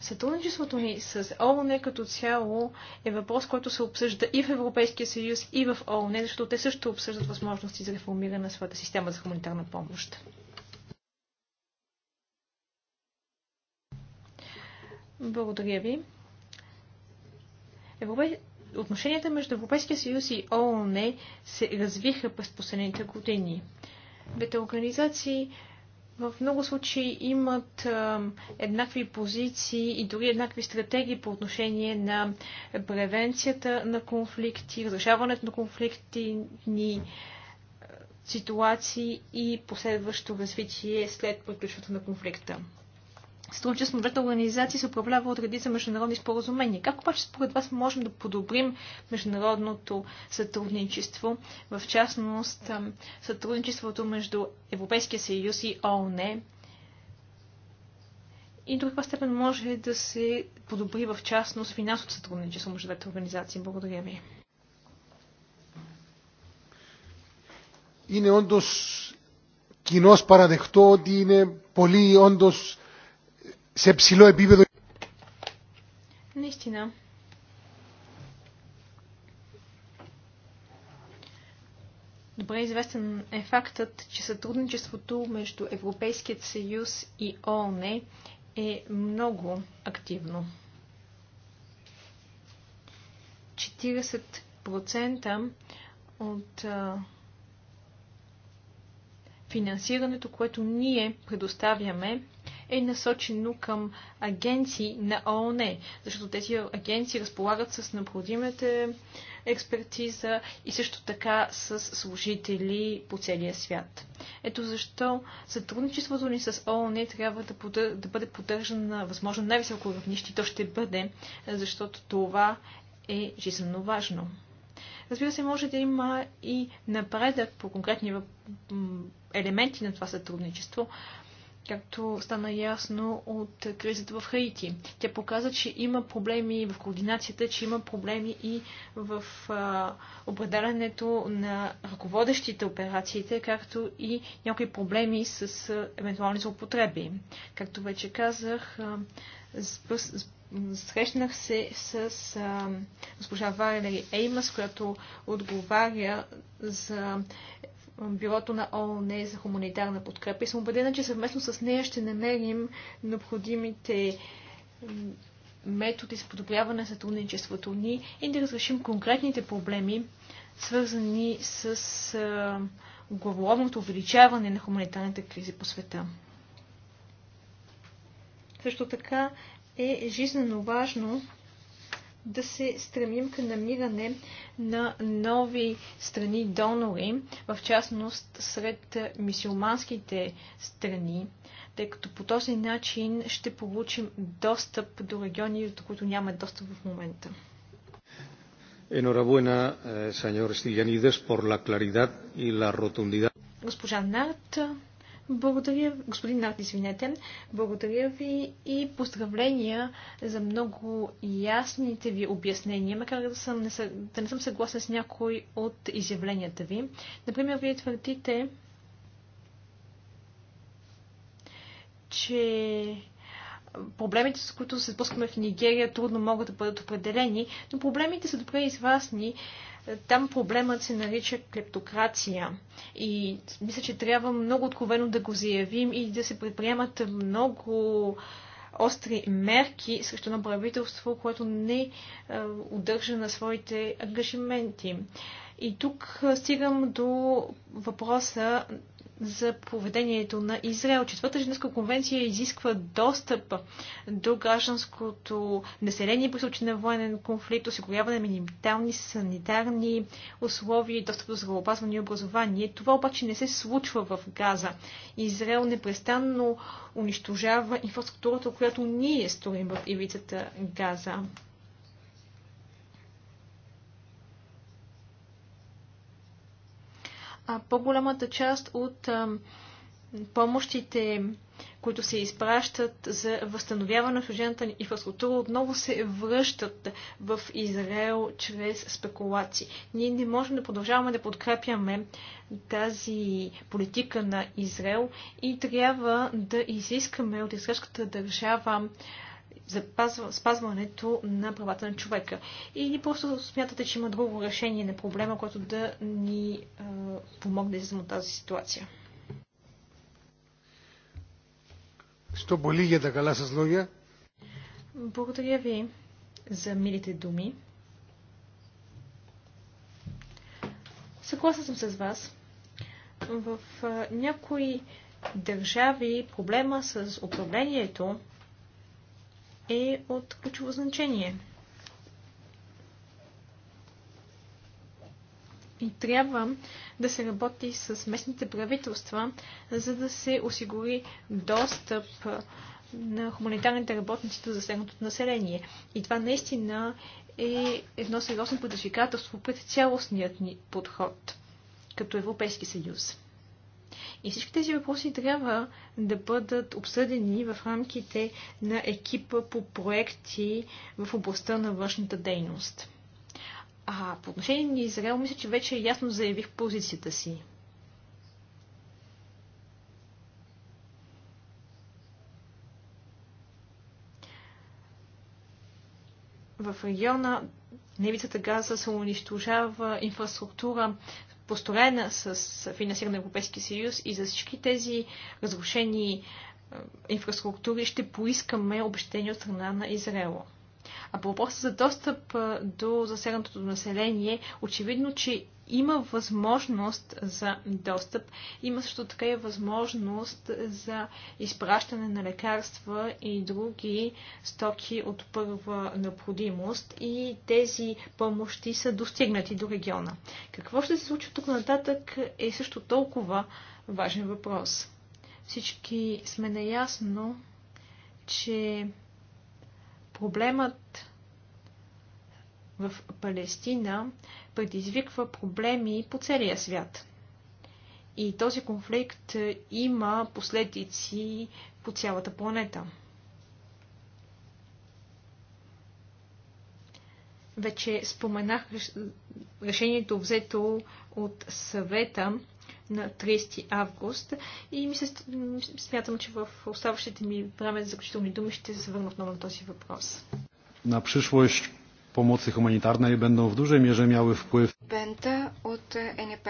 Сътрудничеството ни с ООН като цяло е въпрос, който се обсъжда и в Европейския съюз, и в ООН, защото те също обсъждат възможности за реформиране на своята система за хуманитарна помощ. Благодаря ви. Европе... Отношенията между Европейския съюз и ООН се развиха през последните години. Двете организации в много случаи имат а, еднакви позиции и дори еднакви стратегии по отношение на превенцията на конфликти, разрешаването на конфликти, ни ситуации и последващо развитие след приключването на конфликта. Сътрудничество на двете организации се управлява от редица международни споразумения. Как обаче според вас можем да подобрим международното сътрудничество, в частност сътрудничеството между Европейския съюз и ООН? И до каква степен може да се подобри в частност финансовото сътрудничество между двете организации? Благодаря ви. Είναι όντως κοινός παραδεχτό ότι είναι πολύ όντως σε ψηλό επίπεδο. Наистина. Добре известен е фактът, че сътрудничеството между Европейският съюз и ООН е много активно. 40% от финансирането, което ние предоставяме, е насочено към агенции на ООН, защото тези агенции разполагат с необходимите експертиза и също така с служители по целия свят. Ето защо сътрудничеството ни с ООН трябва да, подър... да бъде поддържано на възможно най-високо равнище и то ще бъде, защото това е жизненно важно. Разбира се, може да има и напредък по конкретни елементи на това сътрудничество, както стана ясно от кризата в Хаити. Тя показа, че има проблеми в координацията, че има проблеми и в определянето определенето на ръководещите операциите, както и някои проблеми с а, евентуални злоупотреби. Както вече казах, а, с, срещнах се с а, госпожа Валери Еймас, която отговаря за Бюрото на ООН за хуманитарна подкрепа и съм убедена, че съвместно с нея ще намерим необходимите методи за подобряване на сътрудничеството ни и да разрешим конкретните проблеми, свързани с главоломното увеличаване на хуманитарните кризи по света. Също така е жизненно важно да се стремим към намиране на нови страни донори, в частност сред мисиоманските страни, тъй като по този начин ще получим достъп до региони, до които нямат достъп в момента. Enhorabuena, eh, señor Стилянидес, por la claridad y la rotundidad. Госпожа Нарт, благодаря, господин Нарт, извинете. Благодаря ви и поздравления за много ясните ви обяснения, макар да, съм, не съ... да не съм съгласен с някой от изявленията ви. Например, вие твърдите, че проблемите, с които се спускаме в Нигерия, трудно могат да бъдат определени, но проблемите са добре известни. Там проблемът се нарича клептокрация. И мисля, че трябва много откровено да го заявим и да се предприемат много остри мерки срещу на правителство, което не е, удържа на своите ангажименти. И тук е, стигам до въпроса за поведението на Израел. Четвърта женска конвенция изисква достъп до гражданското население при случай на военен конфликт, осигуряване на минимални санитарни условия и достъп до здравеопазване и образование. Това обаче не се случва в Газа. Израел непрестанно унищожава инфраструктурата, която ние строим в ивицата Газа. по-голямата част от помощите, които се изпращат за възстановяване на служената инфраструктура, отново се връщат в Израел чрез спекулации. Ние не можем да продължаваме да подкрепяме тази политика на Израел и трябва да изискаме от израелската държава запазва, спазването на правата на човека. Или просто смятате, че има друго решение на проблема, което да ни а, помогне за тази ситуация. Що боли я да кала с логия? Благодаря ви за милите думи. Съгласна съм с вас. В някои държави проблема с управлението е от ключово значение. И трябва да се работи с местните правителства, за да се осигури достъп на хуманитарните работници до засегнатото население. И това наистина е едно сериозно предизвикателство пред цялостният ни подход като Европейски съюз. И всички тези въпроси трябва да бъдат обсъдени в рамките на екипа по проекти в областта на външната дейност. А по отношение на Израел, мисля, че вече ясно заявих позицията си. в региона Невицата Газа се унищожава инфраструктура, построена с финансиране на Европейския съюз и за всички тези разрушени инфраструктури ще поискаме обещение от страна на Израела. А по въпроса за достъп до засегнатото население, очевидно, че има възможност за достъп, има също така и възможност за изпращане на лекарства и други стоки от първа необходимост и тези помощи са достигнати до региона. Какво ще се случи тук нататък е също толкова важен въпрос. Всички сме наясно, че Проблемът в Палестина предизвиква проблеми по целия свят. И този конфликт има последици по цялата планета. Вече споменах решението взето от съвета на 30 август и ми се, смятам, че в оставащите ми време за заключителни думи ще се върна отново на този въпрос. На przyszłość pomocy humanitarnej в w dużej жемяло в wpływ. Бента от НП.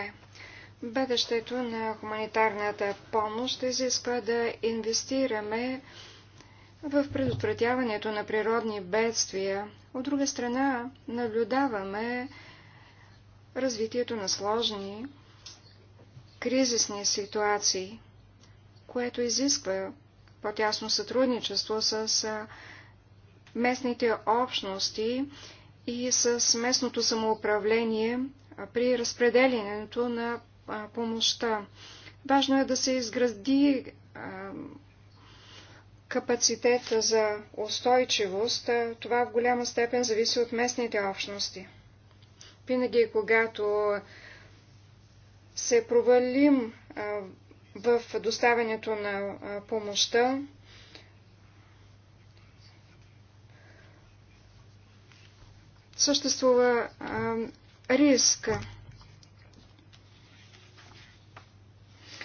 Бъдещето на хуманитарната помощ ще изисква да инвестираме в предотвратяването на природни бедствия. От друга страна, наблюдаваме развитието на сложни кризисни ситуации, което изисква по-тясно сътрудничество с местните общности и с местното самоуправление при разпределянето на помощта. Важно е да се изгради капацитета за устойчивост. Това в голяма степен зависи от местните общности. Винаги, когато се провалим в доставянето на помощта, съществува риск.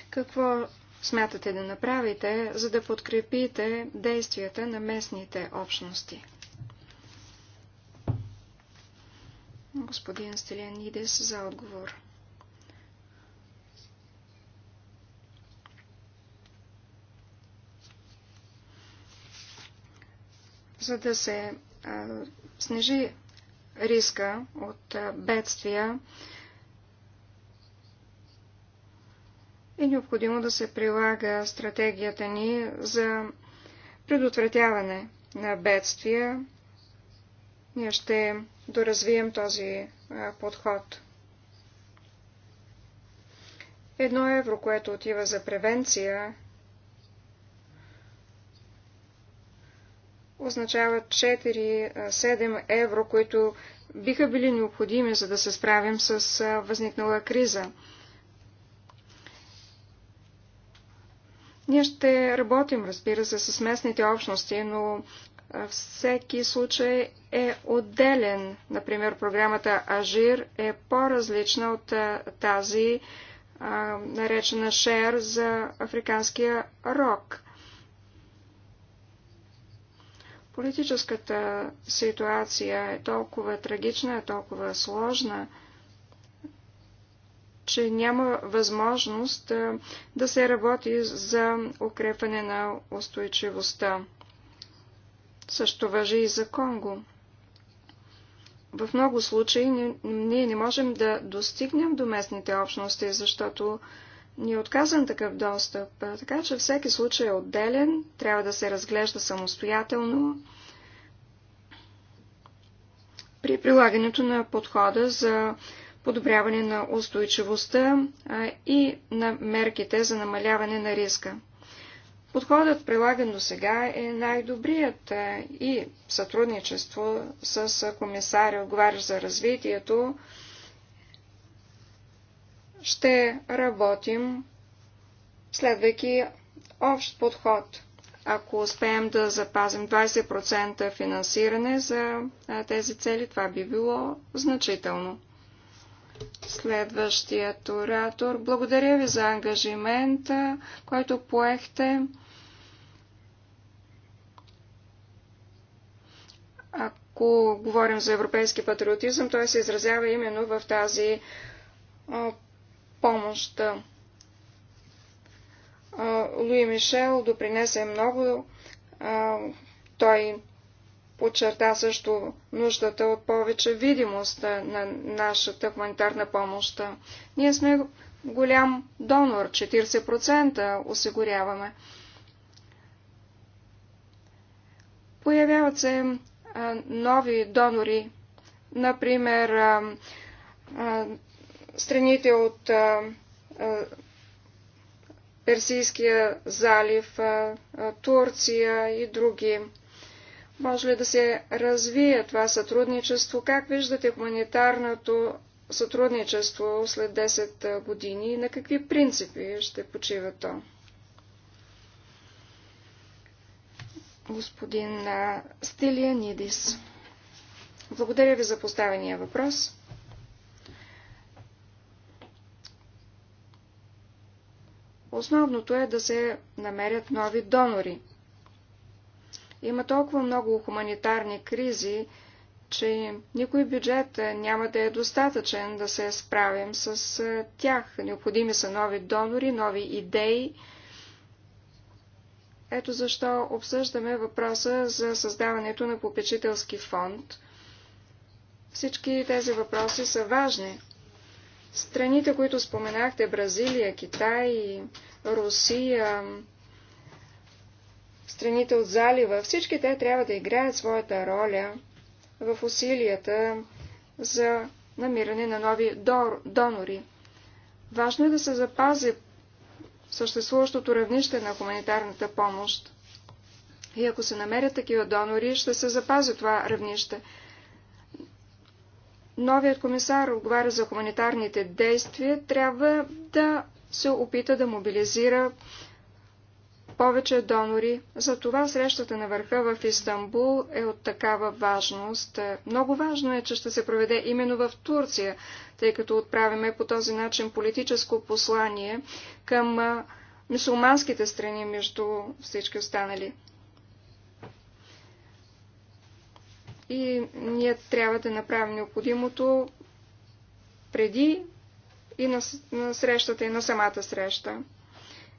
Какво смятате да направите, за да подкрепите действията на местните общности? Господин Стелянидес за отговор. за да се а, снижи риска от а, бедствия, е необходимо да се прилага стратегията ни за предотвратяване на бедствия. Ние ще доразвием този а, подход. Едно евро, което отива за превенция означава 4-7 евро, които биха били необходими, за да се справим с възникнала криза. Ние ще работим, разбира се, с местните общности, но всеки случай е отделен. Например, програмата Ажир е по-различна от тази, наречена Шер за африканския рок – Политическата ситуация е толкова трагична, е толкова сложна, че няма възможност да се работи за укрепване на устойчивостта. Също въжи и за Конго. В много случаи ние не можем да достигнем до местните общности, защото ни е отказан такъв достъп, така че всеки случай е отделен, трябва да се разглежда самостоятелно при прилагането на подхода за подобряване на устойчивостта и на мерките за намаляване на риска. Подходът, прилаган до сега, е най-добрият и сътрудничество с комисаря, отговарящ за развитието, ще работим следвайки общ подход. Ако успеем да запазим 20% финансиране за тези цели, това би било значително. Следващият оратор. Благодаря ви за ангажимента, който поехте. Ако говорим за европейски патриотизъм, той се изразява именно в тази помощ. Луи Мишел допринесе много. Той подчерта също нуждата от повече видимост на нашата хуманитарна помощ. Ние сме голям донор, 40% осигуряваме. Появяват се нови донори, например страните от а, а, Персийския залив, а, а, Турция и други. Може ли да се развие това сътрудничество? Как виждате хуманитарното сътрудничество след 10 години и на какви принципи ще почива то? Господин Стилианидис. Благодаря ви за поставения въпрос. Основното е да се намерят нови донори. Има толкова много хуманитарни кризи, че никой бюджет няма да е достатъчен да се справим с тях. Необходими са нови донори, нови идеи. Ето защо обсъждаме въпроса за създаването на попечителски фонд. Всички тези въпроси са важни. Страните, които споменахте, Бразилия, Китай, Русия, страните от залива, всички те трябва да играят своята роля в усилията за намиране на нови донори. Важно е да се запази съществуващото равнище на хуманитарната помощ. И ако се намерят такива донори, ще се запази това равнище новият комисар отговаря за хуманитарните действия, трябва да се опита да мобилизира повече донори. Затова срещата на върха в Истанбул е от такава важност. Много важно е, че ще се проведе именно в Турция, тъй като отправяме по този начин политическо послание към мусулманските страни между всички останали. и ние трябва да направим необходимото преди и на, на срещата, и на самата среща.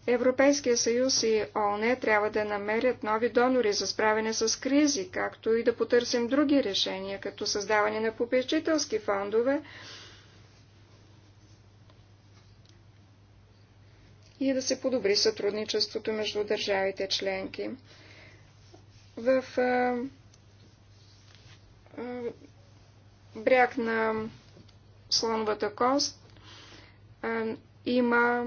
Европейския съюз и ООН трябва да намерят нови донори за справяне с кризи, както и да потърсим други решения, като създаване на попечителски фондове и да се подобри сътрудничеството между държавите членки. В бряг на слоновата кост има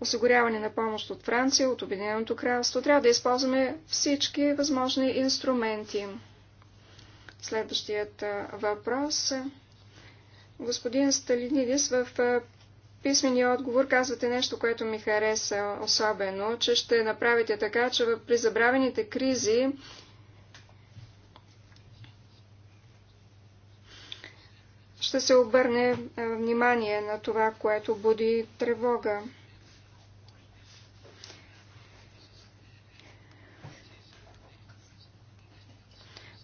осигуряване на помощ от Франция, от Обединеното кралство. Трябва да използваме всички възможни инструменти. Следващият въпрос. Господин Сталинидис, в писмения отговор казвате нещо, което ми хареса особено, че ще направите така, че при забравените кризи ще се обърне е, внимание на това, което буди тревога.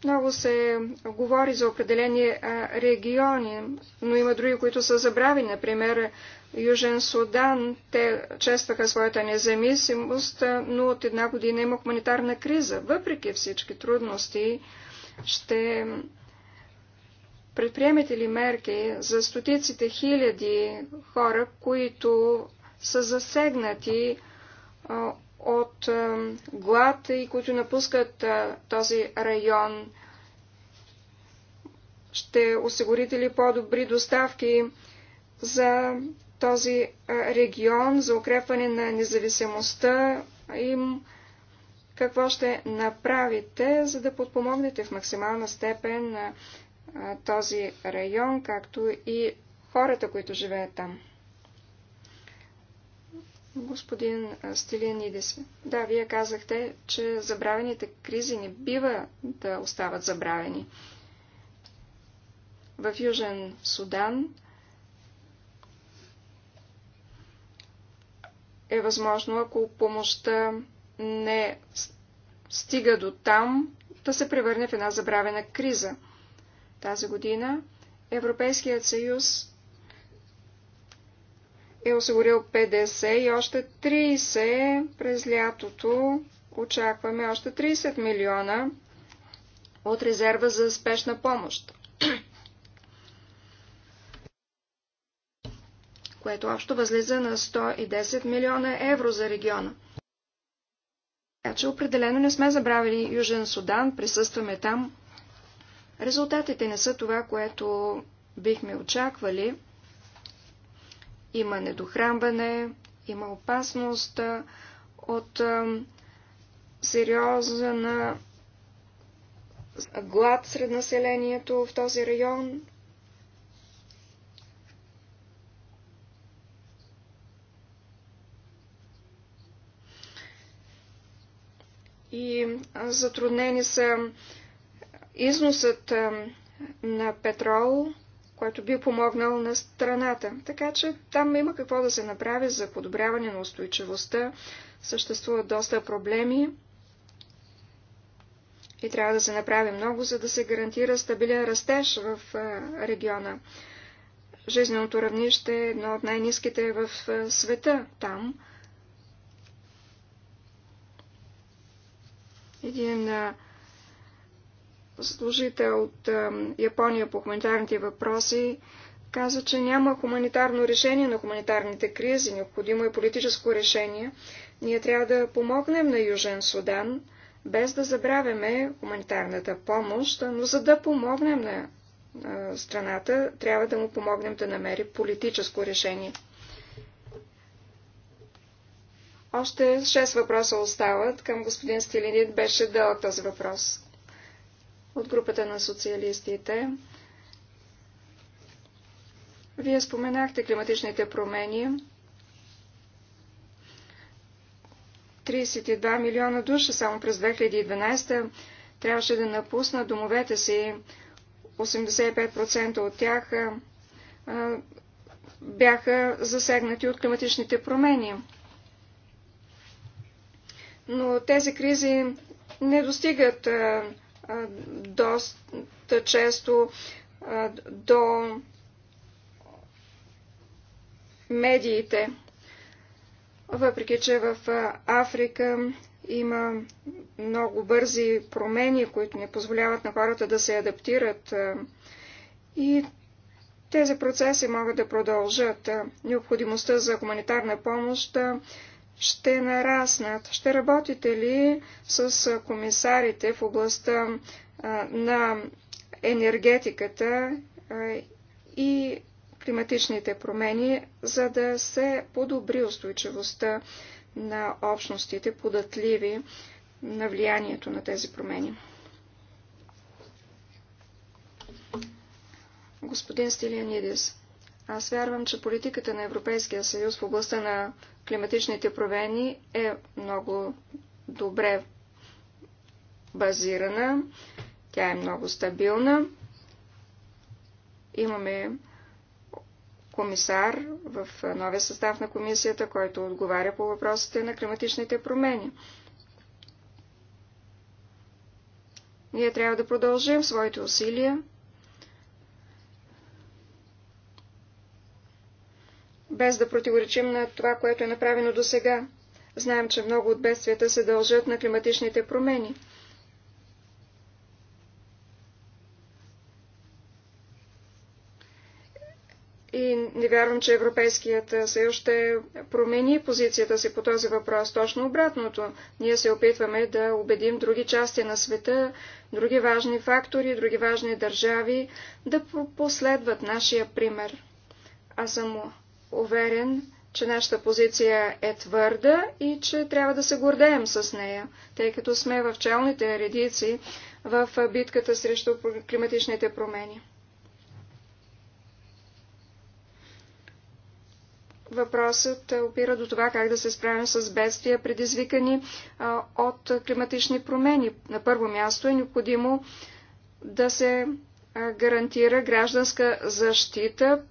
Много се говори за определени е, региони, но има други, които са забрави. Например, Южен Судан, те честваха своята независимост, е, но от една година има хуманитарна криза. Въпреки всички трудности, ще Предприемете ли мерки за стотиците хиляди хора, които са засегнати а, от а, глад и които напускат а, този район? Ще осигурите ли по-добри доставки за този регион, за укрепване на независимостта им? Какво ще направите, за да подпомогнете в максимална степен на този район, както и хората, които живеят там. Господин Стилианидис, да, вие казахте, че забравените кризи не бива да остават забравени. В Южен Судан е възможно, ако помощта не стига до там, да се превърне в една забравена криза – тази година. Европейският съюз е осигурил 50 и още 30 през лятото. Очакваме още 30 милиона от резерва за спешна помощ. което общо възлиза на 110 милиона евро за региона. Така че определено не сме забравили Южен Судан, присъстваме там. Резултатите не са това, което бихме очаквали. Има недохранване, има опасност от сериозна глад сред населението в този район. И затруднени са износът на петрол, който би помогнал на страната. Така че там има какво да се направи за подобряване на устойчивостта. Съществуват доста проблеми и трябва да се направи много, за да се гарантира стабилен растеж в региона. Жизненото равнище е едно от най-низките в света там. Един служител от Япония по хуманитарните въпроси каза, че няма хуманитарно решение на хуманитарните кризи, необходимо е политическо решение. Ние трябва да помогнем на Южен Судан, без да забравяме хуманитарната помощ, но за да помогнем на страната, трябва да му помогнем да намери политическо решение. Още 6 въпроса остават. Към господин Стилинит беше дълъг този въпрос от групата на социалистите. Вие споменахте климатичните промени. 32 милиона души само през 2012 трябваше да напуснат домовете си. 85% от тях а, бяха засегнати от климатичните промени. Но тези кризи не достигат а, доста често до медиите. Въпреки, че в Африка има много бързи промени, които не позволяват на хората да се адаптират. И тези процеси могат да продължат. Необходимостта за хуманитарна помощ ще нараснат. Ще работите ли с комисарите в областта на енергетиката и климатичните промени, за да се подобри устойчивостта на общностите, податливи на влиянието на тези промени. Господин Стилианидис, аз вярвам, че политиката на Европейския съюз в областта на климатичните промени е много добре базирана, тя е много стабилна. Имаме комисар в новия състав на комисията, който отговаря по въпросите на климатичните промени. Ние трябва да продължим своите усилия без да противоречим на това, което е направено до сега. Знаем, че много от бедствията се дължат на климатичните промени. И не вярвам, че Европейският съюз ще промени позицията си по този въпрос. Точно обратното. Ние се опитваме да убедим други части на света, други важни фактори, други важни държави да последват нашия пример. Аз съм уверен, че нашата позиция е твърда и че трябва да се гордеем с нея, тъй като сме в челните редици в битката срещу климатичните промени. Въпросът опира до това как да се справим с бедствия, предизвикани от климатични промени. На първо място е необходимо да се гарантира гражданска защита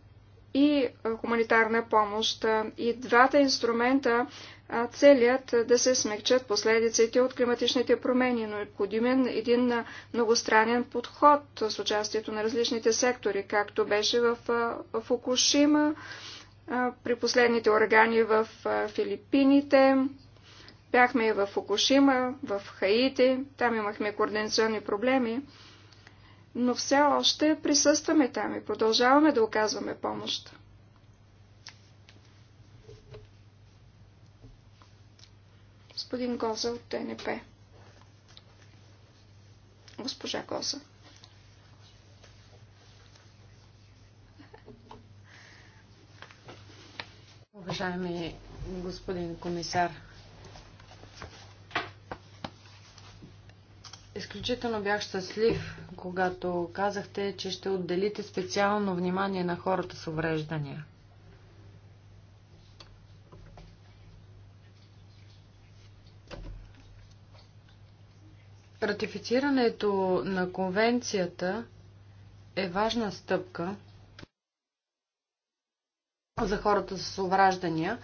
и е, хуманитарна помощ. Е, и двата инструмента е, целят да се смягчат последиците от климатичните промени, но необходимен един многостранен подход с участието на различните сектори, както беше в Фукушима, при последните органи в Филипините, бяхме и в Фукушима, в Хаити, там имахме координационни проблеми но все още присъстваме там и продължаваме да оказваме помощ. Господин Гоза от ТНП. Госпожа Гоза. Уважаеми господин комисар, Изключително бях щастлив, когато казахте, че ще отделите специално внимание на хората с увреждания. Ратифицирането на конвенцията е важна стъпка за хората с увраждания,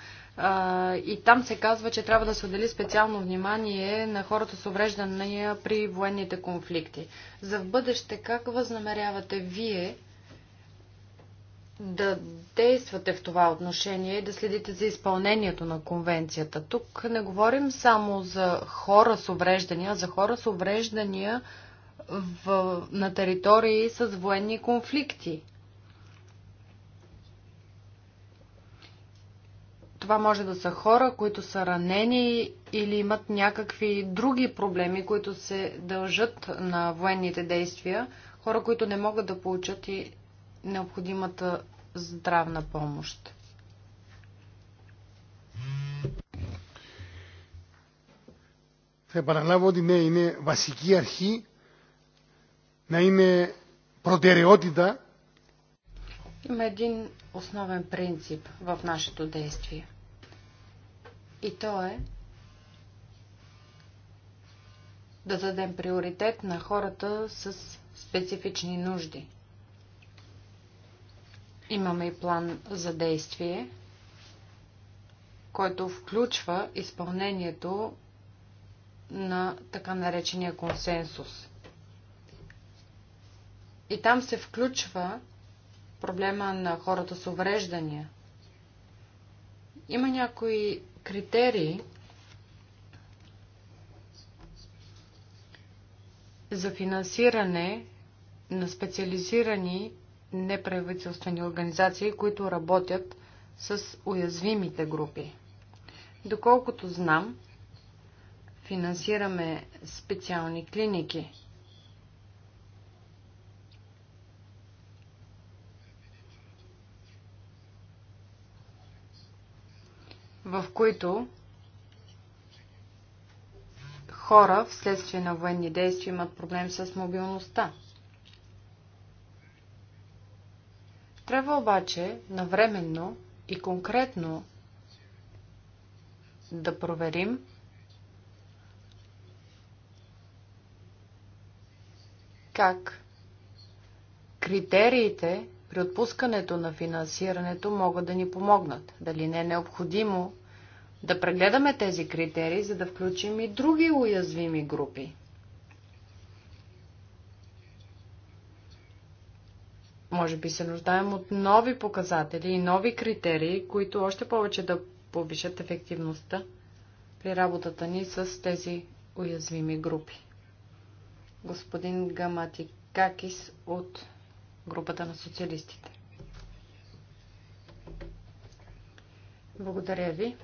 и там се казва, че трябва да се отдели специално внимание на хората с увреждания при военните конфликти. За в бъдеще как възнамерявате вие да действате в това отношение и да следите за изпълнението на конвенцията? Тук не говорим само за хора с увреждания, за хора с увреждания в, на територии с военни конфликти. Това може да са хора, които са ранени или имат някакви други проблеми, които се дължат на военните действия, хора, които не могат да получат и необходимата здравна помощ. Θα επαναλάβω ότι ναι, είναι βασική αρχή να είναι προτεραιότητα. Има един основен принцип в нашето действие – и то е да дадем приоритет на хората с специфични нужди. Имаме и план за действие, който включва изпълнението на така наречения консенсус. И там се включва проблема на хората с увреждания. Има някои критерии за финансиране на специализирани неправителствени организации, които работят с уязвимите групи. Доколкото знам, финансираме специални клиники в които хора вследствие на военни действия имат проблем с мобилността. Трябва обаче навременно и конкретно да проверим как критериите при отпускането на финансирането могат да ни помогнат. Дали не е необходимо да прегледаме тези критерии, за да включим и други уязвими групи. Може би се нуждаем от нови показатели и нови критерии, които още повече да повишат ефективността при работата ни с тези уязвими групи. Господин Гаматикакис от групата на социалистите. Благодаря ви.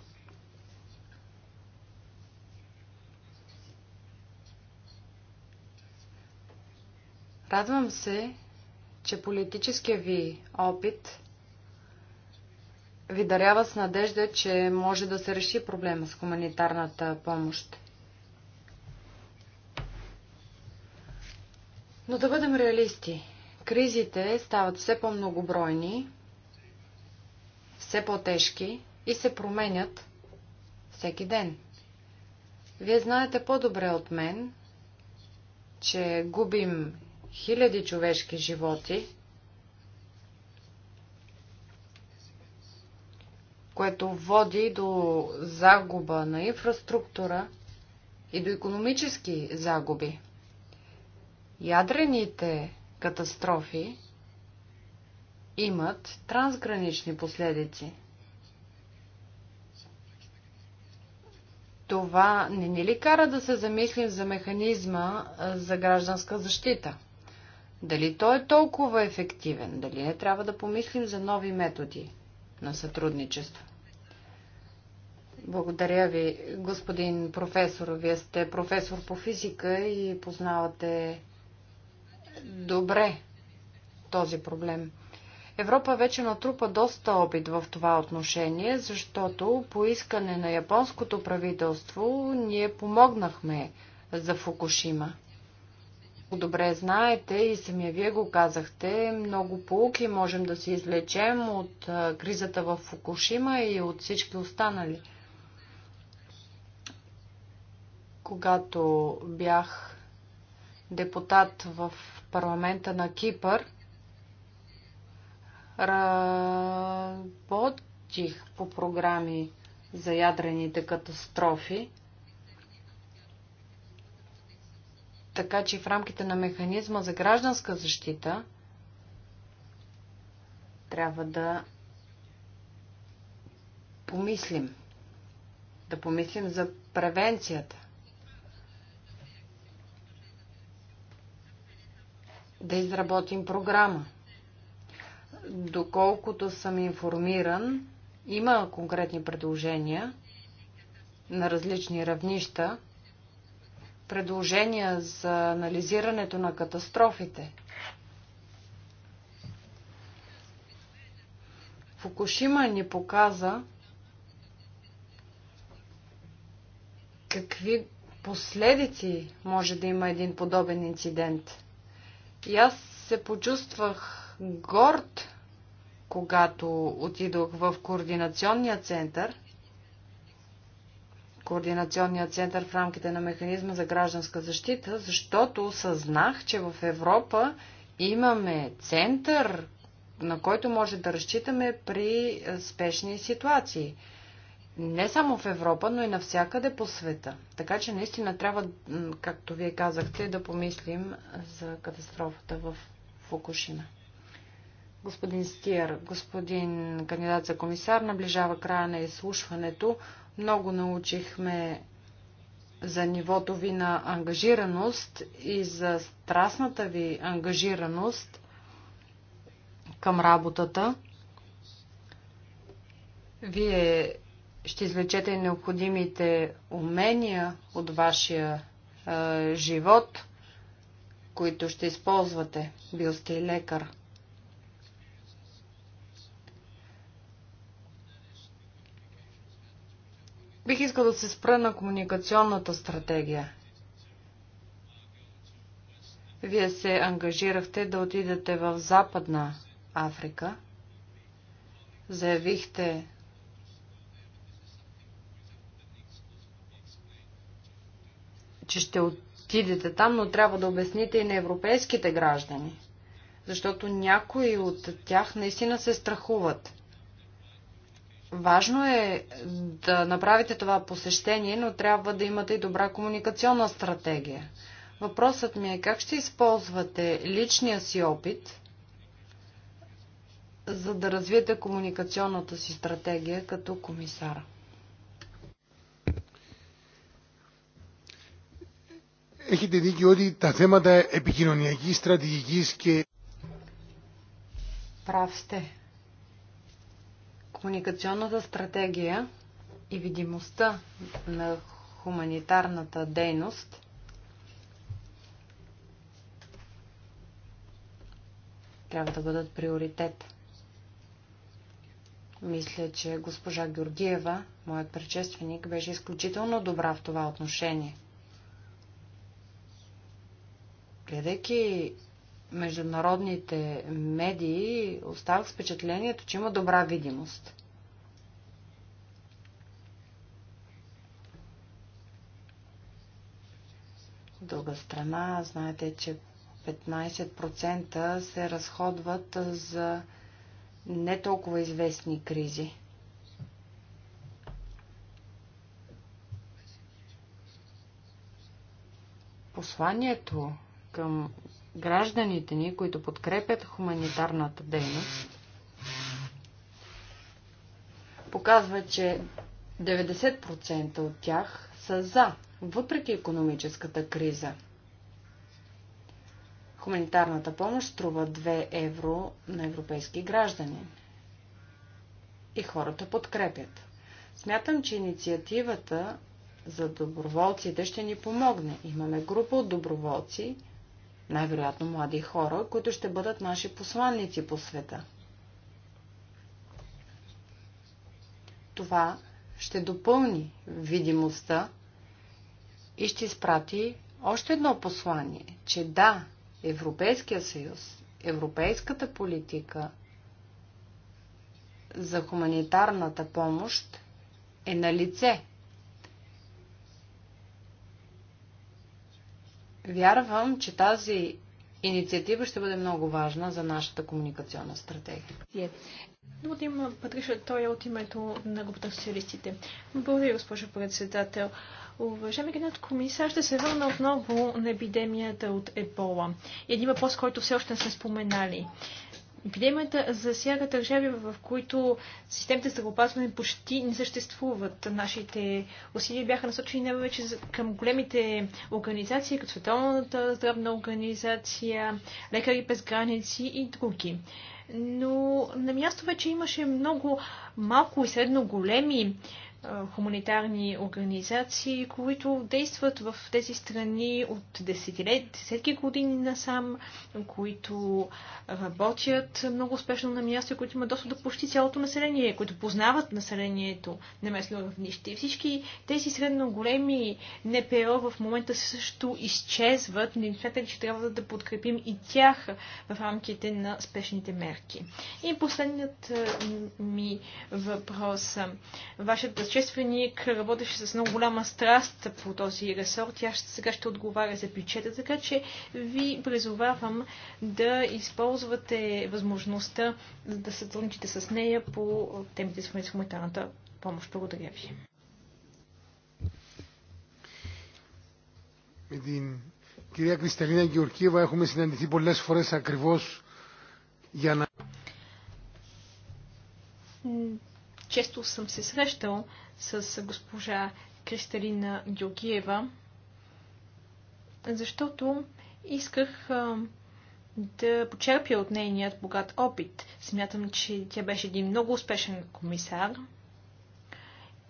Радвам се, че политическия ви опит ви дарява с надежда, че може да се реши проблема с хуманитарната помощ. Но да бъдем реалисти. Кризите стават все по-многобройни, все по-тежки и се променят всеки ден. Вие знаете по-добре от мен, че губим хиляди човешки животи, което води до загуба на инфраструктура и до економически загуби. Ядрените катастрофи имат трансгранични последици. Това не ни ли кара да се замислим за механизма за гражданска защита? Дали той е толкова ефективен? Дали не трябва да помислим за нови методи на сътрудничество? Благодаря ви, господин професор. Вие сте професор по физика и познавате добре този проблем. Европа вече натрупа доста опит в това отношение, защото по искане на японското правителство ние помогнахме за Фукушима. Добре знаете и самия вие го казахте, много полуки можем да се излечем от кризата в Фукушима и от всички останали. Когато бях депутат в парламента на Кипър работих по програми за ядрените катастрофи. Така че в рамките на механизма за гражданска защита трябва да помислим. Да помислим за превенцията. да изработим програма. Доколкото съм информиран, има конкретни предложения на различни равнища, предложения за анализирането на катастрофите. Фукушима ни показа какви последици може да има един подобен инцидент. И аз се почувствах горд, когато отидох в координационния център. Координационния център в рамките на механизма за гражданска защита, защото осъзнах, че в Европа имаме център, на който може да разчитаме при спешни ситуации не само в Европа, но и навсякъде по света. Така че наистина трябва, както вие казахте, да помислим за катастрофата в Фукушина. Господин Стиер, господин кандидат за комисар, наближава края на изслушването. Много научихме за нивото ви на ангажираност и за страстната ви ангажираност към работата. Вие ще извлечете необходимите умения от вашия е, живот, които ще използвате. Бил сте и лекар. Бих искал да се спра на комуникационната стратегия. Вие се ангажирахте да отидете в Западна Африка. Заявихте, че ще отидете там, но трябва да обясните и на европейските граждани, защото някои от тях наистина се страхуват. Важно е да направите това посещение, но трябва да имате и добра комуникационна стратегия. Въпросът ми е как ще използвате личния си опит, за да развиете комуникационната си стратегия като комисар. έχετε δίκιο ότι τα θέματα επικοινωνιακής στρατηγικής και... Прав сте. Комуникационната стратегия и видимостта на хуманитарната дейност трябва да бъдат приоритет. Мисля, че госпожа Георгиева, моят предшественик, беше изключително добра в това отношение. Гледайки международните медии, оставах с впечатлението, че има добра видимост. От друга страна, знаете, че 15% се разходват за не толкова известни кризи. Посланието към гражданите ни, които подкрепят хуманитарната дейност, показва, че 90% от тях са за, въпреки економическата криза. Хуманитарната помощ струва 2 евро на европейски граждани. И хората подкрепят. Смятам, че инициативата за доброволците ще ни помогне. Имаме група от доброволци, най-вероятно млади хора, които ще бъдат наши посланници по света. Това ще допълни видимостта и ще изпрати още едно послание, че да, Европейския съюз, европейската политика за хуманитарната помощ е на лице – Вярвам, че тази инициатива ще бъде много важна за нашата комуникационна стратегия. Yeah. Думата има Патриша е от името на групата социалистите. Благодаря, госпожо председател. Уважаеми генерал комисар, ще се върна отново на епидемията от ебола. Един въпрос, който все още не сме споменали. Епидемията засяга държави, в които системите за здравеопазване почти не съществуват. Нашите усилия бяха насочени най-вече към големите организации, като Световната здравна организация, Лекари без граници и други. Но на място вече имаше много малко и средно големи хуманитарни организации, които действат в тези страни от десетилет, десетки години насам, които работят много успешно на място, които имат достъп до почти цялото население, които познават населението на местно равнище. И всички тези средно големи НПО в момента също изчезват. Не смятате, че трябва да подкрепим и тях в рамките на спешните мерки. И последният ми въпрос. Вашата предшественик работеше с много голяма страст по този ресор. Тя сега ще отговаря за бюджета, така че ви призовавам да използвате възможността да сътрудничите с нея по темите с хуманитарната помощ. Благодаря ви. Με την κυρία Κρυσταλίνα Γεωργίευα έχουμε συναντηθεί πολλές φορές ακριβώς για να... Често съм се срещал с госпожа Кристалина Георгиева, защото исках да почерпя от нейният богат опит. Смятам, че тя беше един много успешен комисар.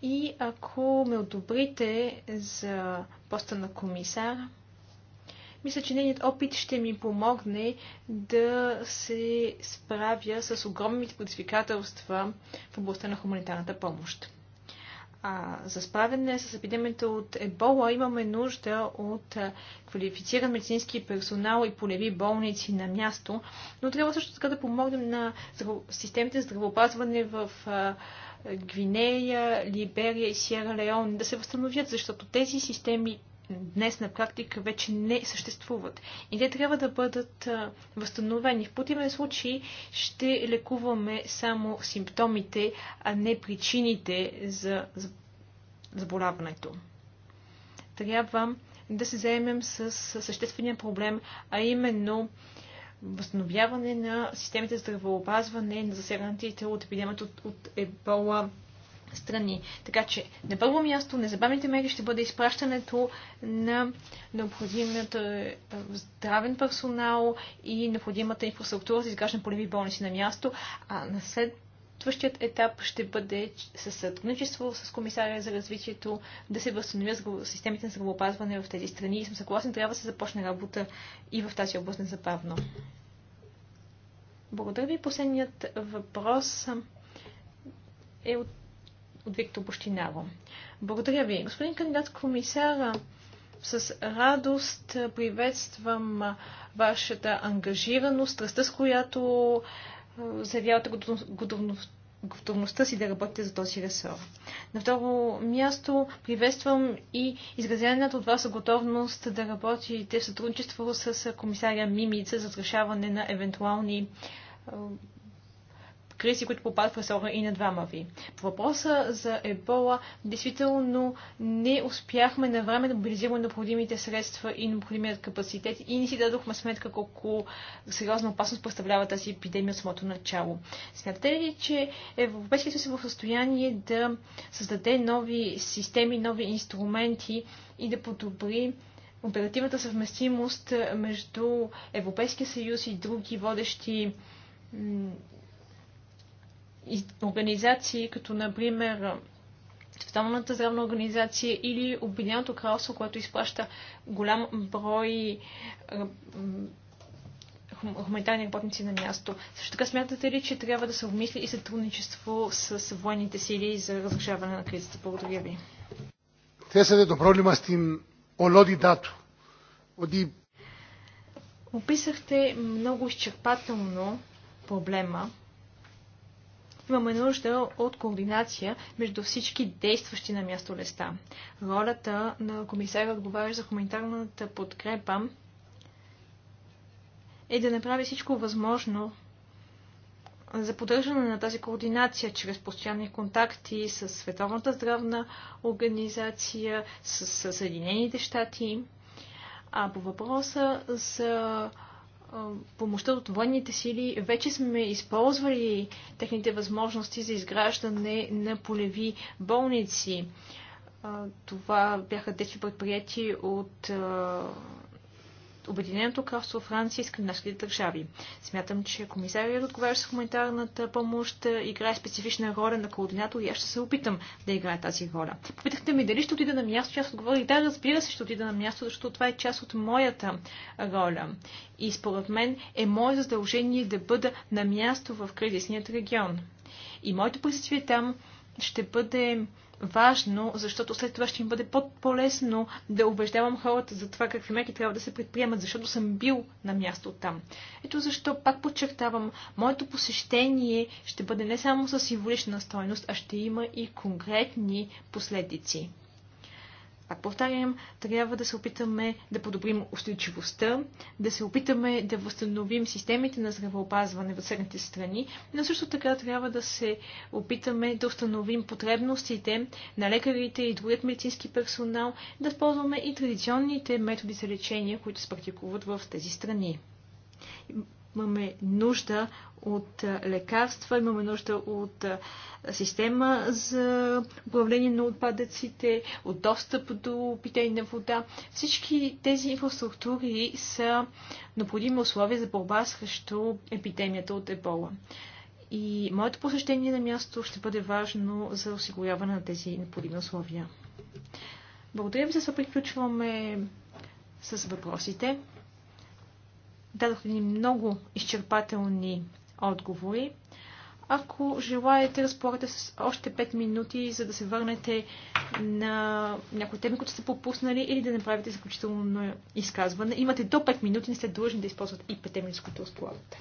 И ако ме одобрите за поста на комисар, мисля, че нейният опит ще ми помогне да се справя с огромните предизвикателства в областта на хуманитарната помощ. А за справяне с епидемията от ебола имаме нужда от квалифициран медицински персонал и полеви болници на място, но трябва също така да помогнем на системите за здравеопазване в Гвинея, Либерия и Сиера Леон да се възстановят, защото тези системи днес на практика вече не съществуват. И те трябва да бъдат възстановени. В противен случай ще лекуваме само симптомите, а не причините за заболяването. Трябва да се заемем с съществения проблем, а именно възстановяване на системите за здравеопазване на засегнатите от епидемията от, от ебола страни. Така че на първо място незабавните мери ще бъде изпращането на необходимата е, здравен персонал и необходимата инфраструктура за изграждане полеви болници на място, а на след Следващият етап ще бъде със сътрудничество с комисаря за развитието да се възстановят системите на здравеопазване в тези страни и съм съгласен, трябва да се започне работа и в тази област незабавно. Благодаря ви. Последният въпрос е от от Виктор Бощинаро. Благодаря ви. Господин кандидат комисара, с радост приветствам вашата ангажираност, страстта с която е, заявявате готовността си да работите за този ресор. На второ място приветствам и изразената от вас готовност да работите в сътрудничество с комисаря Мимица за разрешаване на евентуални е, кризи, които попадат в ресора и на двама ви. По въпроса за ебола, действително не успяхме на време да мобилизираме необходимите средства и необходимият капацитет и не си дадохме сметка колко сериозна опасност представлява тази епидемия от самото начало. Смятате ли, че Европейския съюз е в състояние да създаде нови системи, нови инструменти и да подобри оперативната съвместимост между Европейския съюз и други водещи организации, като например Световната здравна организация или Обединеното кралство, което изплаща голям брой е, хуманитарни работници на място. Също така смятате ли, че трябва да се обмисли и сътрудничество с военните сили за разрешаване на кризата? Благодаря ви. Θέσατε το πρόβλημα στην ολότητά του. Ότι... Описахте много изчерпателно проблема, имаме нужда от координация между всички действащи на място леста. Ролята на комисаря, отговарящ за хуманитарната подкрепа, е да направи всичко възможно за поддържане на тази координация чрез постоянни контакти с Световната здравна организация, с Съединените щати. А по въпроса за помощта от военните сили, вече сме използвали техните възможности за изграждане на полеви болници. Това бяха действия предприяти от Обединеното кралство Франция и скандинавските държави. Смятам, че комисарият отговаря с хуманитарната помощ играе специфична роля на координатор и аз ще се опитам да играя тази роля. Попитахте ми дали ще отида на място, аз отговорих да, разбира се, ще отида на място, защото това е част от моята роля. И според мен е мое задължение да бъда на място в кризисният регион. И моето присъствие там ще бъде важно, защото след това ще им бъде по-лесно да убеждавам хората за това какви мерки трябва да се предприемат, защото съм бил на място там. Ето защо, пак подчертавам, моето посещение ще бъде не само с символична стойност, а ще има и конкретни последици пак повтарям, трябва да се опитаме да подобрим устойчивостта, да се опитаме да възстановим системите на здравеопазване в съседните страни, но също така трябва да се опитаме да установим потребностите на лекарите и другият медицински персонал, да използваме и традиционните методи за лечение, които се практикуват в тези страни. Имаме нужда от лекарства, имаме нужда от система за управление на отпадъците, от достъп до питейна вода. Всички тези инфраструктури са необходими условия за борба срещу епидемията от ебола. И моето посещение на място ще бъде важно за осигуряване на тези необходими условия. Благодаря ви, за да приключваме с въпросите дадохте ни много изчерпателни отговори. Ако желаете, разполагате с още 5 минути, за да се върнете на някои теми, които сте пропуснали или да направите заключително изказване. Имате до 5 минути, не сте длъжни да използват и 5 минути, с които разполагате.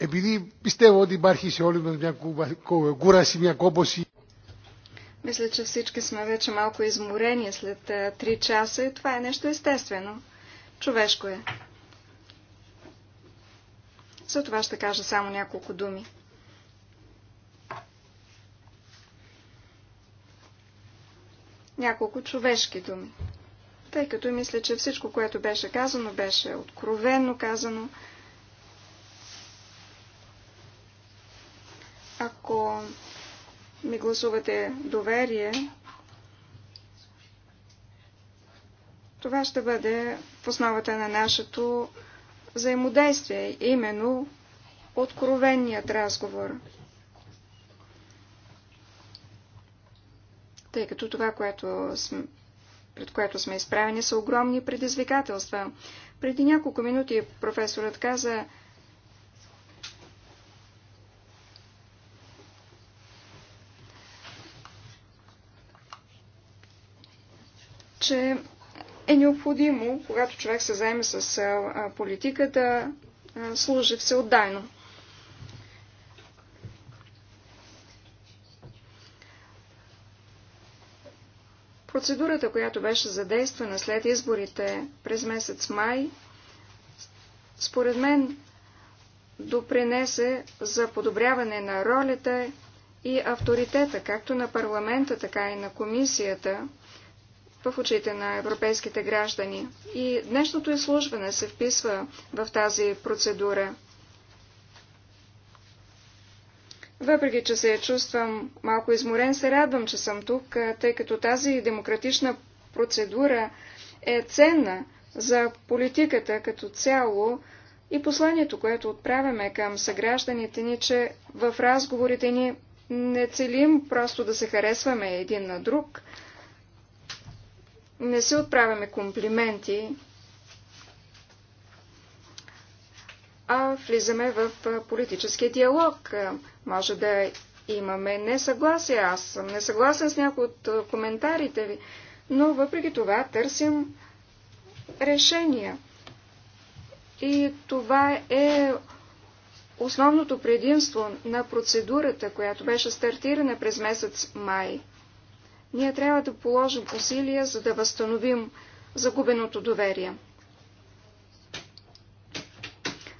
Επειδή πιστεύω ότι υπάρχει σε όλοι μας μια κούραση, μια κόποση. Мисля, че всички сме вече малко изморени след 3 е, часа и това е нещо естествено. Човешко е. За това ще кажа само няколко думи. Няколко човешки думи. Тъй като мисля, че всичко, което беше казано, беше откровенно казано. Ако ми гласувате доверие, Това ще бъде в основата на нашето взаимодействие, именно откровеният разговор. Тъй като това, което сме, пред което сме изправени, са огромни предизвикателства. Преди няколко минути професорът каза, че е необходимо, когато човек се заеме с политика, да служи всеотдайно. Процедурата, която беше задействана след изборите през месец май, според мен допринесе за подобряване на ролята и авторитета както на парламента, така и на комисията в очите на европейските граждани. И днешното изслужване се вписва в тази процедура. Въпреки, че се чувствам малко изморен, се радвам, че съм тук, тъй като тази демократична процедура е ценна за политиката като цяло и посланието, което отправяме към съгражданите ни, че в разговорите ни не целим просто да се харесваме един на друг, не се отправяме комплименти, а влизаме в политическия диалог. Може да имаме несъгласие. Аз съм несъгласен с някои от коментарите ви, но въпреки това търсим решения. И това е основното предимство на процедурата, която беше стартирана през месец май – ние трябва да положим усилия, за да възстановим загубеното доверие.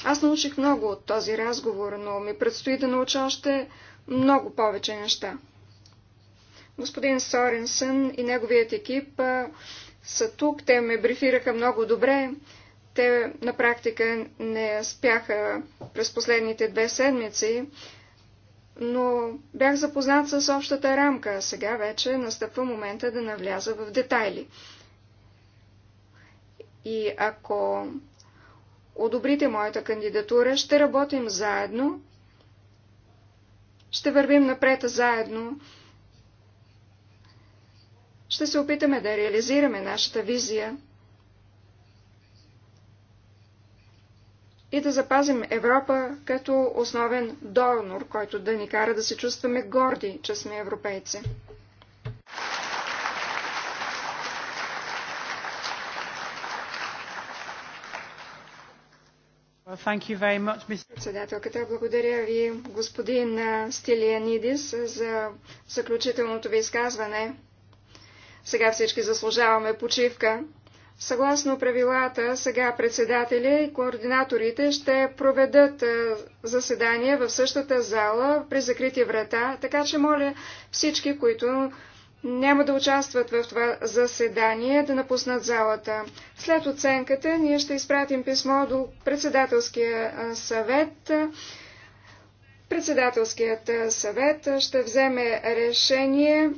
Аз научих много от този разговор, но ми предстои да науча още много повече неща. Господин Соренсън и неговият екип а, са тук. Те ме брифираха много добре. Те на практика не спяха през последните две седмици, но бях запознат с общата рамка, а сега вече настъпва момента да навляза в детайли. И ако одобрите моята кандидатура, ще работим заедно, ще вървим напред заедно, ще се опитаме да реализираме нашата визия. и да запазим Европа като основен донор, който да ни кара да се чувстваме горди, че сме европейци. Much, Председателката, благодаря ви, господин Стилианидис, за заключителното ви изказване. Сега всички заслужаваме почивка. Съгласно правилата, сега председателя и координаторите ще проведат е, заседание в същата зала при закрити врата, така че моля всички, които няма да участват в това заседание, да напуснат залата. След оценката ние ще изпратим писмо до председателския е, съвет. Председателският е, съвет ще вземе решение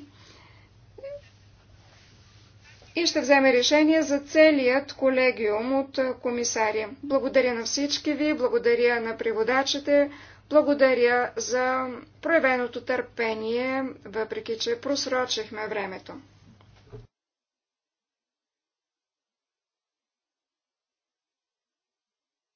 и ще вземе решение за целият колегиум от комисари. Благодаря на всички ви, благодаря на преводачите, благодаря за проявеното търпение, въпреки че просрочихме времето.